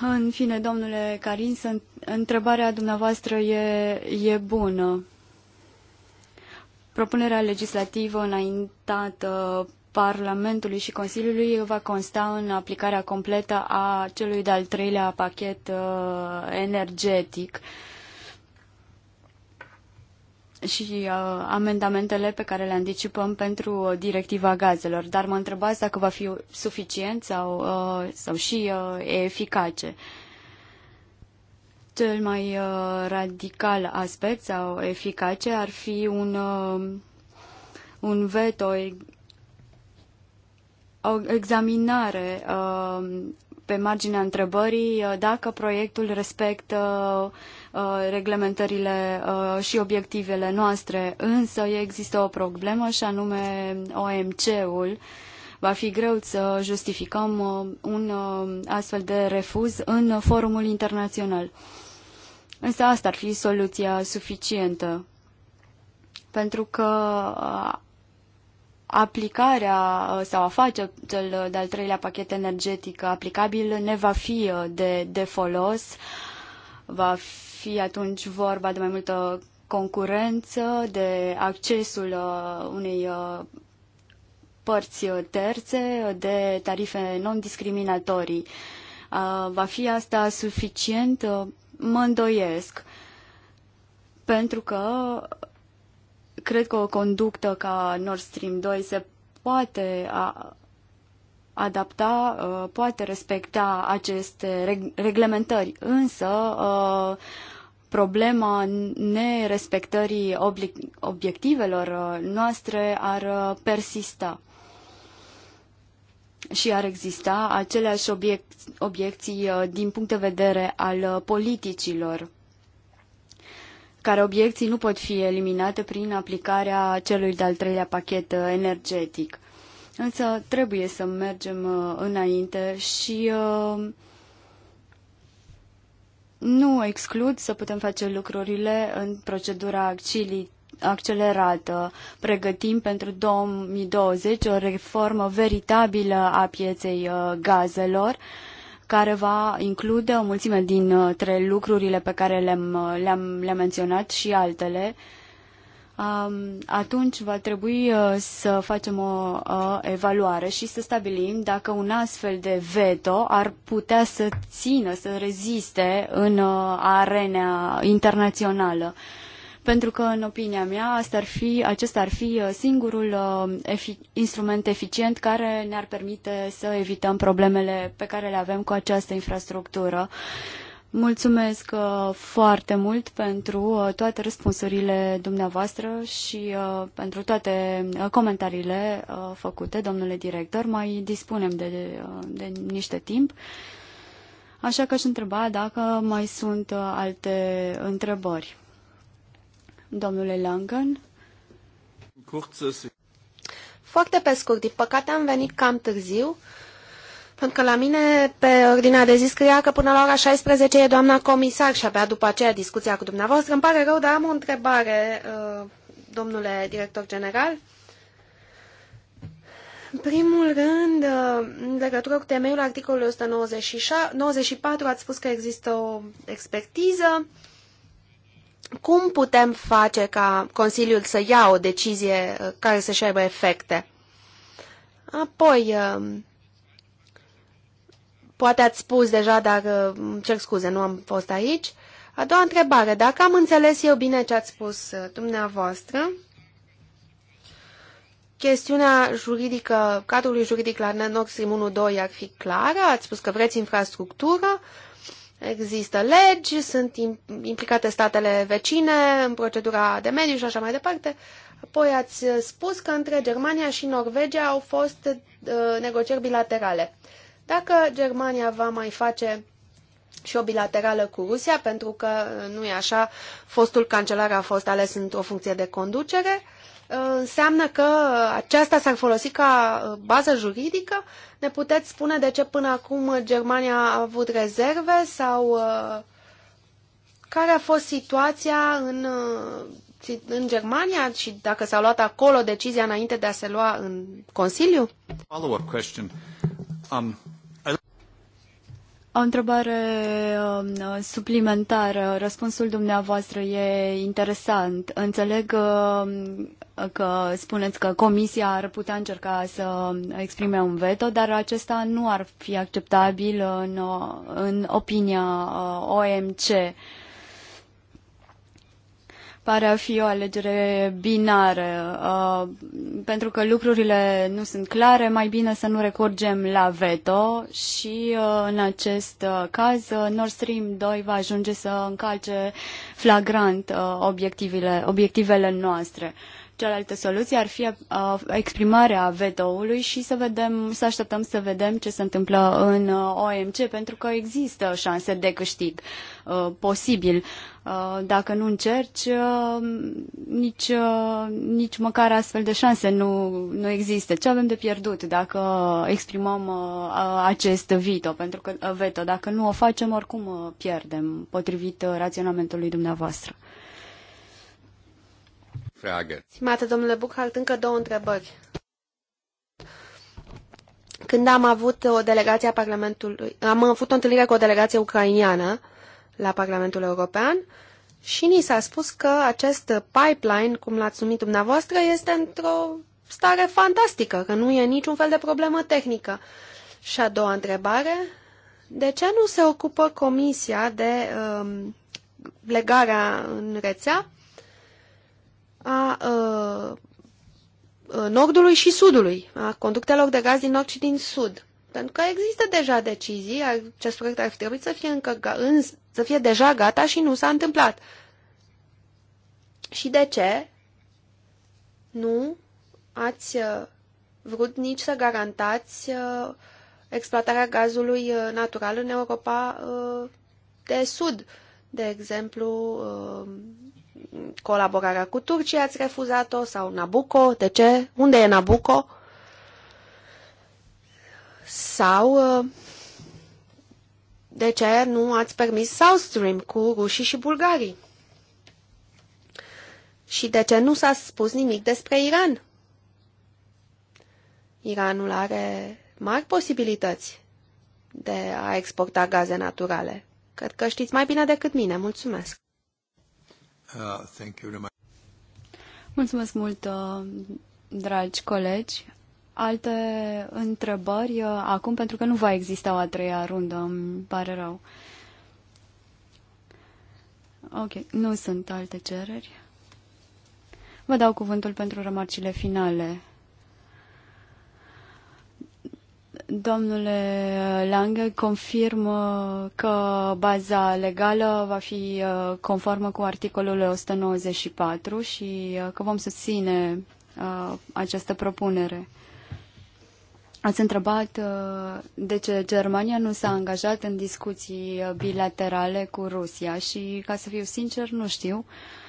În fine, domnule Carin, întrebarea dumneavoastră e, e bună propunerea legislativă înaintată Parlamentului și Consiliului va consta în aplicarea completă a celui de-al treilea pachet uh, energetic și uh, amendamentele pe care le anticipăm pentru directiva gazelor. Dar mă întrebați dacă va fi suficient sau, uh, sau și uh, eficace. Cel mai uh, radical aspect sau eficace ar fi un, uh, un veto o examinare uh, pe marginea întrebării uh, dacă proiectul respectă uh, reglementările și obiectivele noastre, însă există o problemă și anume OMC-ul. Va fi greu să justificăm un astfel de refuz în forumul internațional. Însă asta ar fi soluția suficientă, pentru că aplicarea uh, sau a face cel de-al treilea pachet energetic aplicabil ne va fi uh, de, de folos. Va fi atunci vorba de mai multă concurență, de accesul uh, unei părți terțe, de tarife non-discriminatorii. Va fi asta suficient? Mă îndoiesc. Pentru că cred că o conductă ca Nord Stream 2 se poate a, adapta, uh, poate respecta aceste reg- reglementări, însă uh, problema nerespectării obiectivelor uh, noastre ar uh, persista și ar exista aceleași obiect, obiecții uh, din punct de vedere al politicilor care obiecții nu pot fi eliminate prin aplicarea celui de-al treilea pachet uh, energetic. Însă trebuie să mergem uh, înainte și uh, nu exclud să putem face lucrurile în procedura accelerată. Pregătim pentru 2020 o reformă veritabilă a pieței gazelor care va include o mulțime dintre uh, lucrurile pe care le-am, uh, le-am, le-am menționat și altele. Um, atunci va trebui uh, să facem o evaluare și să stabilim dacă un astfel de veto ar putea să țină, să reziste în arena internațională pentru că, în opinia mea, asta ar fi, acesta ar fi uh, singurul uh, efi, instrument eficient care ne-ar permite să evităm problemele pe care le avem cu această infrastructură. Mulțumesc uh, foarte mult pentru toate răspunsurile dumneavoastră și pentru toate comentariile făcute, domnule director. Mai dispunem de, de niște timp, așa că aș întreba dacă mai sunt alte întrebări. Domnule Foarte pe scurt, din păcate am venit cam târziu, pentru că la mine pe ordinea de zi scria că până la ora 16 e doamna comisar și abia după aceea discuția cu dumneavoastră. Îmi pare rău, dar am o întrebare, uh, domnule director general. În primul rând, uh, în legătură cu temeiul articolului 194, ați spus că există o expertiză cum putem face ca Consiliul să ia o decizie uh, care să-și aibă efecte? Apoi, um, poate ați spus deja, dar um, cer scuze, nu am fost aici. A doua întrebare, dacă am înțeles eu bine ce ați spus uh, dumneavoastră, chestiunea juridică, cadrului juridic la Nord Stream 1-2 ar fi clară, ați spus că vreți infrastructură, Există legi, sunt implicate statele vecine în procedura de mediu și așa mai departe. Apoi ați spus că între Germania și Norvegia au fost uh, negocieri bilaterale. Dacă Germania va mai face și o bilaterală cu Rusia, pentru că nu e așa, fostul cancelar a fost ales într-o funcție de conducere, uh, înseamnă că aceasta s-ar folosi ca uh, bază juridică? Ne puteți spune de ce până acum Germania a avut rezerve sau uh, care a fost situația în, uh, în Germania și dacă s-a luat acolo decizia înainte de a se lua în Consiliu? Um, o întrebare um, suplimentară. Răspunsul dumneavoastră e interesant. Înțeleg um, că spuneți că Comisia ar putea încerca să exprime un veto, dar acesta nu ar fi acceptabil în, în opinia uh, OMC. Pare a fi o alegere binară. Uh, pentru că lucrurile nu sunt clare, mai bine să nu recurgem la veto și uh, în acest caz Nord Stream 2 va ajunge să încalce flagrant obiectivele, obiectivele noastre. Uh, Cealaltă soluție ar fi uh, exprimarea vetoului și să vedem, să așteptăm să vedem ce se întâmplă în uh, OMC, pentru că există șanse de câștig uh, posibil. Dacă nu încerci, nici, nici măcar astfel de șanse nu, nu există. Ce avem de pierdut dacă exprimăm acest veto? Pentru că, veto, dacă nu o facem, oricum pierdem, potrivit raționamentului dumneavoastră. Frage. domnule Buchhardt, încă două întrebări. Când am avut o delegație a Parlamentului, am avut o întâlnire cu o delegație ucrainiană la Parlamentul European și ni s-a spus că acest pipeline, cum l-ați numit dumneavoastră, este într-o stare fantastică, că nu e niciun fel de problemă tehnică. Și a doua întrebare, de ce nu se ocupă Comisia de um, legarea în rețea a nordului și sudului, a conductelor de gaz din nord și din sud. Pentru că există deja decizii, acest proiect ar fi trebuit să fie, încă, în, să fie deja gata și nu s-a întâmplat. Și de ce nu ați vrut nici să garantați exploatarea gazului natural în Europa de Sud? De exemplu, colaborarea cu Turcia ați refuzat-o sau Nabucco? De ce? Unde e Nabucco? Sau uh, de ce nu ați permis South Stream cu rușii și bulgarii? Și de ce nu s-a spus nimic despre Iran? Iranul are mari posibilități de a exporta gaze naturale. Cred că știți mai bine decât mine. Mulțumesc! Uh, thank you very much. Mulțumesc mult, uh, dragi colegi. Alte întrebări uh, acum, pentru că nu va exista o a treia rundă, îmi pare rău. Ok, nu sunt alte cereri. Vă dau cuvântul pentru remarcile finale. Domnule Lange, confirm că baza legală va fi uh, conformă cu articolul 194 și uh, că vom susține uh, această propunere. Ați întrebat de ce Germania nu s-a angajat în discuții bilaterale cu Rusia și, ca să fiu sincer, nu știu. Uh,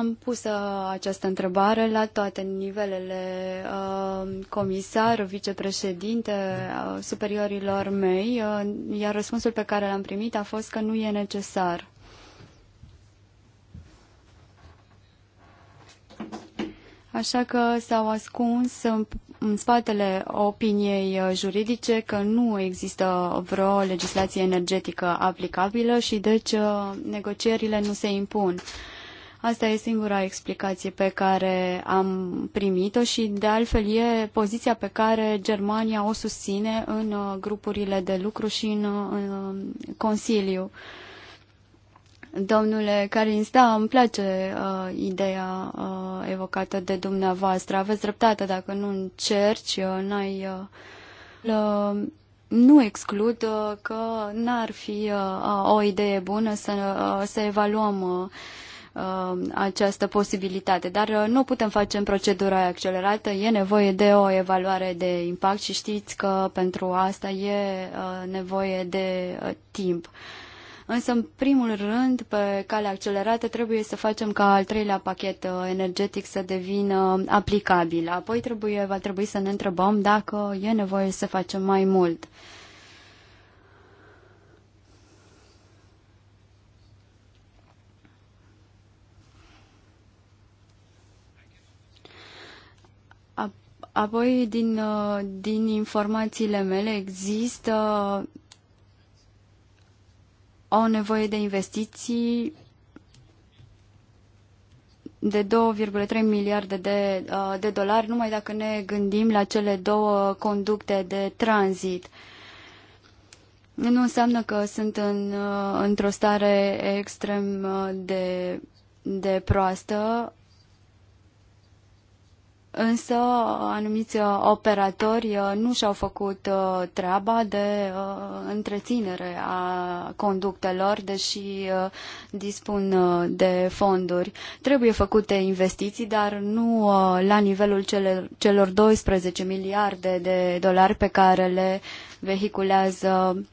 am pus uh, această întrebare la toate nivelele, uh, comisar, vicepreședinte, uh, superiorilor mei, iar răspunsul pe care l-am primit a fost că nu e necesar. Așa că s-au ascuns în spatele opiniei juridice că nu există vreo legislație energetică aplicabilă și deci negocierile nu se impun. Asta e singura explicație pe care am primit-o și, de altfel, e poziția pe care Germania o susține în uh, grupurile de lucru și în, uh, în uh, Consiliu. Domnule Carins, da, îmi place uh, ideea uh, evocată de dumneavoastră. Aveți dreptate, dacă nu încerci, uh, n-ai... Uh, uh, nu exclud uh, că n-ar fi uh, o idee bună să, uh, să evaluăm uh, Uh, această posibilitate. Dar uh, nu putem face în procedura accelerată, e nevoie de o evaluare de impact și știți că pentru asta e uh, nevoie de timp. Însă, în primul rând, pe cale accelerată, trebuie să facem ca al treilea pachet energetic să devină aplicabil. Apoi trebuie, va trebui să ne întrebăm dacă e nevoie să facem mai mult. Apoi, din, uh, din informațiile mele, există o nevoie de investiții de 2,3 miliarde de, uh, de dolari, numai dacă ne gândim la cele două conducte de tranzit. Nu înseamnă că sunt în, uh, într-o stare extrem de, de proastă. Însă anumiți uh, operatori uh, nu și-au făcut uh, treaba de întreținere a conductelor, deși dispun de fonduri. Trebuie făcute investiții, dar nu la nivelul celor 12 miliarde de dolari pe care le vehiculează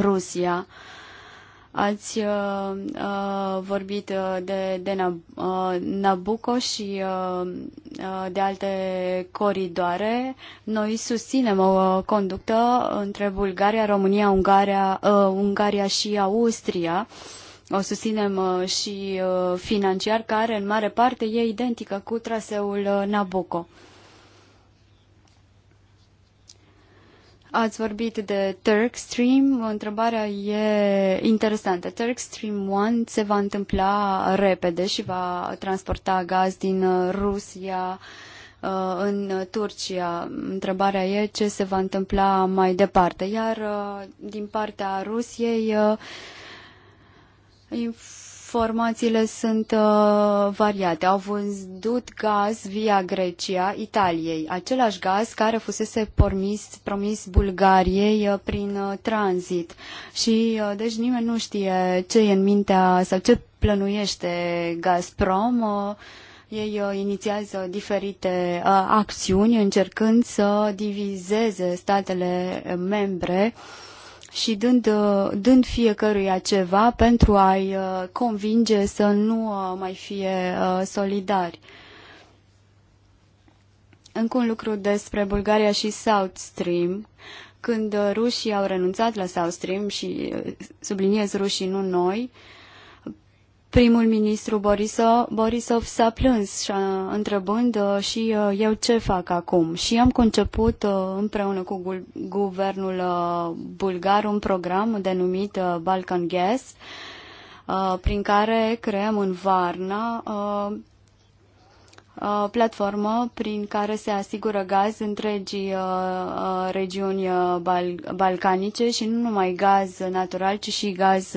Rusia. Ați uh, uh, vorbit uh, de, de uh, Nabucco și uh, uh, de alte coridoare. Noi susținem o conductă între Bulgaria, România, Ungaria, uh, Ungaria și Austria. O susținem și financiar, care în mare parte e identică cu traseul Nabucco. Ați vorbit de Turk Stream. Întrebarea e interesantă. Turk Stream 1 se va întâmpla repede și va transporta gaz din uh, Rusia uh, în Turcia. Întrebarea e ce se va întâmpla mai departe. Iar uh, din partea Rusiei, Formațiile sunt uh, variate. Au vândut gaz via Grecia Italiei, același gaz care fusese promis, promis Bulgariei uh, prin uh, tranzit. Și uh, deci nimeni nu știe ce e în mintea sau ce plănuiește Gazprom. Uh, ei uh, inițiază diferite uh, acțiuni încercând să divizeze statele uh, membre uh, și dând, uh, dând fiecăruia ceva pentru a-i uh, convinge să nu uh, mai fie solidari. Încă un lucru despre Bulgaria și South Stream. Când rușii au renunțat la South Stream și subliniez rușii, nu noi, uh, Primul ministru Borisov, Borisov s-a plâns și a, întrebând uh, și uh, eu ce fac acum. Și am conceput uh, împreună cu guvernul bulgar un program denumit Balkan Gas, prin care creăm în Varna platformă prin care se asigură gaz întregii regiuni balcanice și nu numai gaz natural, ci și gaz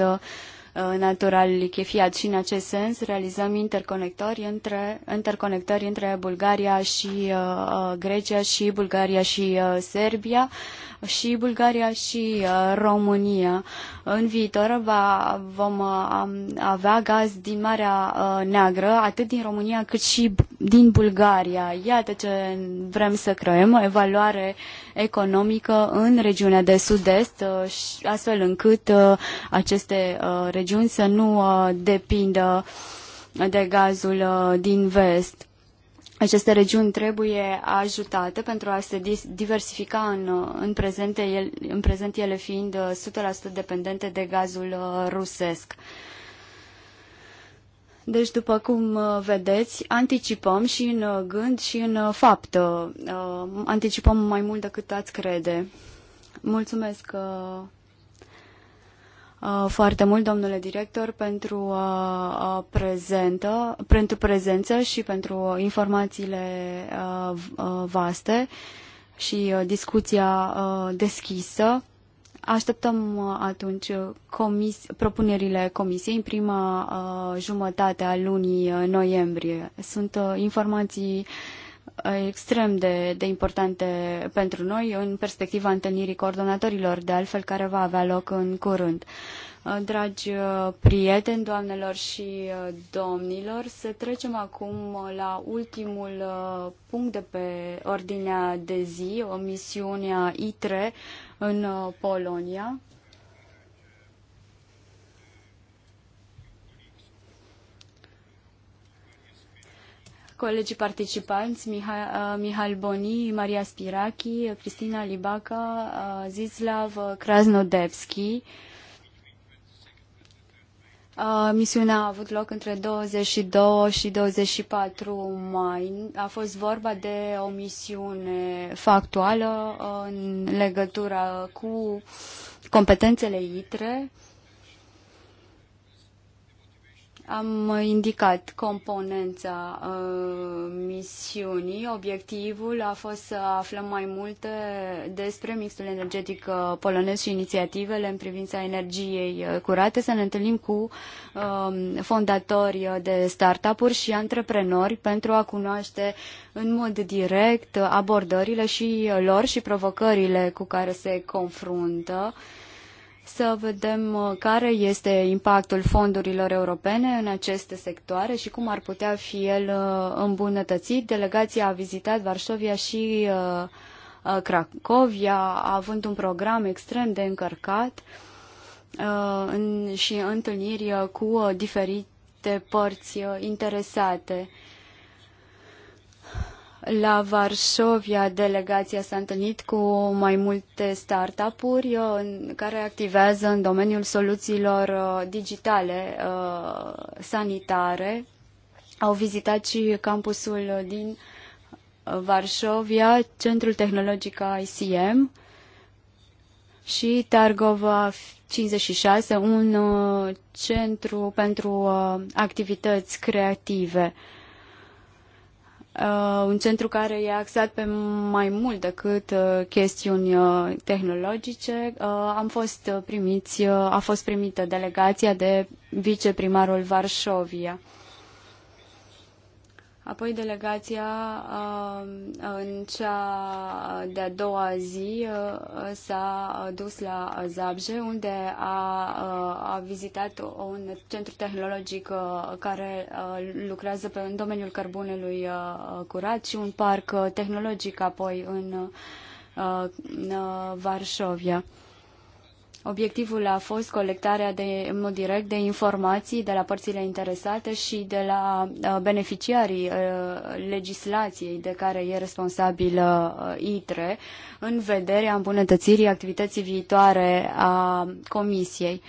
Uh, natural lichefiat și în acest sens realizăm interconectări între, interconectări între Bulgaria și uh, uh, Grecia și Bulgaria și Serbia și Bulgaria și uh, România. În viitor va, vom uh, avea gaz din Marea uh, Neagră, atât din România cât și din Bulgaria. Iată ce vrem să creăm, o evaluare economică în regiunea de sud-est, astfel încât aceste regiuni să nu depindă de gazul din vest aceste regiuni trebuie ajutate pentru a se diversifica în, în, prezente, el, în prezent ele fiind uh, 100% dependente de gazul uh, rusesc. Deci, după cum uh, vedeți, anticipăm și în gând și în fapt. Anticipăm mai mult decât ați crede. Mulțumesc Uh, foarte mult, domnule director, pentru, uh, uh, prezentă, pentru prezență și pentru informațiile vaste și discuția deschisă. Așteptăm atunci comis, propunerile comisiei în prima jumătate a lunii noiembrie. Sunt informații uh, Eh, extrem de, de importante pentru noi în perspectiva întâlnirii coordonatorilor, de altfel care va avea loc în curând. Eh, dragi eh, prieteni, doamnelor și domnilor, să trecem acum la ultimul punct de pe ordinea de zi, o misiune a ITRE în Polonia. colegii participanți, Mihail uh, Boni, Maria Spirachi, Cristina Libaca, uh, Zislav Krasnodevski. Uh, misiunea a avut loc între 22 și 24 mai. A fost vorba de o misiune factuală în legătură cu competențele ITRE am indicat componența uh, misiunii. Obiectivul a fost să aflăm mai multe despre mixul energetic uh, polonez și inițiativele în privința energiei uh, curate, să ne întâlnim cu um, uh, fondatori de startup-uri și antreprenori pentru a cunoaște în mod direct abordările și uh, lor și provocările cu care se confruntă uh, să vedem uh, care este impactul fondurilor europene în aceste sectoare și cum ar putea fi el uh, îmbunătățit. Delegația a vizitat Varșovia și uh, Cracovia, având un program extrem de încărcat și întâlniri cu diferite părți interesate. La Varsovia, delegația s-a întâlnit cu mai multe startup-uri uh, care activează în domeniul soluțiilor uh, digitale uh, sanitare. Au vizitat și campusul din Varsovia, Centrul Tehnologic ICM și Targova 56, un centru pentru activități creative. Uh, un centru care e axat pe mai mult decât uh, chestiuni uh, tehnologice. Am fost primiți, a fost primită delegația de viceprimarul Varșovia. Apoi delegația uh, în cea de-a doua zi uh, s-a dus la Zabje, unde a, uh, a vizitat un centru tehnologic care lucrează pe, în domeniul cărbunelui curat și un parc tehnologic apoi în, în Varșovia. Obiectivul a fost colectarea de, în mod direct de informații de la părțile interesate și de la uh, beneficiarii uh, legislației de care e responsabilă uh, ITRE în vederea îmbunătățirii activității viitoare a Comisiei.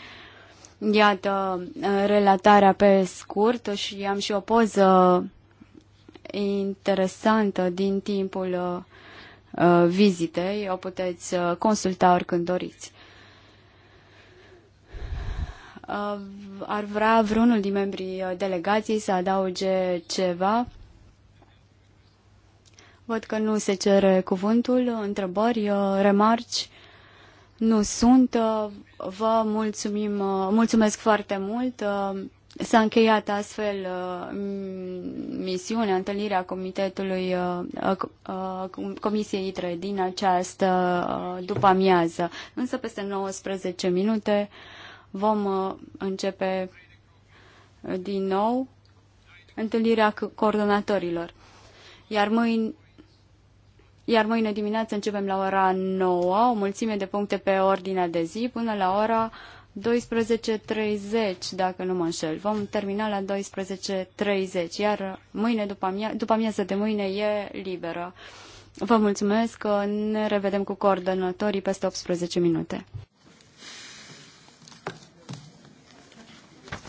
Iată relatarea pe scurt și am și o poză interesantă din timpul vizitei. O puteți consulta oricând doriți ar vrea vreunul din membrii uh, delegației să adauge ceva. Văd că nu se cere cuvântul, întrebări, uh, remarci nu sunt. Uh, vă mulțumim, mulțumesc foarte mult. S-a încheiat astfel misiunea, întâlnirea Comitetului Comisiei ITRE din această după amiază. Însă peste 19 minute vom uh, începe uh, din nou întâlnirea coordonatorilor. Iar mâine, iar mâine dimineață începem la ora 9, o mulțime de puncte pe ordinea de zi, până la ora 12.30, dacă nu mă înșel. Vom termina la 12.30, iar mâine, după, amia, după amiază de mâine, e liberă. Vă mulțumesc, că uh, ne revedem cu coordonatorii peste 18 minute.